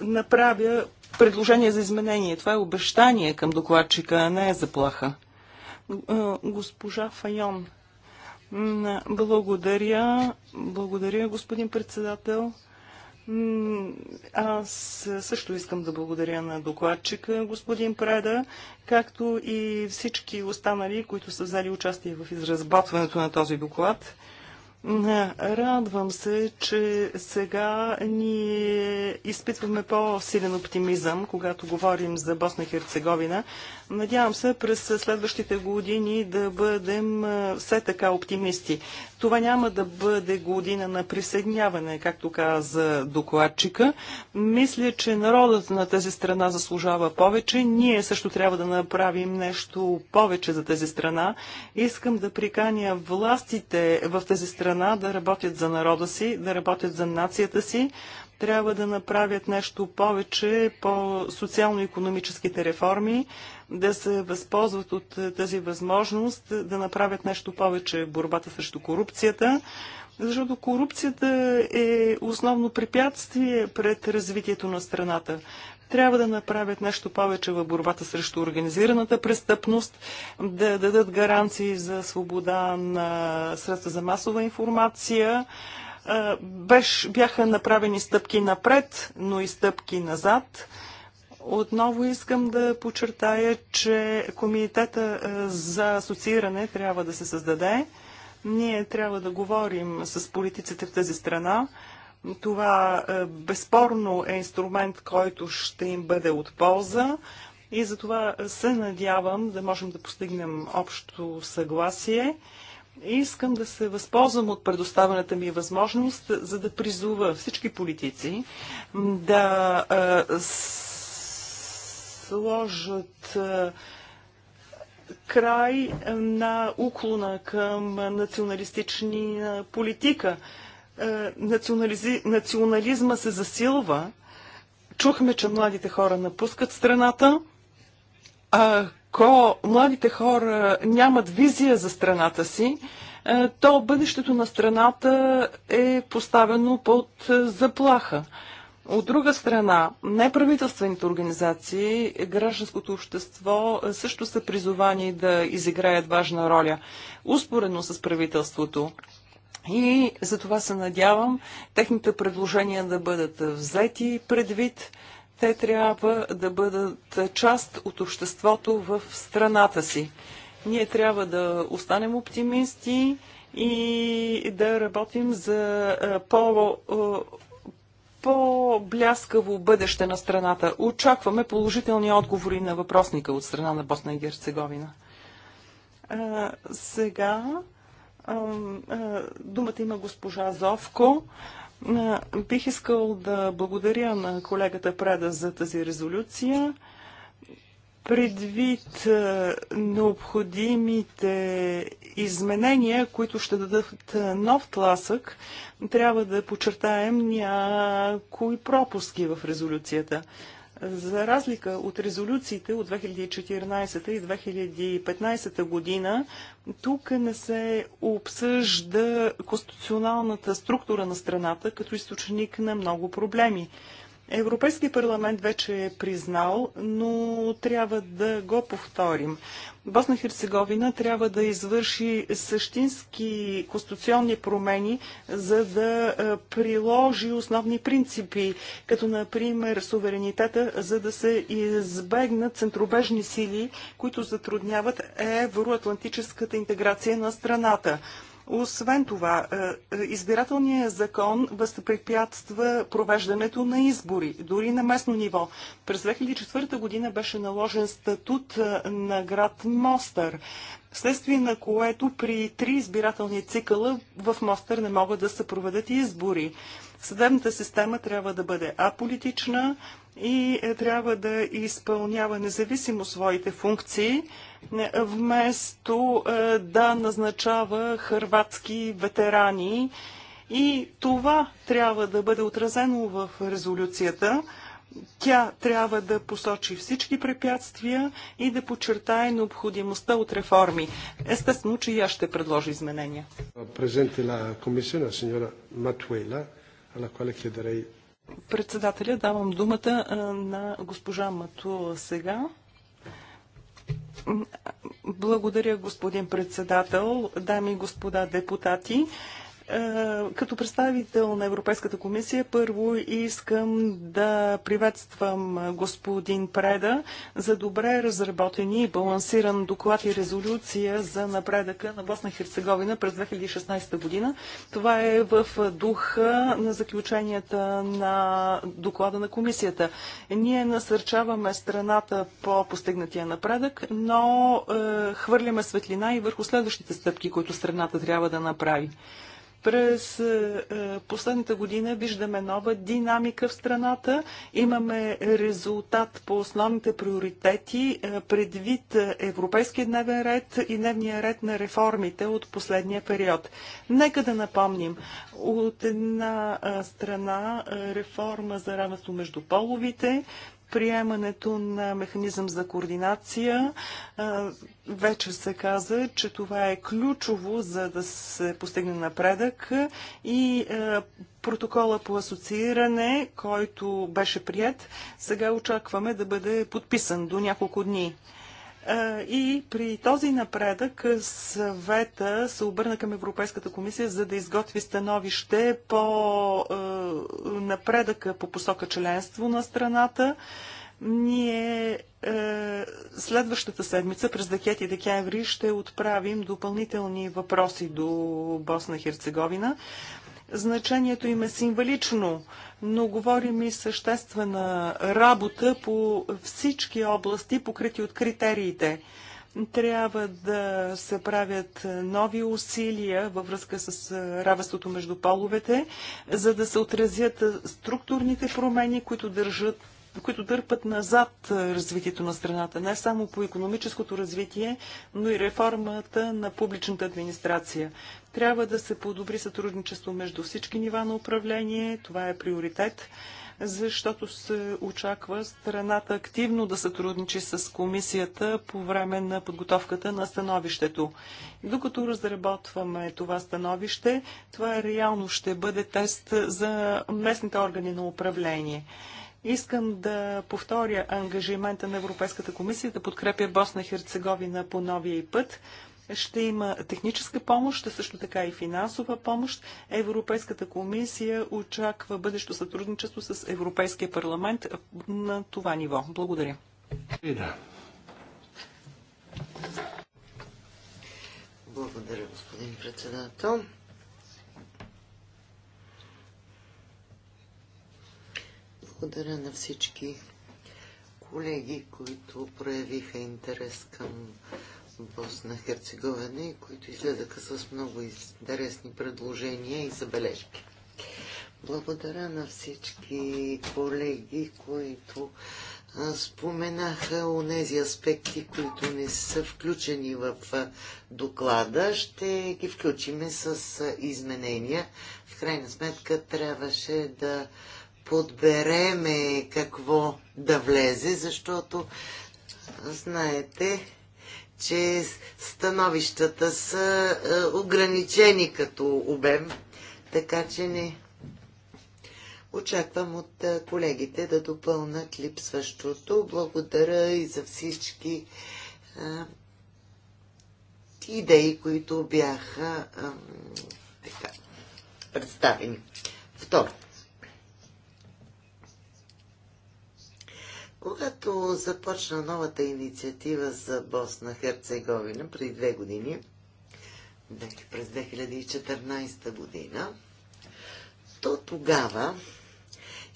направя предложение за изменение. Това е обещание към докладчика, а не е заплаха. Госпожа Файон. Благодаря. Благодаря, господин председател. Аз също искам да благодаря на докладчика, господин Преда, както и всички останали, които са взели участие в изразбатването на този доклад. Радвам се, че сега ние изпитваме по-силен оптимизъм, когато говорим за Босна и Херцеговина, Надявам се през следващите години да бъдем все така оптимисти. Това няма да бъде година на присъединяване, както каза докладчика. Мисля, че народът на тази страна заслужава повече. Ние също трябва да направим нещо повече за тази страна. Искам да приканя властите в тази страна да работят за народа си, да работят за нацията си, трябва да направят нещо повече по социално-економическите реформи, да се възползват от е, тази възможност, е, да направят нещо повече в борбата срещу корупцията, защото корупцията е основно препятствие пред развитието на страната. Трябва да направят нещо повече в борбата срещу организираната престъпност, да дадат гаранции за свобода на средства за масова информация, беше, бяха направени стъпки напред, но и стъпки назад. Отново искам да подчертая, че комитета за асоцииране трябва да се създаде. Ние трябва да говорим с политиците в тази страна. Това безспорно е инструмент, който ще им бъде от полза. И затова се надявам да можем да постигнем общо съгласие. Искам да се възползвам от предоставената ми възможност, за да призува всички политици да а, сложат а, край на уклона към националистични политика. Национализи... Национализма се засилва. Чухме, че младите хора напускат страната. А ако младите хора нямат визия за страната си, е, то бъдещето на страната е поставено под е, заплаха. От друга страна, неправителствените организации, гражданското общество е, също са призовани да изиграят важна роля, успоредно с правителството. И за това се надявам техните предложения да бъдат взети предвид те трябва да бъдат част от обществото в страната си. Ние трябва да останем оптимисти и да работим за по по-бляскаво бъдеще на страната. Очакваме положителни отговори на въпросника от страна на Босна и Герцеговина. А, сега а, а, думата има госпожа Зовко. А, Бих искал да благодаря на колегата Преда за тази резолюция. Предвид необходимите изменения, които ще дадат нов тласък, трябва да подчертаем някои пропуски в резолюцията. За разлика от резолюциите от 2014 и 2015 година, тук не се обсъжда конституционалната структура на страната като източник на много проблеми. Европейски парламент вече е признал, но трябва да го повторим. Босна Херцеговина трябва да извърши същински конституционни промени, за да приложи основни принципи, като например суверенитета, за да се избегнат центробежни сили, които затрудняват евроатлантическата интеграция на страната. Освен това, е, е, избирателният закон възпрепятства провеждането на избори, дори на местно ниво. През 2004 година беше наложен статут е, на град Мостър, следствие на което при три избирателни цикъла в Мостър не могат да се проведат избори. Съдебната система трябва да бъде аполитична, и е, трябва да изпълнява независимо своите функции, е, вместо е, да назначава хърватски ветерани. И това трябва да бъде отразено в резолюцията. Тя трябва да посочи всички препятствия и да подчертае необходимостта от реформи. Естествено, че и аз ще предложа изменения. Презенте на на сеньора Матуела, на quale Председателя, давам думата на госпожа Матула сега. Благодаря, господин председател, дами и господа депутати. Е, като представител на Европейската комисия, първо искам да приветствам господин Преда за добре разработени и балансиран доклад и резолюция за напредъка на Босна и Херцеговина през 2016 година. Това е в духа на заключенията на доклада на комисията. Ние насърчаваме страната по постигнатия напредък, но е, хвърляме светлина и върху следващите стъпки, които страната трябва да направи. През е, е, последната година виждаме нова динамика в страната. Имаме резултат по основните приоритети е, предвид европейския дневен ред и дневния ред на реформите от последния период. Нека да напомним. От една страна реформа за равенство между половите, приемането на механизъм за координация. Вече се каза, че това е ключово за да се постигне напредък и протокола по асоцииране, който беше прият, сега очакваме да бъде подписан до няколко дни. И при този напредък съвета се обърна към Европейската комисия, за да изготви становище по напредъка по посока членство на страната. Ние следващата седмица, през декет и декември, ще отправим допълнителни въпроси до Босна и Херцеговина. Значението им е символично, но говорим и съществена работа по всички области, покрити от критериите. Трябва да се правят нови усилия във връзка с равенството между половете, за да се отразят структурните промени, които държат които дърпат назад развитието на страната, не само по економическото развитие, но и реформата на публичната администрация. Трябва да се подобри сътрудничество между всички нива на управление. Това е приоритет защото се очаква страната активно да сътрудничи с комисията по време на подготовката на становището. Докато разработваме това становище, това реално ще бъде тест за местните органи на управление. Искам да повторя ангажимента на Европейската комисия да подкрепя Босна и Херцеговина по новия път ще има техническа помощ, също така и финансова помощ. Европейската комисия очаква бъдещо сътрудничество с Европейския парламент на това ниво. Благодаря. Благодаря, господин председател. Благодаря на всички колеги, които проявиха интерес към Босна Херцеговина и които изледаха с много интересни предложения и забележки. Благодаря на всички колеги, които споменаха онези аспекти, които не са включени в доклада. Ще ги включиме с изменения. В крайна сметка трябваше да подбереме какво да влезе, защото знаете, че становищата са е, ограничени като обем, така че не очаквам от е, колегите да допълнат липсващото. Благодаря и за всички е, идеи, които бяха така, представени. Второ. Когато започна новата инициатива за Босна Херцеговина преди две години, през 2014 година, то тогава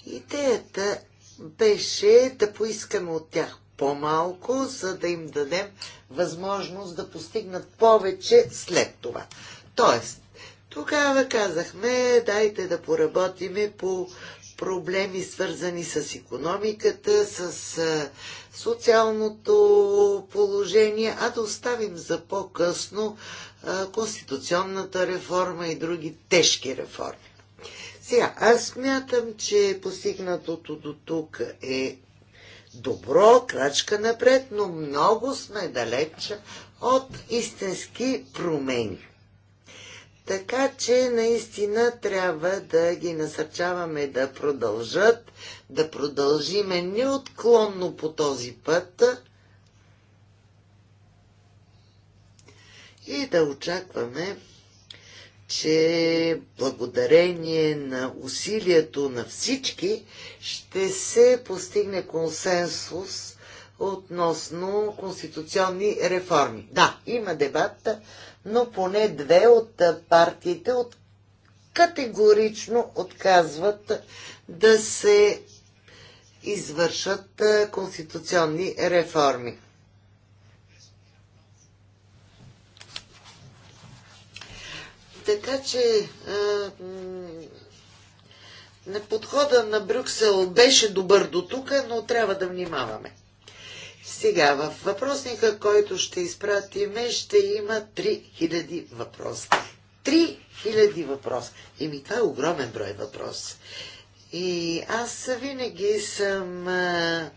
идеята беше да поискаме от тях по-малко, за да им дадем възможност да постигнат повече след това. Тоест, тогава казахме, дайте да поработиме по проблеми, свързани с економиката, с социалното положение, а да оставим за по-късно конституционната реформа и други тежки реформи. Сега, аз мятам, че постигнатото до тук е добро, крачка напред, но много сме далеч от истински промени. Така че наистина трябва да ги насърчаваме да продължат, да продължиме неотклонно по този път и да очакваме, че благодарение на усилието на всички ще се постигне консенсус относно конституционни реформи. Да, има дебата но поне две от партиите от категорично отказват да се извършат конституционни реформи. Така че на подхода на Брюксел беше добър до тук, но трябва да внимаваме. Сега в въпросника, който ще изпратиме, ще има 3000 въпроса. 3000 въпроса. и ми това е огромен брой въпрос. И аз винаги съм а,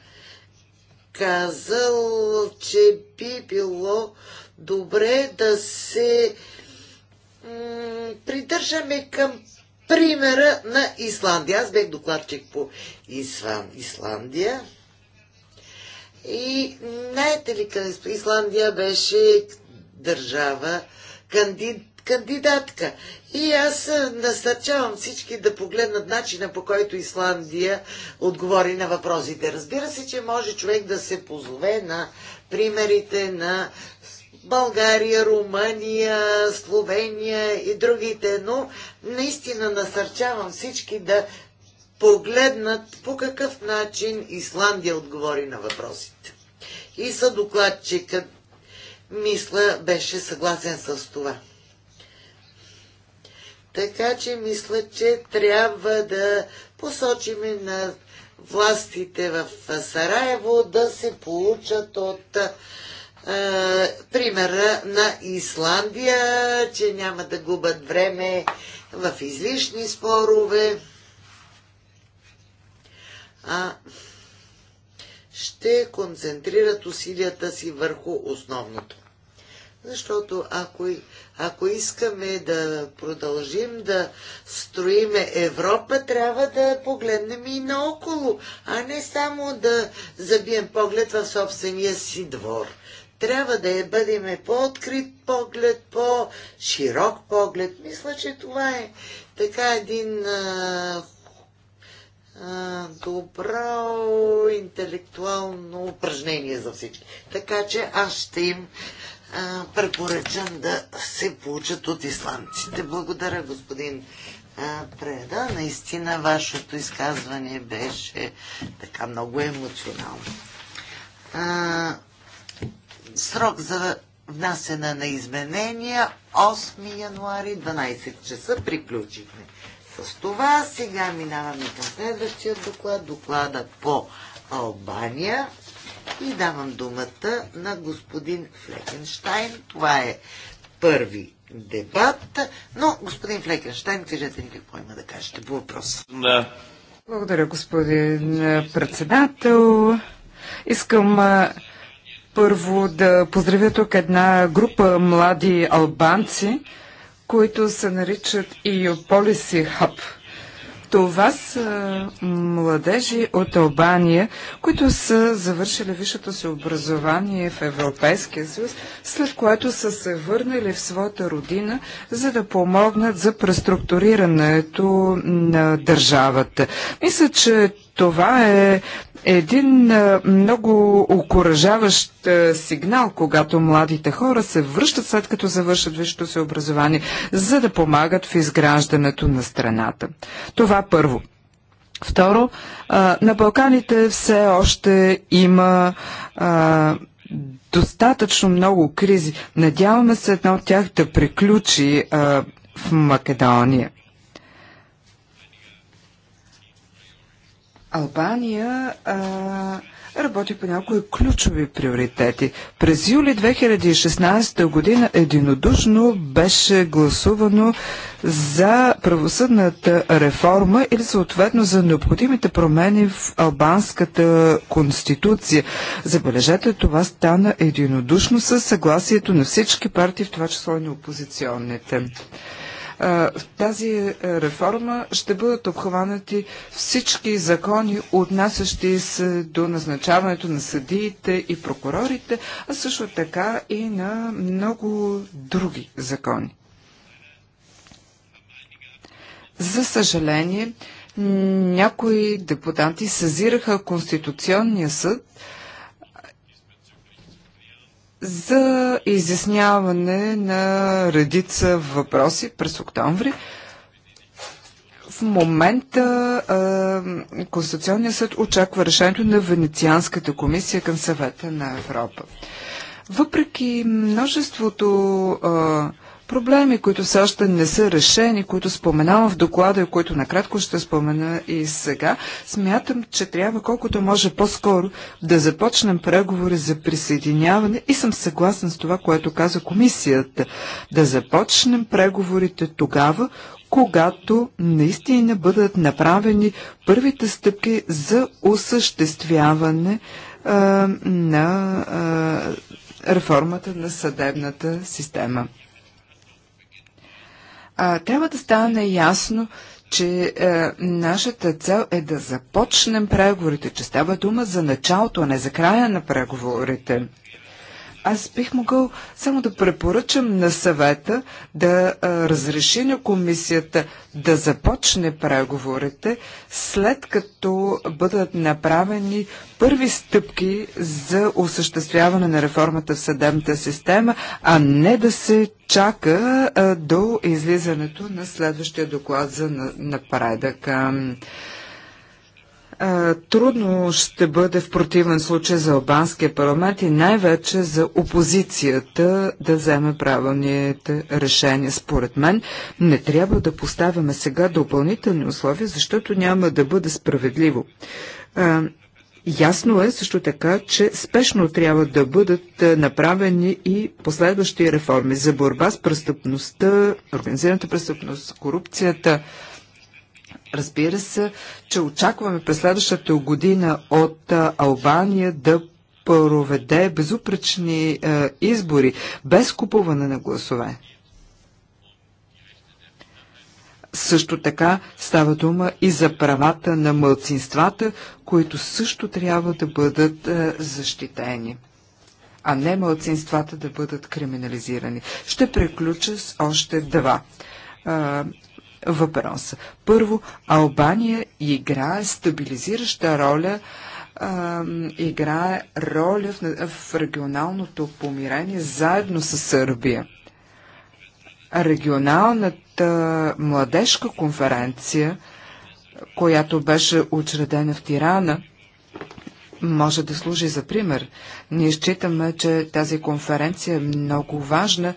казал, че би било добре да се придържаме към примера на Исландия. Аз бех докладчик по Ислан, Исландия. И знаете ли, Исландия беше държава канди, кандидатка. И аз насърчавам всички да погледнат начина по който Исландия отговори на въпросите. Разбира се, че може човек да се позове на примерите на България, Румъния, Словения и другите, но наистина насърчавам всички да погледнат по какъв начин Исландия отговори на въпросите. И докладчикът мисля, беше съгласен с това. Така че мисля, че трябва да посочиме на властите в Сараево да се получат от е, примера на Исландия, че няма да губят време в излишни спорове а ще концентрират усилията си върху основното. Защото ако, ако искаме да продължим да строиме Европа, трябва да погледнем и наоколо, а не само да забием поглед в собствения си двор. Трябва да бъдем по-открит поглед, по-широк поглед. Мисля, че това е така един а, добро интелектуално упражнение за всички. Така че аз ще им а, препоръчам да се получат от исландците. Благодаря, господин а, Преда. Наистина, вашето изказване беше така много емоционално. А, срок за внасена на изменения 8 януари 12 часа приключихме. С това сега минаваме към следващия доклад, доклада по Албания и давам думата на господин Флекенштайн. Това е първи дебат, но господин Флекенштайн, кажете ни какво има да кажете по въпроса. Да. Благодаря, господин председател. Искам първо да поздравя тук една група млади албанци, които се наричат EU Policy Hub. Това са младежи от Албания, които са завършили висшето си образование в Европейския съюз, след което са се върнали в своята родина, за да помогнат за преструктурирането на държавата. Мисля, че това е един много окоръжаващ сигнал, когато младите хора се връщат след като завършат висшето си образование, за да помагат в изграждането на страната. Това първо. Второ, на Балканите все още има достатъчно много кризи. Надяваме се една от тях да приключи в Македония. Албания а, работи по някои ключови приоритети. През юли 2016 година единодушно беше гласувано за правосъдната реформа или съответно за необходимите промени в албанската конституция. Забележете, това стана единодушно със съгласието на всички партии, в това число и на опозиционните. В тази е, реформа ще бъдат обхванати всички закони, отнасящи се до назначаването на съдиите и прокурорите, а също така и на много други закони. За съжаление, някои депутати съзираха Конституционния съд за изясняване на редица въпроси през октомври. В момента Конституционният съд очаква решението на Венецианската комисия към съвета на Европа. Въпреки множеството а, проблеми, които все още не са решени, които споменавам в доклада и които накратко ще спомена и сега. Смятам, че трябва колкото може по-скоро да започнем преговори за присъединяване и съм съгласен с това, което каза комисията. Да започнем преговорите тогава, когато наистина бъдат направени първите стъпки за осъществяване а, на а, реформата на съдебната система а, трябва да стане ясно, че е, нашата цел е да започнем преговорите, че става дума за началото, а не за края на преговорите. Аз бих могъл само да препоръчам на съвета да а, разреши на комисията да започне преговорите, след като бъдат направени първи стъпки за осъществяване на реформата в съдебната система, а не да се чака а, до излизането на следващия доклад за напредък. На трудно ще бъде в противен случай за албанския парламент и най-вече за опозицията да вземе правилните решения. Според мен не трябва да поставяме сега допълнителни условия, защото няма да бъде справедливо. Ясно е също така, че спешно трябва да бъдат направени и последващи реформи за борба с престъпността, организираната престъпност, корупцията, Разбира се, че очакваме през следващата година от Албания да проведе безупречни избори, без купуване на гласове. Също така става дума и за правата на мълцинствата, които също трябва да бъдат защитени а не мълцинствата да бъдат криминализирани. Ще приключа с още два въпроса. Първо, Албания играе стабилизираща роля играе роля в, в регионалното помирение заедно с Сърбия. Регионалната младежка конференция, която беше учредена в Тирана, може да служи за пример. Ние считаме, че тази конференция е много важна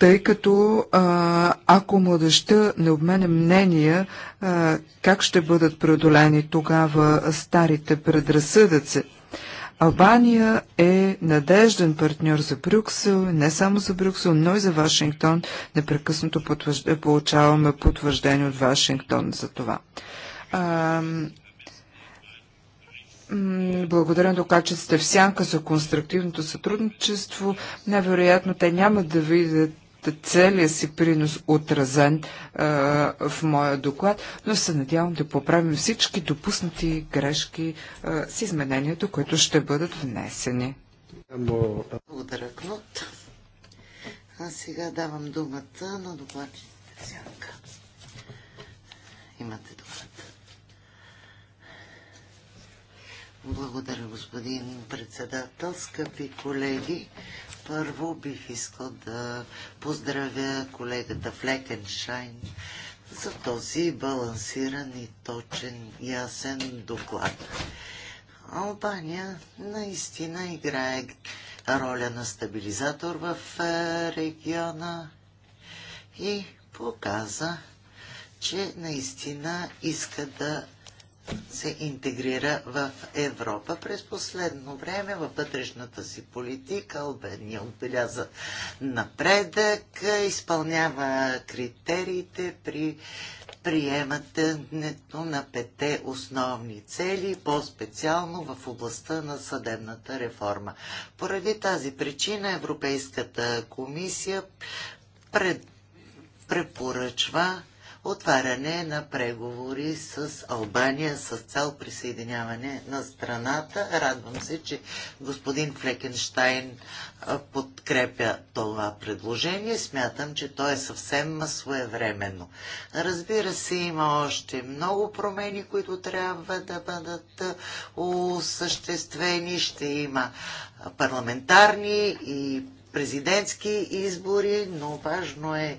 тъй като а, ако младеща не обмене мнения, а, как ще бъдат преодолени тогава старите предразсъдъци? Албания е надежден партньор за Брюксел, не само за Брюксел, но и за Вашингтон. Непрекъснато потвържд... получаваме потвърждение от Вашингтон за това. А, благодаря до качеството в сянка за конструктивното сътрудничество. Невероятно те няма да видят целия си принос отразен а, в моя доклад, но се надявам да поправим всички допуснати грешки а, с изменението, които ще бъдат внесени. Благодаря, Клод. А сега давам думата на докладчите Сянка. Имате думата. Благодаря, господин председател, скъпи колеги. Първо бих искал да поздравя колегата Флекеншайн за този балансиран и точен, ясен доклад. Албания наистина играе роля на стабилизатор в е, региона и показа, че наистина иска да се интегрира в Европа. През последно време във вътрешната си политика Албания отбеляза напредък, изпълнява критериите при приемането на пете основни цели, по-специално в областта на съдебната реформа. Поради тази причина Европейската комисия пред, препоръчва отваряне на преговори с Албания с цел присъединяване на страната. Радвам се, че господин Флекенштайн подкрепя това предложение. Смятам, че то е съвсем своевременно. Разбира се, има още много промени, които трябва да бъдат осъществени. Ще има парламентарни и президентски избори, но важно е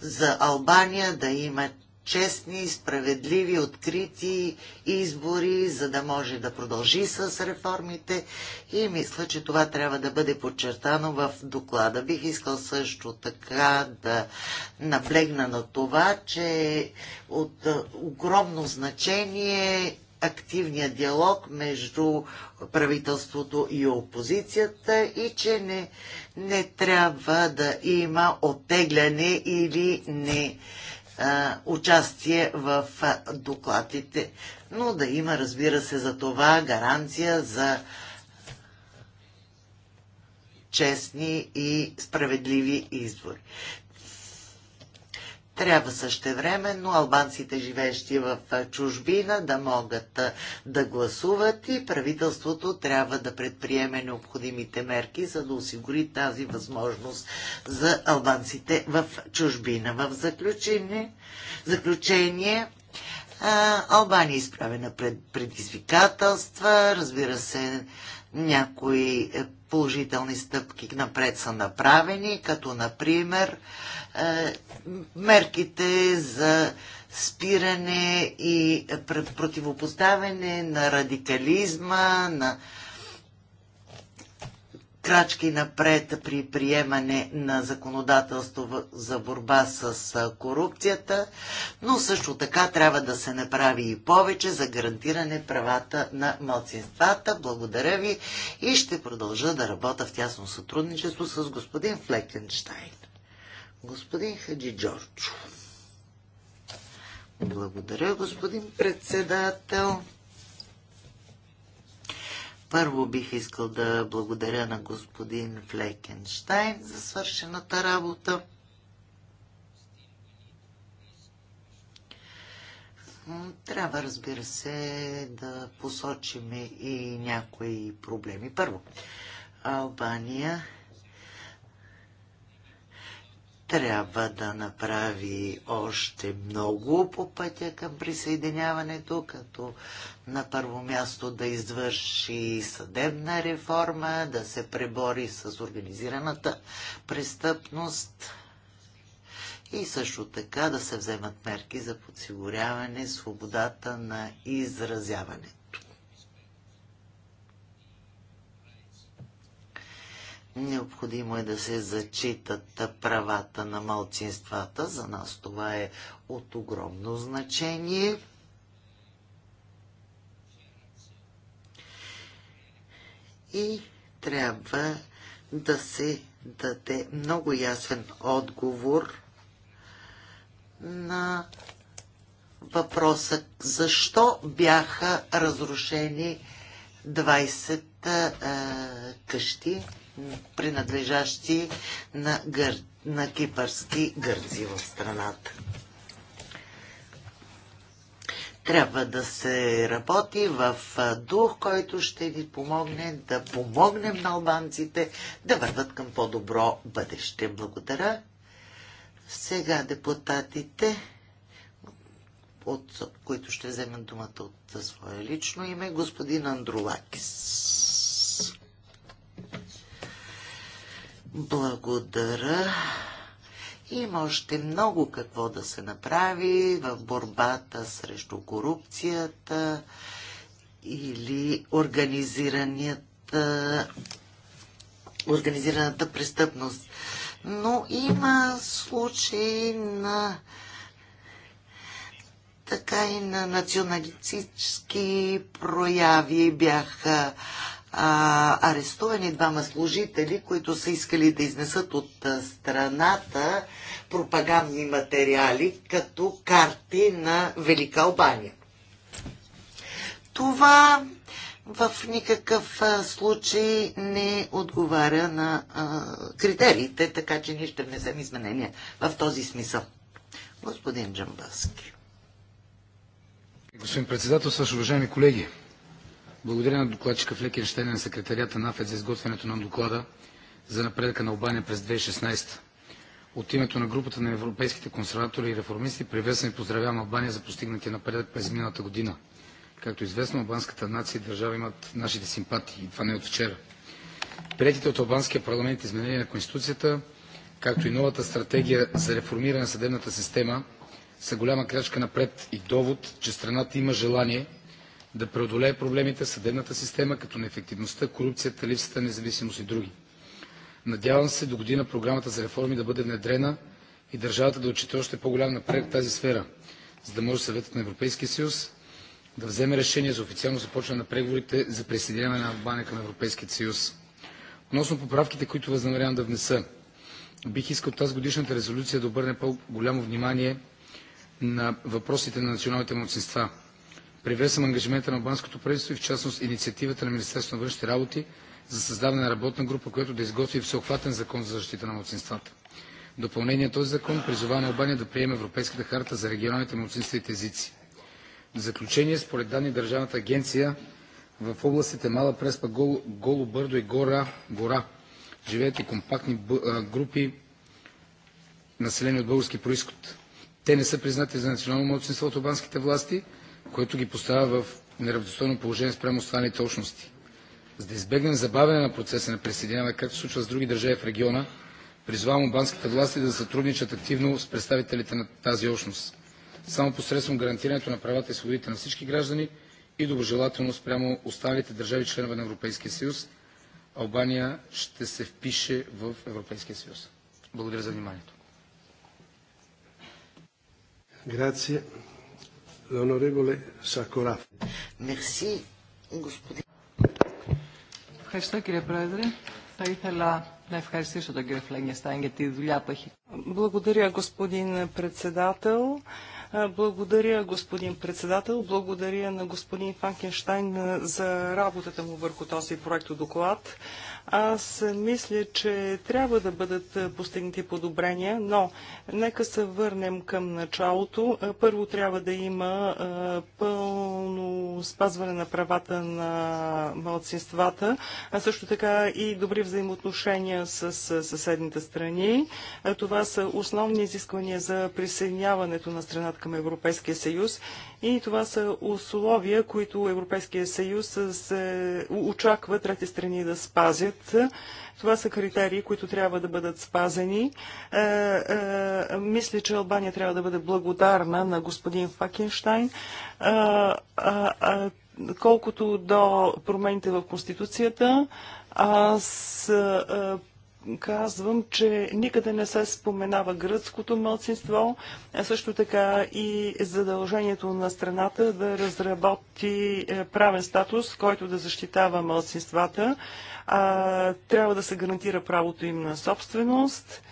за Албания да има честни, справедливи, открити избори, за да може да продължи с реформите и мисля, че това трябва да бъде подчертано в доклада. Бих искал също така да наблегна на това, че от огромно значение активния диалог между правителството и опозицията и че не, не трябва да има оттегляне или не а, участие в а, докладите, но да има, разбира се, за това гаранция за честни и справедливи избори. Трябва същевременно албанците, живеещи в чужбина, да могат да гласуват и правителството трябва да предприеме необходимите мерки, за да осигури тази възможност за албанците в чужбина. В заключение, заключение а, Албания е изправена пред предизвикателства, разбира се, някои е, положителни стъпки напред са направени, като например е, мерките за спиране и противопоставяне на радикализма, на крачки напред при приемане на законодателство за борба с корупцията, но също така трябва да се направи и повече за гарантиране правата на младсинствата. Благодаря ви и ще продължа да работя в тясно сътрудничество с господин Флекенштайн. Господин Хаджи Джорджо. Благодаря, господин председател. Първо бих искал да благодаря на господин Флекенштайн за свършената работа. Трябва, разбира се, да посочим и някои проблеми. Първо, Албания трябва да направи още много по пътя към присъединяването, като на първо място да извърши съдебна реформа, да се пребори с организираната престъпност и също така да се вземат мерки за подсигуряване свободата на изразяване. Необходимо е да се зачитат правата на малцинствата. За нас това е от огромно значение. И трябва да се даде много ясен отговор на въпроса защо бяха разрушени 20 е, къщи принадлежащи на, гър... на кипърски гърци в страната. Трябва да се работи в дух, който ще ни помогне да помогнем на албанците да върват към по-добро бъдеще. Благодаря. Сега депутатите, от които ще вземат думата от своя лично име, господин Андролакис. Благодаря. Има още много какво да се направи в борбата срещу корупцията или организираната, организираната престъпност. Но има случаи на така и на националистически прояви бяха арестувани двама служители, които са искали да изнесат от страната пропагандни материали, като карти на Велика Албания. Това в никакъв случай не отговаря на а, критериите, така че ние ще внесем изменения в този смисъл. Господин Джамбаски. Господин председател, също уважаеми колеги, благодаря на докладчика Флекенштейн на секретарията на АФЕД за изготвянето на доклада за напредъка на Албания през 2016. От името на групата на европейските консерватори и реформисти приветствам и поздравявам Албания за постигнатия напредък през миналата година. Както известно, албанската нация и държава имат нашите симпатии и това не е от вчера. Приетите от албанския парламент изменения на Конституцията, както и новата стратегия за реформиране на съдебната система, са голяма крачка напред и довод, че страната има желание – да преодолее проблемите в съдебната система, като неефективността, корупцията, липсата на независимост и други. Надявам се до година програмата за реформи да бъде внедрена и държавата да отчете още по-голям напред в тази сфера, за да може Съветът на Европейския съюз да вземе решение за официално започване на преговорите за присъединяване на Албания към Европейския съюз. Относно поправките, които възнамерявам да внеса, бих искал тази годишната резолюция да обърне по-голямо внимание на въпросите на националните младсинства – Приветствам ангажимента на албанското правителство и в частност инициативата на Министерството на външните работи за създаване на работна група, която да изготви всеобхватен закон за защита на младсинствата. В допълнение този закон призовава Албания да приеме Европейската харта за регионалните и тезици. В заключение, според данни Държавната агенция, в областите Мала Преспа, Голо, Голо Бърдо и Гора, Гора живеят и компактни групи населени от български происход. Те не са признати за национално младсинство от албанските власти – което ги поставя в неравностойно положение спрямо останалите общности. За да избегнем забавяне на процеса на присъединяване, както се случва с други държави в региона, призовавам албанските власти да сътрудничат активно с представителите на тази общност. Само посредством гарантирането на правата и свободите на всички граждани и доброжелателно спрямо останалите държави членове на Европейския съюз, Албания ще се впише в Европейския съюз. Благодаря за вниманието. Grazie господин. Ευχαριστώ κύριε Πρόεδρε. Θα ήθελα να ευχαριστήσω τον κύριο για τη δουλειά που έχει. Благодаря, господин председател. Благодаря, господин председател. Благодаря на господин Фанкенштайн за работата му върху този проект доклад. Аз мисля, че трябва да бъдат постигнати подобрения, но нека се върнем към началото. Първо трябва да има пълно спазване на правата на младсинствата, а също така и добри взаимоотношения с съседните страни. Това са основни изисквания за присъединяването на страната към Европейския съюз и това са условия, които Европейския съюз се очаква трети страни да спазят прилагат. Това са критерии, които трябва да бъдат спазени. Е, е, мисля, че Албания трябва да бъде благодарна на господин Факенштайн. Е, е, е колкото до промените в Конституцията, аз е, казвам, че никъде не се споменава гръцкото мълцинство, а също така и задължението на страната да разработи е, правен статус, който да защитава мълцинствата. трябва да се гарантира правото им на собственост.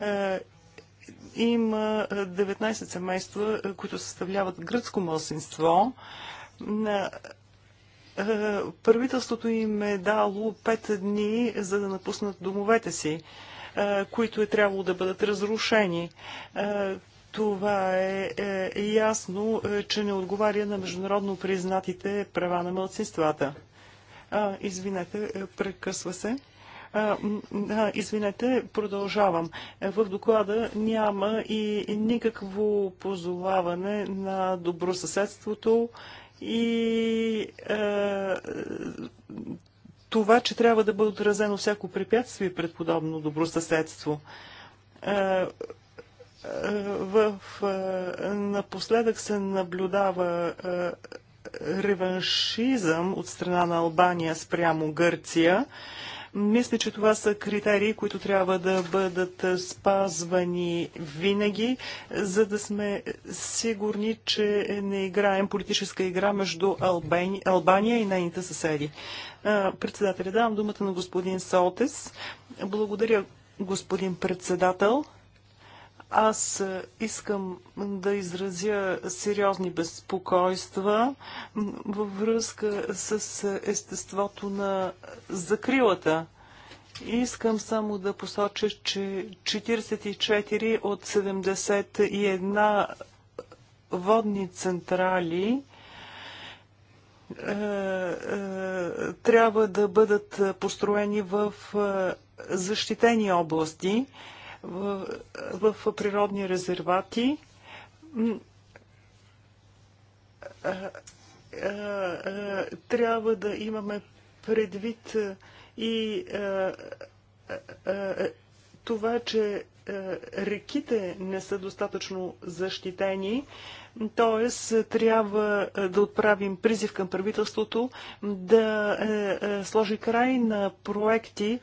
Е, има 19 е, семейства, които съставляват гръцко мълцинство. Е, правителството им е дало 5 дни, за да напуснат домовете си, е, които е трябвало да бъдат разрушени. Е, това е, е, ясно, че не отговаря на международно признатите права на мълцинствата. извинете, прекъсва се. А, извинете, продължавам. В доклада няма и никакво позоваване на добросъседството, и а, е, това, че трябва да бъде отразено всяко препятствие пред подобно добро съседство. А, е, е, в, а, напоследък се наблюдава а, реваншизъм от страна на Албания спрямо Гърция. Мисля, че това са критерии, които трябва да бъдат спазвани винаги, за да сме сигурни, че не играем политическа игра между Албания и нейните съседи. Председателя, давам думата на господин Солтес. Благодаря, господин председател. Аз е, искам да изразя сериозни безпокойства във връзка с е, естеството на закрилата. Искам само да посоча, че 44 от 71 водни централи е, трябва да бъдат построени в защитени области в, в природни резервати трябва да имаме предвид и това, че реките не са достатъчно защитени Тоест, трябва е, да отправим призив към правителството да е, е, сложи край на проекти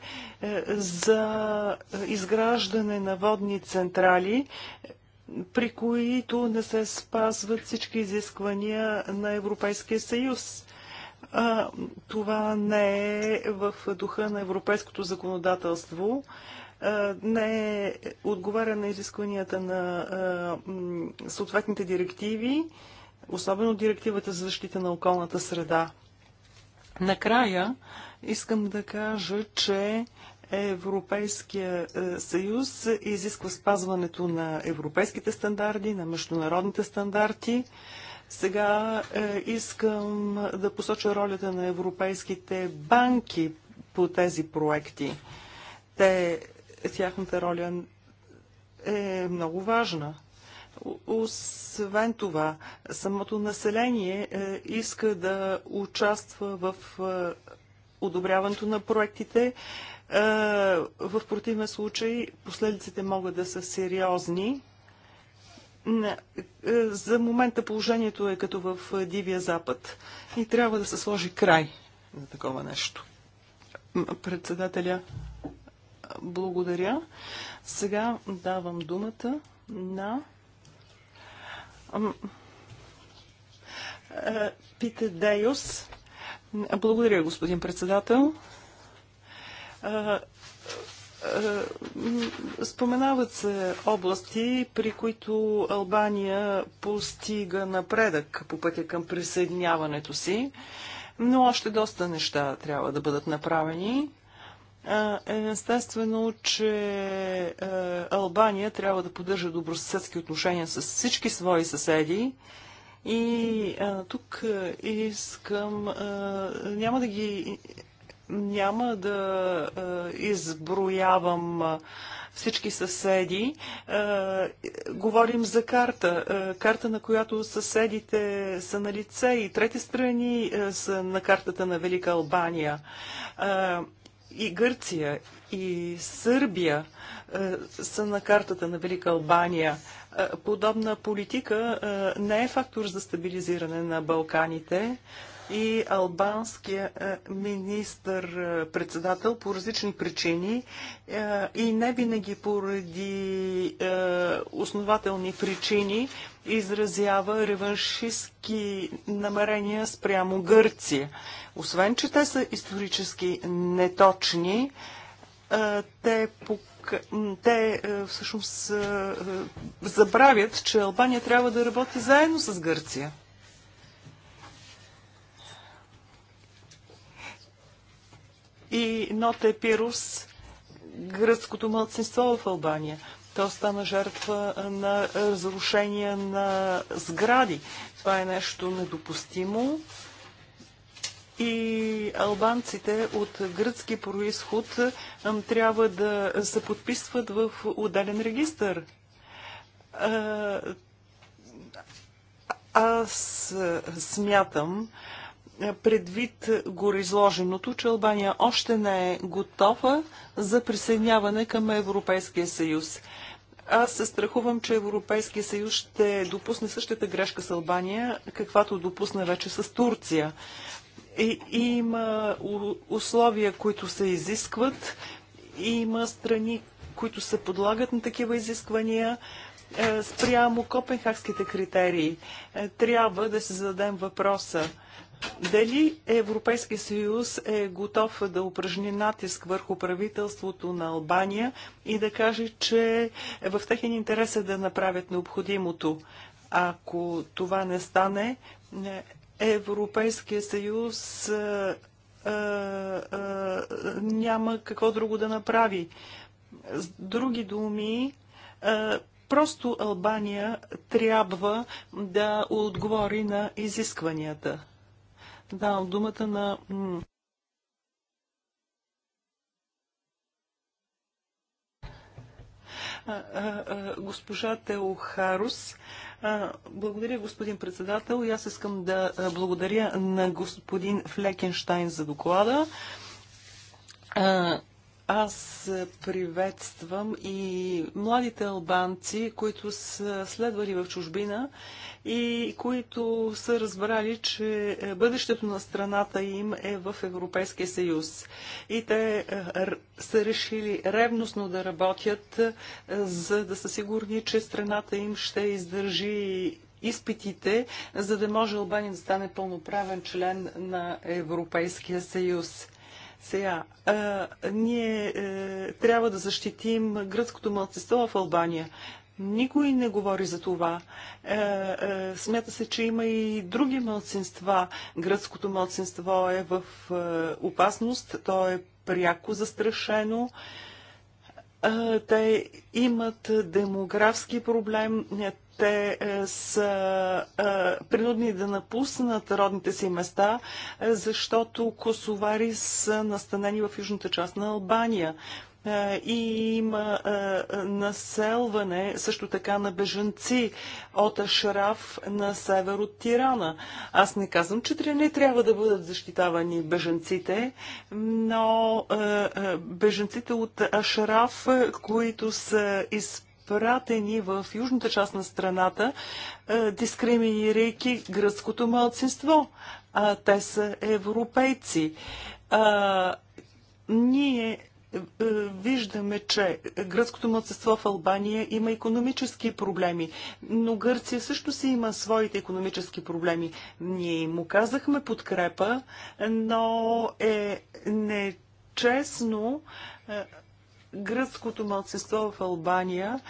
за изграждане на водни централи, при които не се спазват всички изисквания на Европейския съюз. Това не е в духа на европейското законодателство не отговаря на изискванията на съответните директиви, особено директивата за защита на околната среда. Накрая искам да кажа, че Европейския е, съюз изисква спазването на европейските стандарти, на международните стандарти. Сега е, искам да посоча ролята на европейските банки по тези проекти. Те тяхната роля е много важна. Освен това, самото население е, иска да участва в е, одобряването на проектите. Е, в противен случай последиците могат да са сериозни. За момента положението е като в Дивия Запад и трябва да се сложи край на такова нещо. Председателя, благодаря. Сега давам думата на е, Пите Дейос. Благодаря, господин председател. Е, е, споменават се области, при които Албания постига напредък по пътя към присъединяването си, но още доста неща трябва да бъдат направени. Естествено, че е, Албания трябва да поддържа добросъседски отношения с всички свои съседи. И е, тук е, искам. няма да ги. Няма да изброявам. всички съседи. Говорим за карта. Карта, на която съседите са на лице и трети страни са на картата на Велика Албания и Гърция, и Сърбия е, са на картата на Велика Албания. Е, подобна политика е, не е фактор за стабилизиране на Балканите и албанския е, министър-председател е, по различни причини е, и не винаги поради основателни причини изразява реваншистски намерения спрямо Гърция. Освен, че те са исторически неточни, те показват те всъщност забравят, че Албания трябва да работи заедно с Гърция. и Ноте Пирус, гръцкото младсинство в Албания. То стана жертва на разрушение на сгради. Това е нещо недопустимо. И албанците от гръцки происход трябва да се подписват в отделен регистр. Аз смятам, предвид гореизложеното, че Албания още не е готова за присъединяване към Европейския съюз. Аз се страхувам, че Европейския съюз ще допусне същата грешка с Албания, каквато допусна вече с Турция. И, има условия, които се изискват, и има страни, които се подлагат на такива изисквания е, спрямо копенхагските критерии. Е, трябва да се зададем въпроса дали Европейския съюз е готов да упражни натиск върху правителството на Албания и да каже, че в техен интерес е да направят необходимото? Ако това не стане, Европейския съюз а, а, а, няма какво друго да направи. С други думи, просто Албания трябва да отговори на изискванията. Давам думата на госпожа Теохарус. Благодаря, господин председател. И аз искам да благодаря на господин Флекенштайн за доклада. Аз приветствам и младите албанци, които са следвали в чужбина и които са разбрали, че бъдещето на страната им е в Европейския съюз. И те е, са решили ревностно да работят, е, за да са сигурни, че страната им ще издържи изпитите, за да може Албания да стане пълноправен член на Европейския съюз. Сега, а, ние е, трябва да защитим гръцкото младсество в Албания. Никой не говори за това. Е, е, смята се, че има и други младсинства. Гръцкото младсинство е в е, опасност, то е пряко застрашено. Е, те имат демографски проблем, е, те е, са е, принудни да напуснат родните си места, е, защото косовари са настанени в южната част на Албания и има населване също така на бежанци от Ашраф на север от Тирана. Аз не казвам, че не трябва да бъдат защитавани бежанците, но бежанците от Ашраф, които са изпълнени изпратени в южната част на страната, е, дискриминирайки гръцкото малцинство. А, те са европейци. А, ние е, е, виждаме, че гръцкото младсество в Албания има економически проблеми, но Гърция също си има своите економически проблеми. Ние му казахме подкрепа, но е нечестно гръцкото мълцество в Албания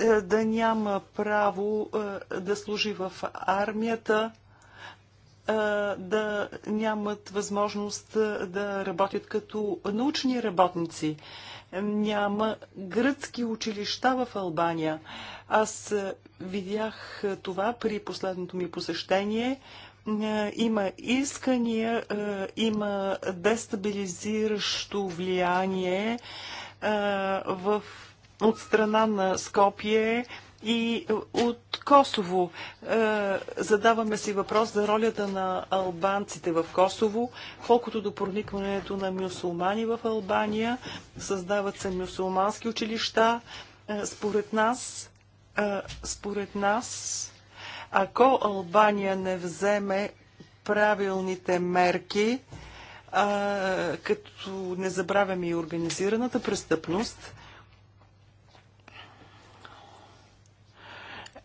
е, да няма право е, да служи в армията, е, да нямат възможност да работят като научни работници. Няма гръцки училища в Албания. Аз видях това при последното ми посещение. Е, има искания, е, има дестабилизиращо влияние е, в, от страна на Скопие и от Косово. Задаваме си въпрос за ролята на албанците в Косово, колкото до проникването на мюсулмани в Албания. Създават се мюсулмански училища. Според нас, според нас, ако Албания не вземе правилните мерки, а, като не забравяме и организираната престъпност,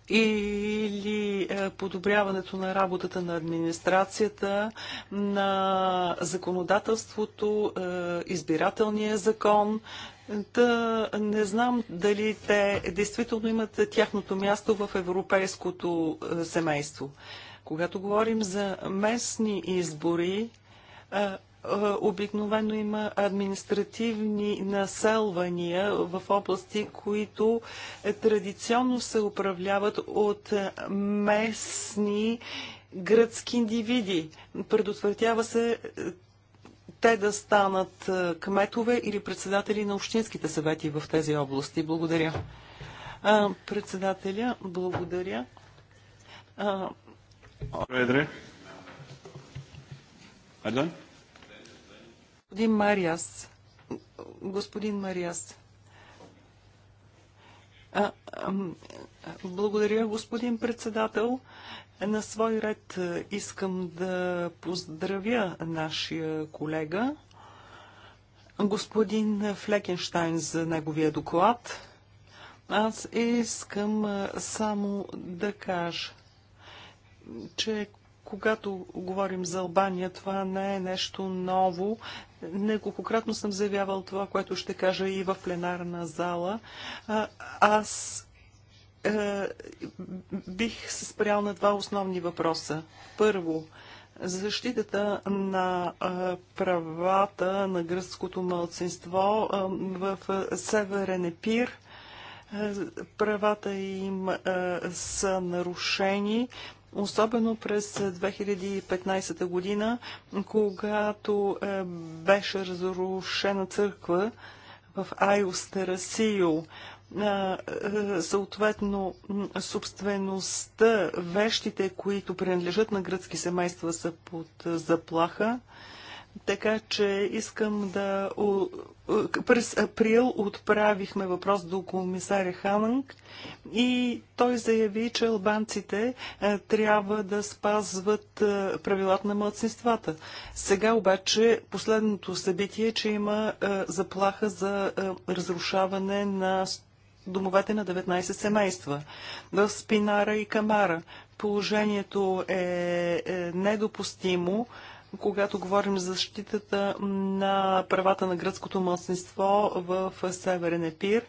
или подобряването на работата на администрацията, на законодателството, избирателния закон, Та не знам дали те действително имат тяхното място в европейското е, семейство. Когато говорим за местни избори, е, е, обикновено има административни населвания в области, които традиционно се управляват от местни гръцки индивиди. Предотвратява се те да станат е, кметове или председатели на общинските съвети в тези области. Благодаря. Председателя, благодаря. Проедре. Адлан? Господин Мариас. Господин Мариас. А, а, благодаря, господин председател. На свой ред е, искам да поздравя нашия колега, господин Флекенштайн, за неговия доклад. Аз искам е, само да кажа, че когато говорим за Албания, това не е нещо ново. Неколкократно съм заявявал това, което ще кажа и в пленарна зала. Аз е, бих се спрял на два основни въпроса. Първо, защитата на е, правата на гръцкото мълцинство е, в Северен Епир. Правата им са нарушени, особено през 2015 година, когато беше разрушена църква в Айос Терасио съответно собствеността, вещите, които принадлежат на гръцки семейства са под заплаха. Така че искам да... През април отправихме въпрос до комисаря Хананг и той заяви, че албанците трябва да спазват правилата на младсинствата. Сега обаче последното събитие е, че има заплаха за разрушаване на домовете на 19 семейства. В Спинара и Камара положението е, е недопустимо когато говорим за защитата на правата на гръцкото мълцинство в Северен Епир.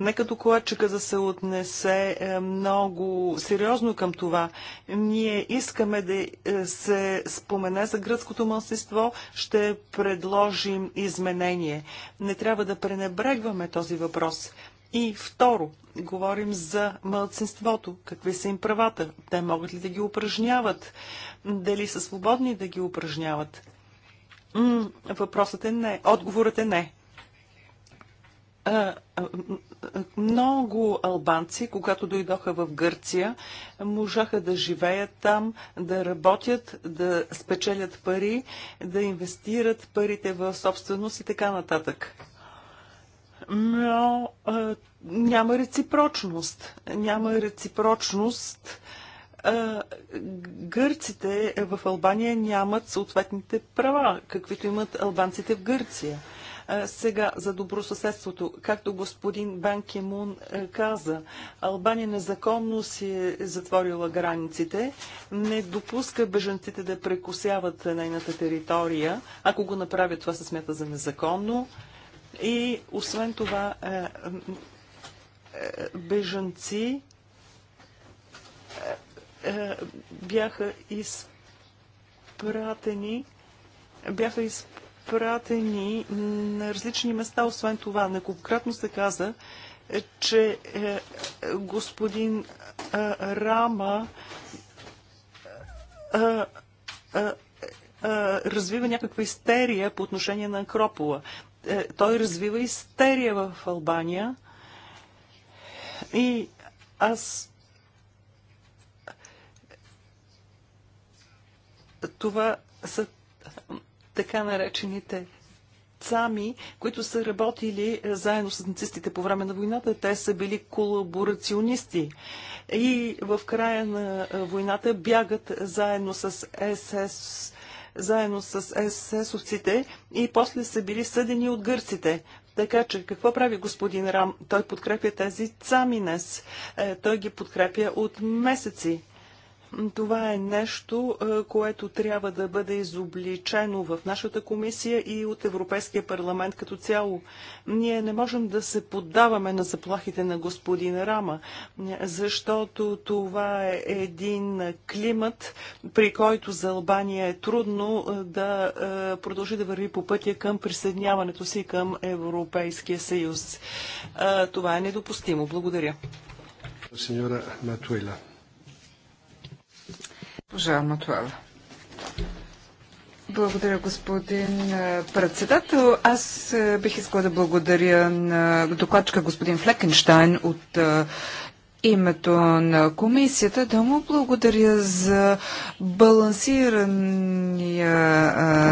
Нека докладчика да се отнесе е, много сериозно към това. Ние искаме да е, се спомене за гръцкото мълцинство, ще предложим изменение. Не трябва да пренебрегваме този въпрос. И второ, говорим за мълцинството. Какви са им правата? Те могат ли да ги упражняват? Дали са свободни да ги упражняват? М въпросът е не. Отговорът е не. А, много албанци, когато дойдоха в Гърция, можаха да живеят там, да работят, да спечелят пари, да инвестират парите в собственост и така нататък но а, няма реципрочност. Няма реципрочност. А, гърците в Албания нямат съответните права, каквито имат албанците в Гърция. Сега за добросъседството. Както господин Бан Кимун каза, Албания незаконно си е затворила границите, не допуска бежанците да прекусяват нейната територия. Ако го направят, това се смята за незаконно. И освен това, е, е, бежанци е, бяха изпратени бяха изпратени на различни места. Освен това, неколкократно се каза, че господин Рама развива някаква истерия по отношение на Акропола. Е, той развива истерия в Албания. И аз това са така наречените цами, които са работили заедно с нацистите по време на войната. Те са били колаборационисти и в края на войната бягат заедно с СС заедно с ССОвците, и после са били съдени от гърците. Така че какво прави господин Рам? Той подкрепя тези цаминес. Е, той ги подкрепя от месеци. Това е нещо, е, което трябва да бъде изобличено в нашата комисия и от Европейския парламент като цяло. Ние не можем да се поддаваме на заплахите на господин Рама, защото това е един климат, при който за Албания е трудно е, да е, продължи да върви по пътя към присъединяването си към Европейския съюз. Това е недопустимо. Благодаря. Сеньора Матуила. Госпожа Матуала. Благодаря, господин председател. Аз бих искала да благодаря на докладчика господин Флекенштайн от името на комисията да му благодаря за балансирания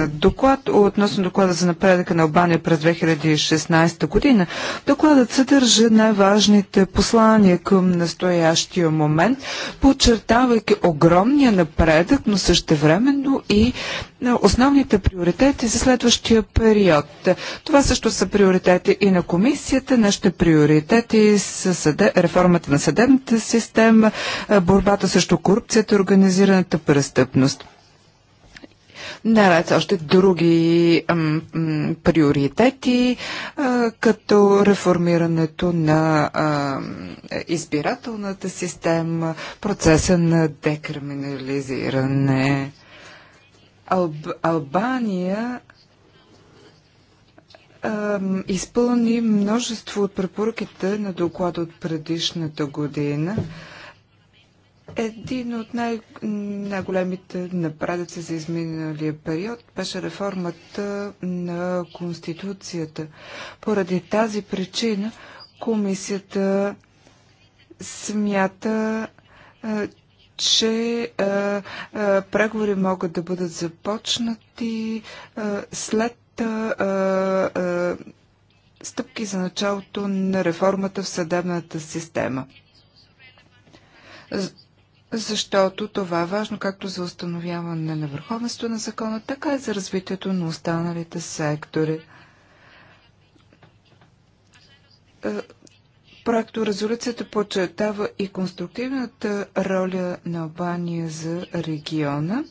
доклад относно доклада за напредъка на Албания през 2016 година. Докладът съдържа най-важните послания към настоящия момент, подчертавайки огромния напредък, но същевременно и на основните приоритети за следващия период. Това също са приоритети и на комисията, нашите приоритети са съде, реформата на съдебната система, борбата срещу корупцията, организираната престъпност. Наред още други м- м- приоритети, а, като реформирането на а, избирателната система, процеса на декриминализиране. Алб, Албания изпълни множество от препоръките на доклада от предишната година. Един от най- най-големите напредъци за изминалия период беше реформата на Конституцията. Поради тази причина комисията смята, че а, е, а, е, преговори могат да бъдат започнати а, е, след а, а, стъпки за началото на реформата в съдебната система. Защото това е важно както за установяване на върховенство на закона, така и за развитието на останалите сектори Проекто резолюцията подчертава и конструктивната роля на Албания за региона.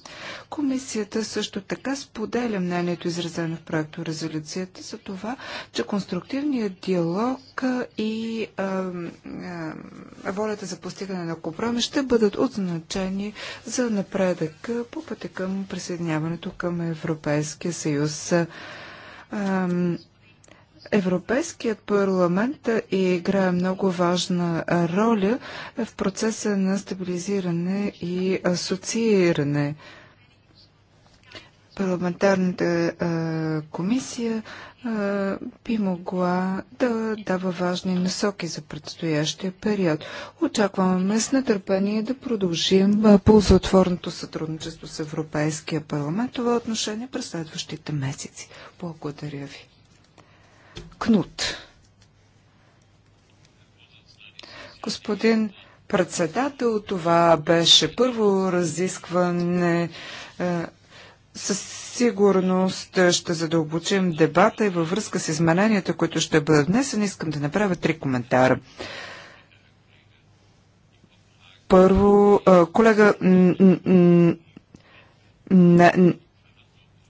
Комисията също така споделя мнението изразено в проекто резолюцията за това, че конструктивният диалог и а, а, волята за постигане на компромис ще бъдат от значение за напредък по пътя към присъединяването към Европейския съюз. А, Европейският парламент играе много важна роля в процеса на стабилизиране и асоцииране. Парламентарната комисия би могла да дава важни насоки за предстоящия период. Очакваме с нетърпение да продължим ползотворното сътрудничество с Европейския парламент това отношение през следващите месеци. Благодаря ви. Кнут. Господин председател, това беше първо разискване. Е, със сигурност ще задълбочим дебата и във връзка с измененията, които ще бъдат внесени, Искам да направя три коментара. Първо, е, колега,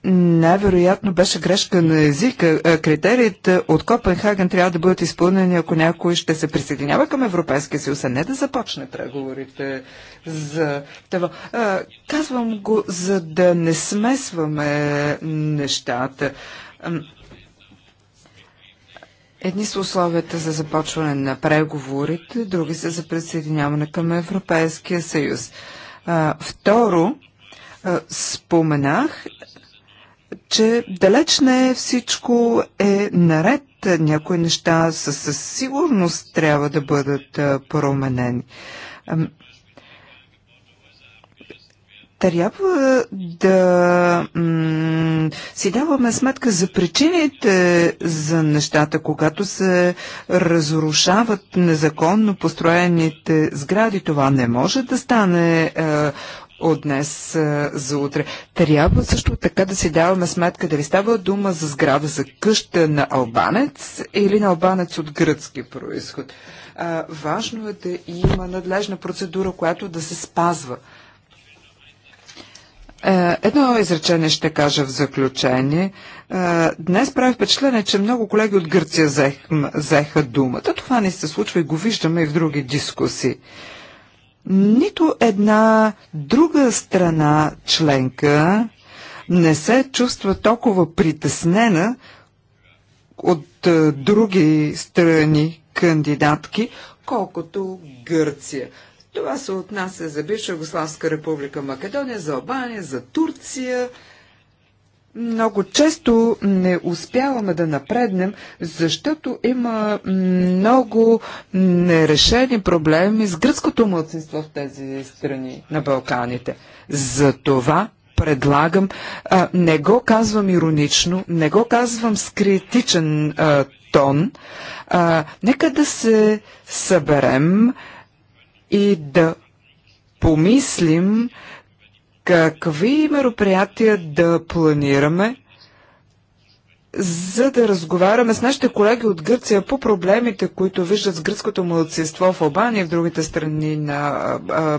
най-вероятно беше грешка на езика. Е, критериите от Копенхаген трябва да бъдат изпълнени, ако някой ще се присъединява към Европейския съюз, а не да започне преговорите за това. Е, казвам го, за да не смесваме нещата. Едни са условията за започване на преговорите, други са за присъединяване към Европейския съюз. Е, второ, споменах че далеч не е всичко е наред. Някои неща със, със сигурност трябва да бъдат променени. Трябва да си даваме сметка за причините за нещата, когато се разрушават незаконно построените сгради. Това не може да стане е, от днес а, за утре. Трябва също така да си даваме сметка дали става дума за сграда за къща на албанец или на албанец от гръцки происход. А, важно е да има надлежна процедура, която да се спазва. Е, едно изречение ще кажа в заключение. Е, днес прави впечатление, че много колеги от Гърция взеха думата. Това не се случва и го виждаме и в други дискусии. Нито една друга страна членка не се чувства толкова притеснена от е, други страни кандидатки, колкото Гърция. Това се отнася за бивша Югославска република Македония, за Албания, за Турция – много често не успяваме да напреднем, защото има много нерешени проблеми с гръцкото младсинство в тези страни на Балканите. За това предлагам, а, не го казвам иронично, не го казвам с критичен а, тон, а, нека да се съберем и да помислим Какви мероприятия да планираме, за да разговаряме с нашите колеги от Гърция по проблемите, които виждат с гръцкото младсинство в Албания и в другите страни на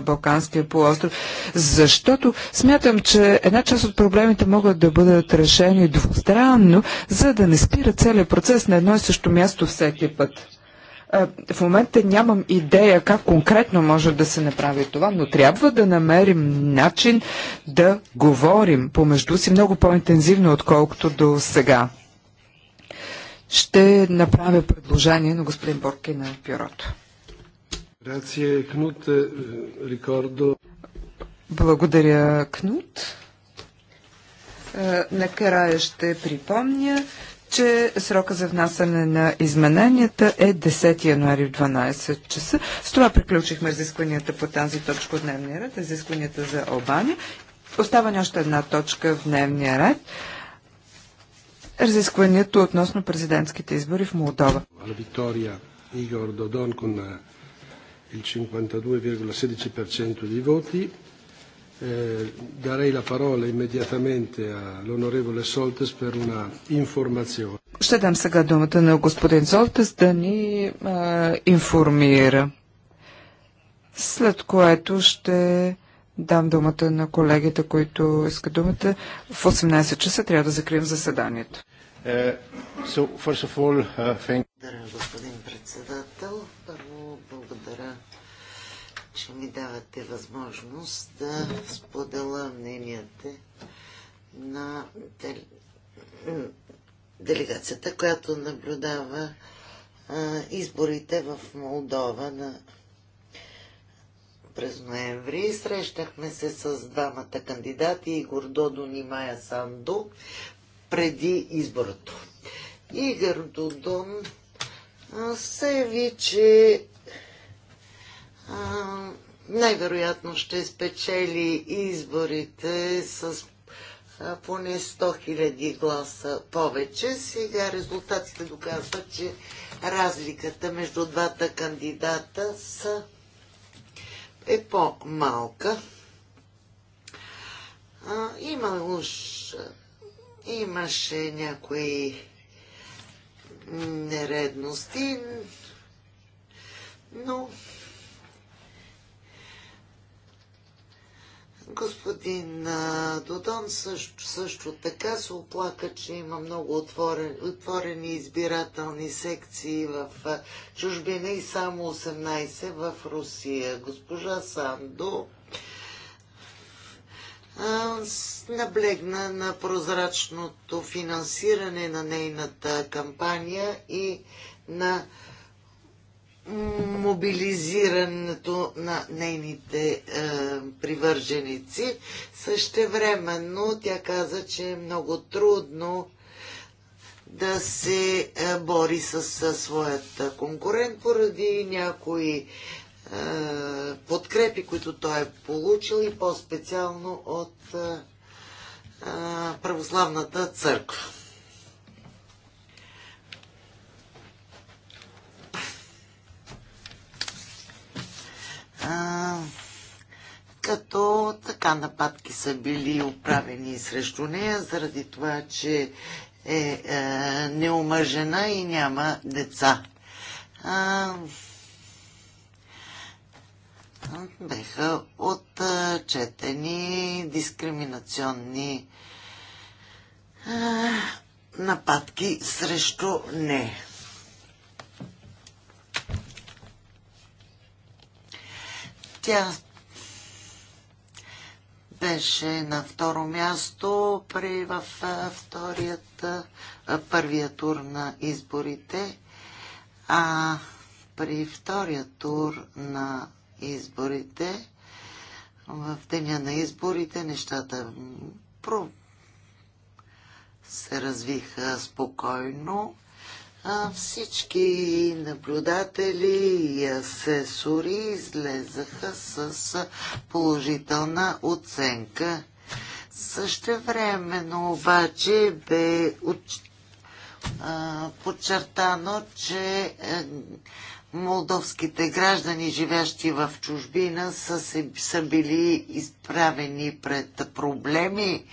Балканския полуостров. Защото смятам, че една част от проблемите могат да бъдат решени двустранно, за да не спира целият процес на едно и също място всеки път. Е, в момента нямам идея как конкретно може да се направи това, но трябва да намерим начин да говорим помежду си много по-интензивно, отколкото до сега. Ще направя предложение на господин Борки на бюрото. Е, Благодаря, Кнут. Е, накрая ще припомня, че срока за внасяне на измененията е 10 януари в 12 часа. С това приключихме изискванията по тази точка от дневния ред, Изискванията за Обани. Остава ни още една точка в дневния ред. Разискванията относно президентските избори в Молдова. Виктория Игор Додон 52,16% от Дарей eh, la parola immediatamente all'onorevole Soltes per una informazione. Ще дам сега думата на господин Золтес да ни а, информира, след което ще дам думата на колегите, които искат думата. В 18 часа трябва да закрием заседанието. Uh, so, uh, thank... Благодаря, господин председател че ми давате възможност да споделя мненията на делегацията, която наблюдава изборите в Молдова на през ноември. Срещахме се с двамата кандидати Игор Додон и Майя Санду преди изборото. Игор Додон се яви, че най-вероятно ще спечели изборите с поне 100 000 гласа повече. Сега резултатите доказват, че разликата между двата кандидата са е по-малка. Има уж, имаше някои нередности, но Господин Додон също, също така се оплака, че има много отворен, отворени избирателни секции в чужбина и само 18 в Русия. Госпожа Сандо наблегна на прозрачното финансиране на нейната кампания и на мобилизирането на нейните е, привърженици. Същевременно тя каза, че е много трудно да се е, бори с е, своят конкурент поради някои е, подкрепи, които той е получил и по-специално от е, е православната църква. а, като така нападки са били управени срещу нея, заради това, че е, е неумъжена и няма деца. А, беха отчетени дискриминационни а, нападки срещу нея. Тя беше на второ място при, в вторият, първия тур на изборите, а при втория тур на изборите, в деня на изборите, нещата се развиха спокойно а всички наблюдатели и асесори излезаха с положителна оценка. Същевременно обаче бе подчертано, че е, молдовските граждани, живящи в чужбина, са, са били изправени пред проблеми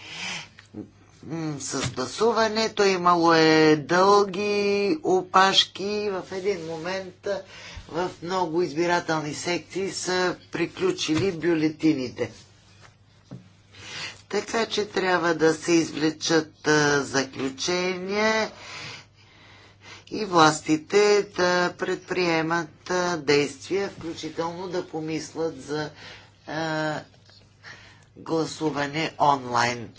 с пасуването, имало е дълги опашки. В един момент в много избирателни секции са приключили бюлетините. Така че трябва да се извлечат заключения и властите да предприемат действия, включително да помислят за гласуване онлайн.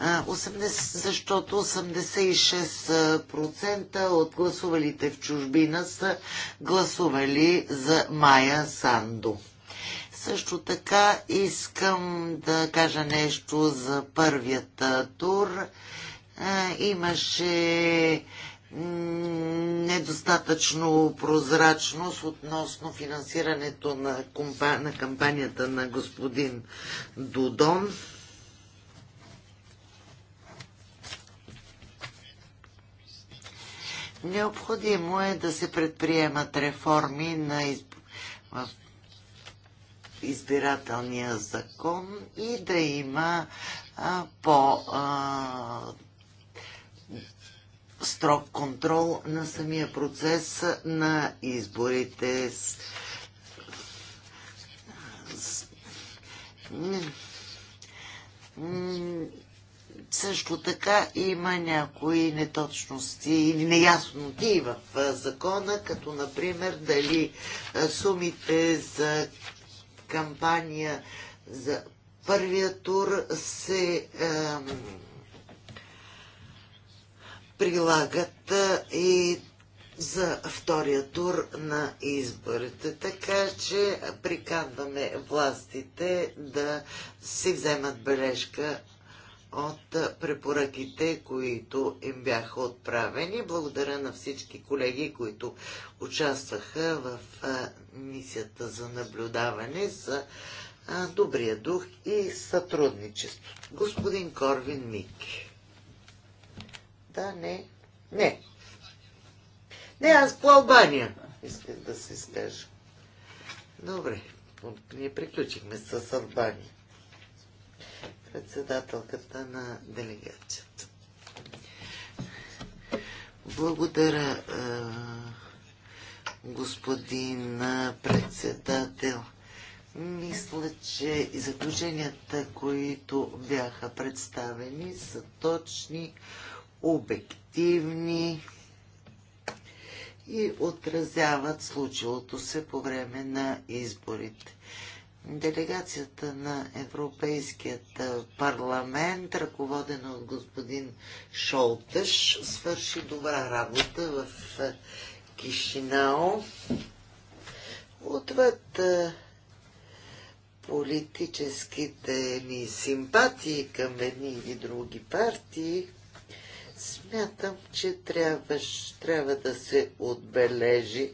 80, защото 86% от гласувалите в чужбина са гласували за Майя Сандо. Също така искам да кажа нещо за първият тур. Имаше недостатъчно прозрачност относно финансирането на, на кампанията на господин Дудон. Необходимо е да се предприемат реформи на изб... в избирателния закон и да има а, по а, строг контрол на самия процес на изборите. С... С... Също така има някои неточности или неясноти в закона, като например дали сумите за кампания за първия тур се ем, прилагат и за втория тур на изборите. Така че приканваме властите да си вземат бележка от препоръките, които им бяха отправени. Благодаря на всички колеги, които участваха в мисията за наблюдаване за добрия дух и сътрудничество. Господин Корвин Мики. Да, не. Не. Не, аз по Албания исках да се изкажа. Добре, ние приключихме с Албания председателката на делегацията. Благодаря, господин председател. Мисля, че заключенията, които бяха представени, са точни, обективни и отразяват случилото се по време на изборите. Делегацията на Европейският парламент, ръководена от господин Шолтеш, свърши добра работа в Кишинао. Отвъд политическите ми симпатии към едни или други партии, смятам, че трябва, трябва да се отбележи,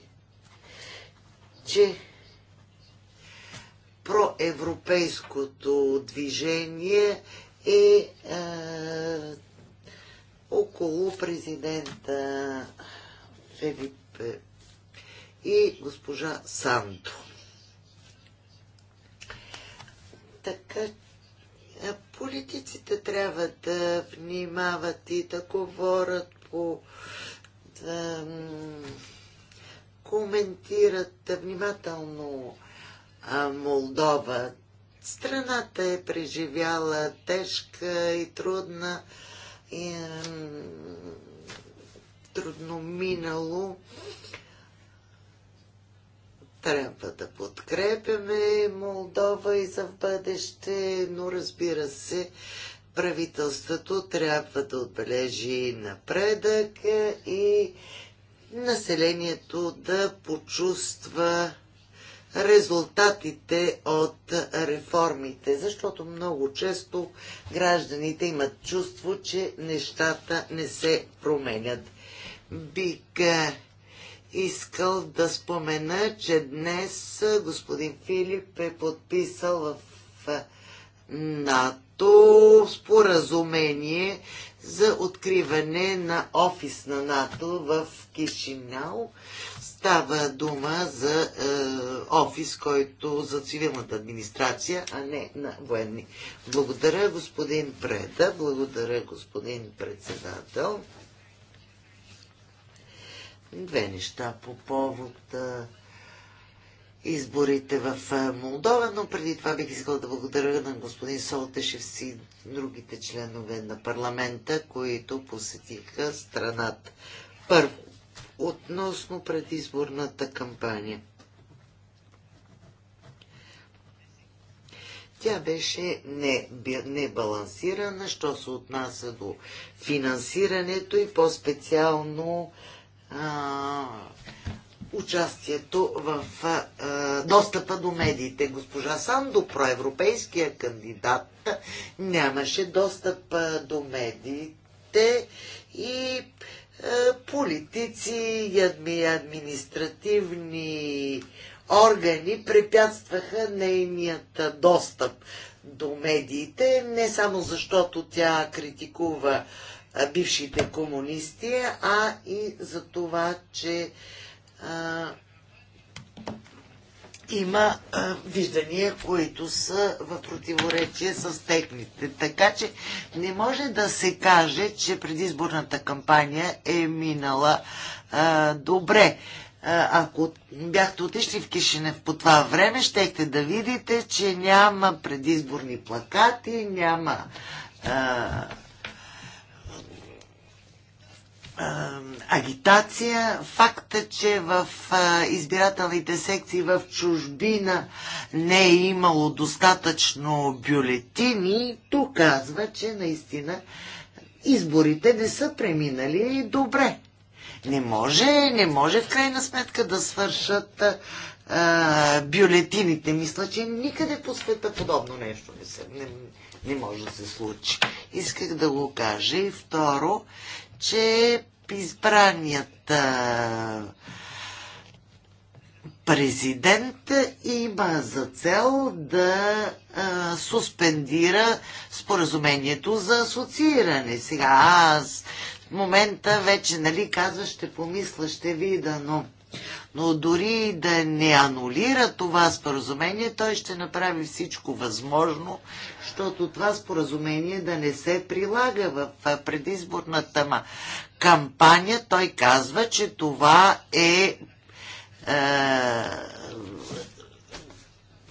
че проевропейското движение е а, е, около президента Фелипе и госпожа Санто. Така е, политиците трябва да внимават и да говорят по да коментират внимателно а Молдова. Страната е преживяла тежка и трудна и, трудно минало. Трябва да подкрепяме Молдова и за в бъдеще, но разбира се, правителството трябва да отбележи напредък и населението да почувства резултатите от реформите, защото много често гражданите имат чувство, че нещата не се променят. Бих е, искал да спомена, че днес господин Филип е подписал в е, НАТО споразумение за откриване на офис на НАТО в Кишинял, става дума за е, офис, който за цивилната администрация, а не на военни. Благодаря, господин Преда. Благодаря, господин председател. Две неща по повод е, изборите в е, Молдова, но преди това бих искала да благодаря на господин Солтешев и другите членове на парламента, които посетиха страната. Първо, относно предизборната кампания. Тя беше небалансирана, не що се отнася до финансирането и по-специално участието в а, достъпа до медиите. Госпожа Сандо, проевропейския кандидат, нямаше достъп до медиите и е, политици и административни органи препятстваха нейният достъп до медиите, не само защото тя критикува бившите комунисти, а и за това, че а, има а, виждания, които са в противоречие с техните. Така че не може да се каже, че предизборната кампания е минала а, добре. А, ако бяхте отишли в Кишинев по това време, щехте да видите, че няма предизборни плакати, няма а, агитация. Факта, че в избирателните секции в чужбина не е имало достатъчно бюлетини, то казва, че наистина изборите не са преминали добре. Не може, не може в крайна сметка да свършат а, бюлетините. Мисля, че никъде по света подобно нещо не, се, не, не може да се случи. Исках да го кажа. И второ, че избраният президент има за цел да а, суспендира споразумението за асоцииране. Сега аз в момента вече, нали, казва, ще помисля, ще вида, но, но дори да не анулира това споразумение, той ще направи всичко възможно, защото това споразумение да не се прилага в предизборната кампания. Той казва, че това е, е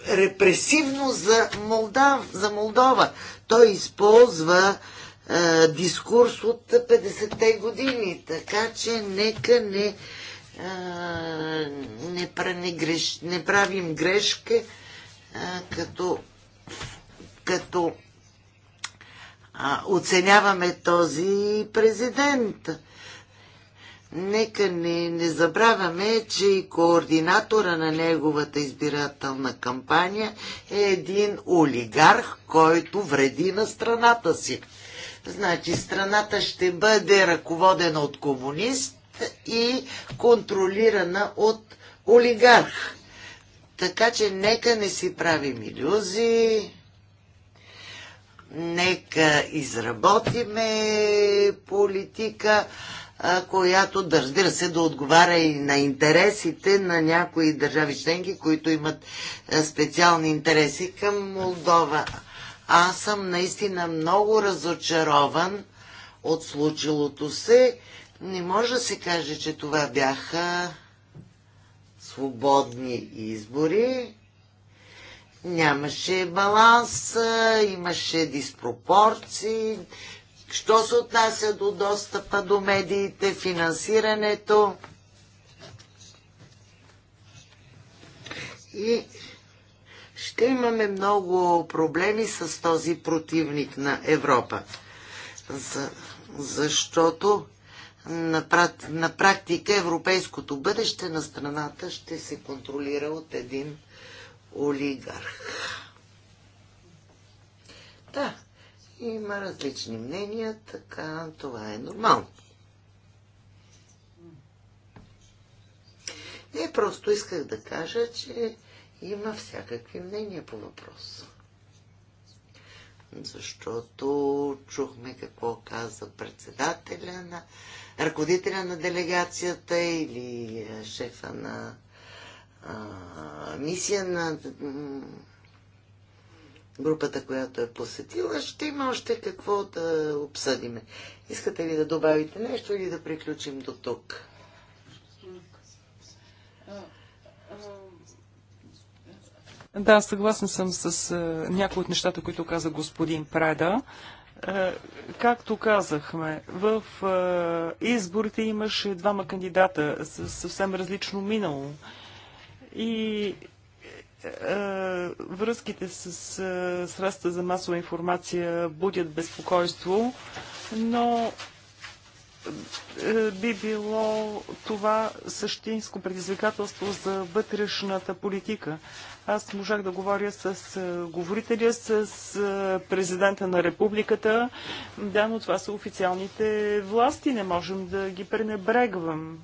репресивно за, Молдав, за Молдова. Той използва е, дискурс от 50-те години, така че нека не, е, не, не, греш, не правим грешка, е, като като а, оценяваме този президент. Нека не, не забравяме, че и координатора на неговата избирателна кампания е един олигарх, който вреди на страната си. Значи страната ще бъде ръководена от комунист и контролирана от олигарх. Така че нека не си правим иллюзии нека изработиме политика, която, да, разбира се, да отговаря и на интересите на някои държави членки, които имат специални интереси към Молдова. Аз съм наистина много разочарован от случилото се. Не може да се каже, че това бяха свободни избори нямаше баланс, имаше диспропорции, що се отнася до достъпа до медиите, финансирането. И ще имаме много проблеми с този противник на Европа. За, защото на, на практика европейското бъдеще на страната ще се контролира от един олигарх. Да, има различни мнения, така това е нормално. Не, просто исках да кажа, че има всякакви мнения по въпроса. Защото чухме какво каза председателя на ръководителя на делегацията или шефа на а, мисия на групата, която е посетила, ще има още какво да обсъдиме. Искате ли да добавите нещо или да приключим до тук? Да, съгласен съм с някои от нещата, които каза господин Преда. Както казахме, в изборите имаше двама кандидата с съвсем различно минало и е, е, връзките с е, средства за масова информация будят безпокойство, но би било това същинско предизвикателство за вътрешната политика. Аз можах да говоря с говорителя, с президента на републиката. Да, но това са официалните власти. Не можем да ги пренебрегвам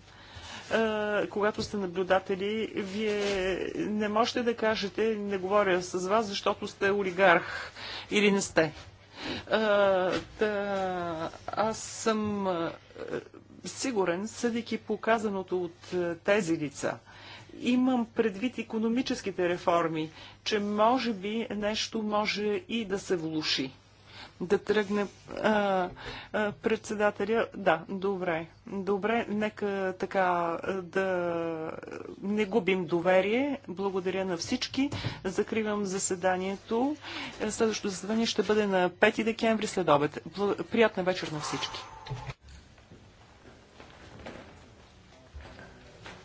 когато сте наблюдатели, вие не можете да кажете, не говоря с вас, защото сте олигарх или не сте. да, аз съм сигурен, съдейки показаното от тези лица, имам предвид економическите реформи, че може би нещо може и да се влуши да тръгне а, а, председателя. Да, добре. Добре, нека така да не губим доверие. Благодаря на всички. Закривам заседанието. Следващото заседание ще бъде на 5 декември след обед. Приятна вечер на всички.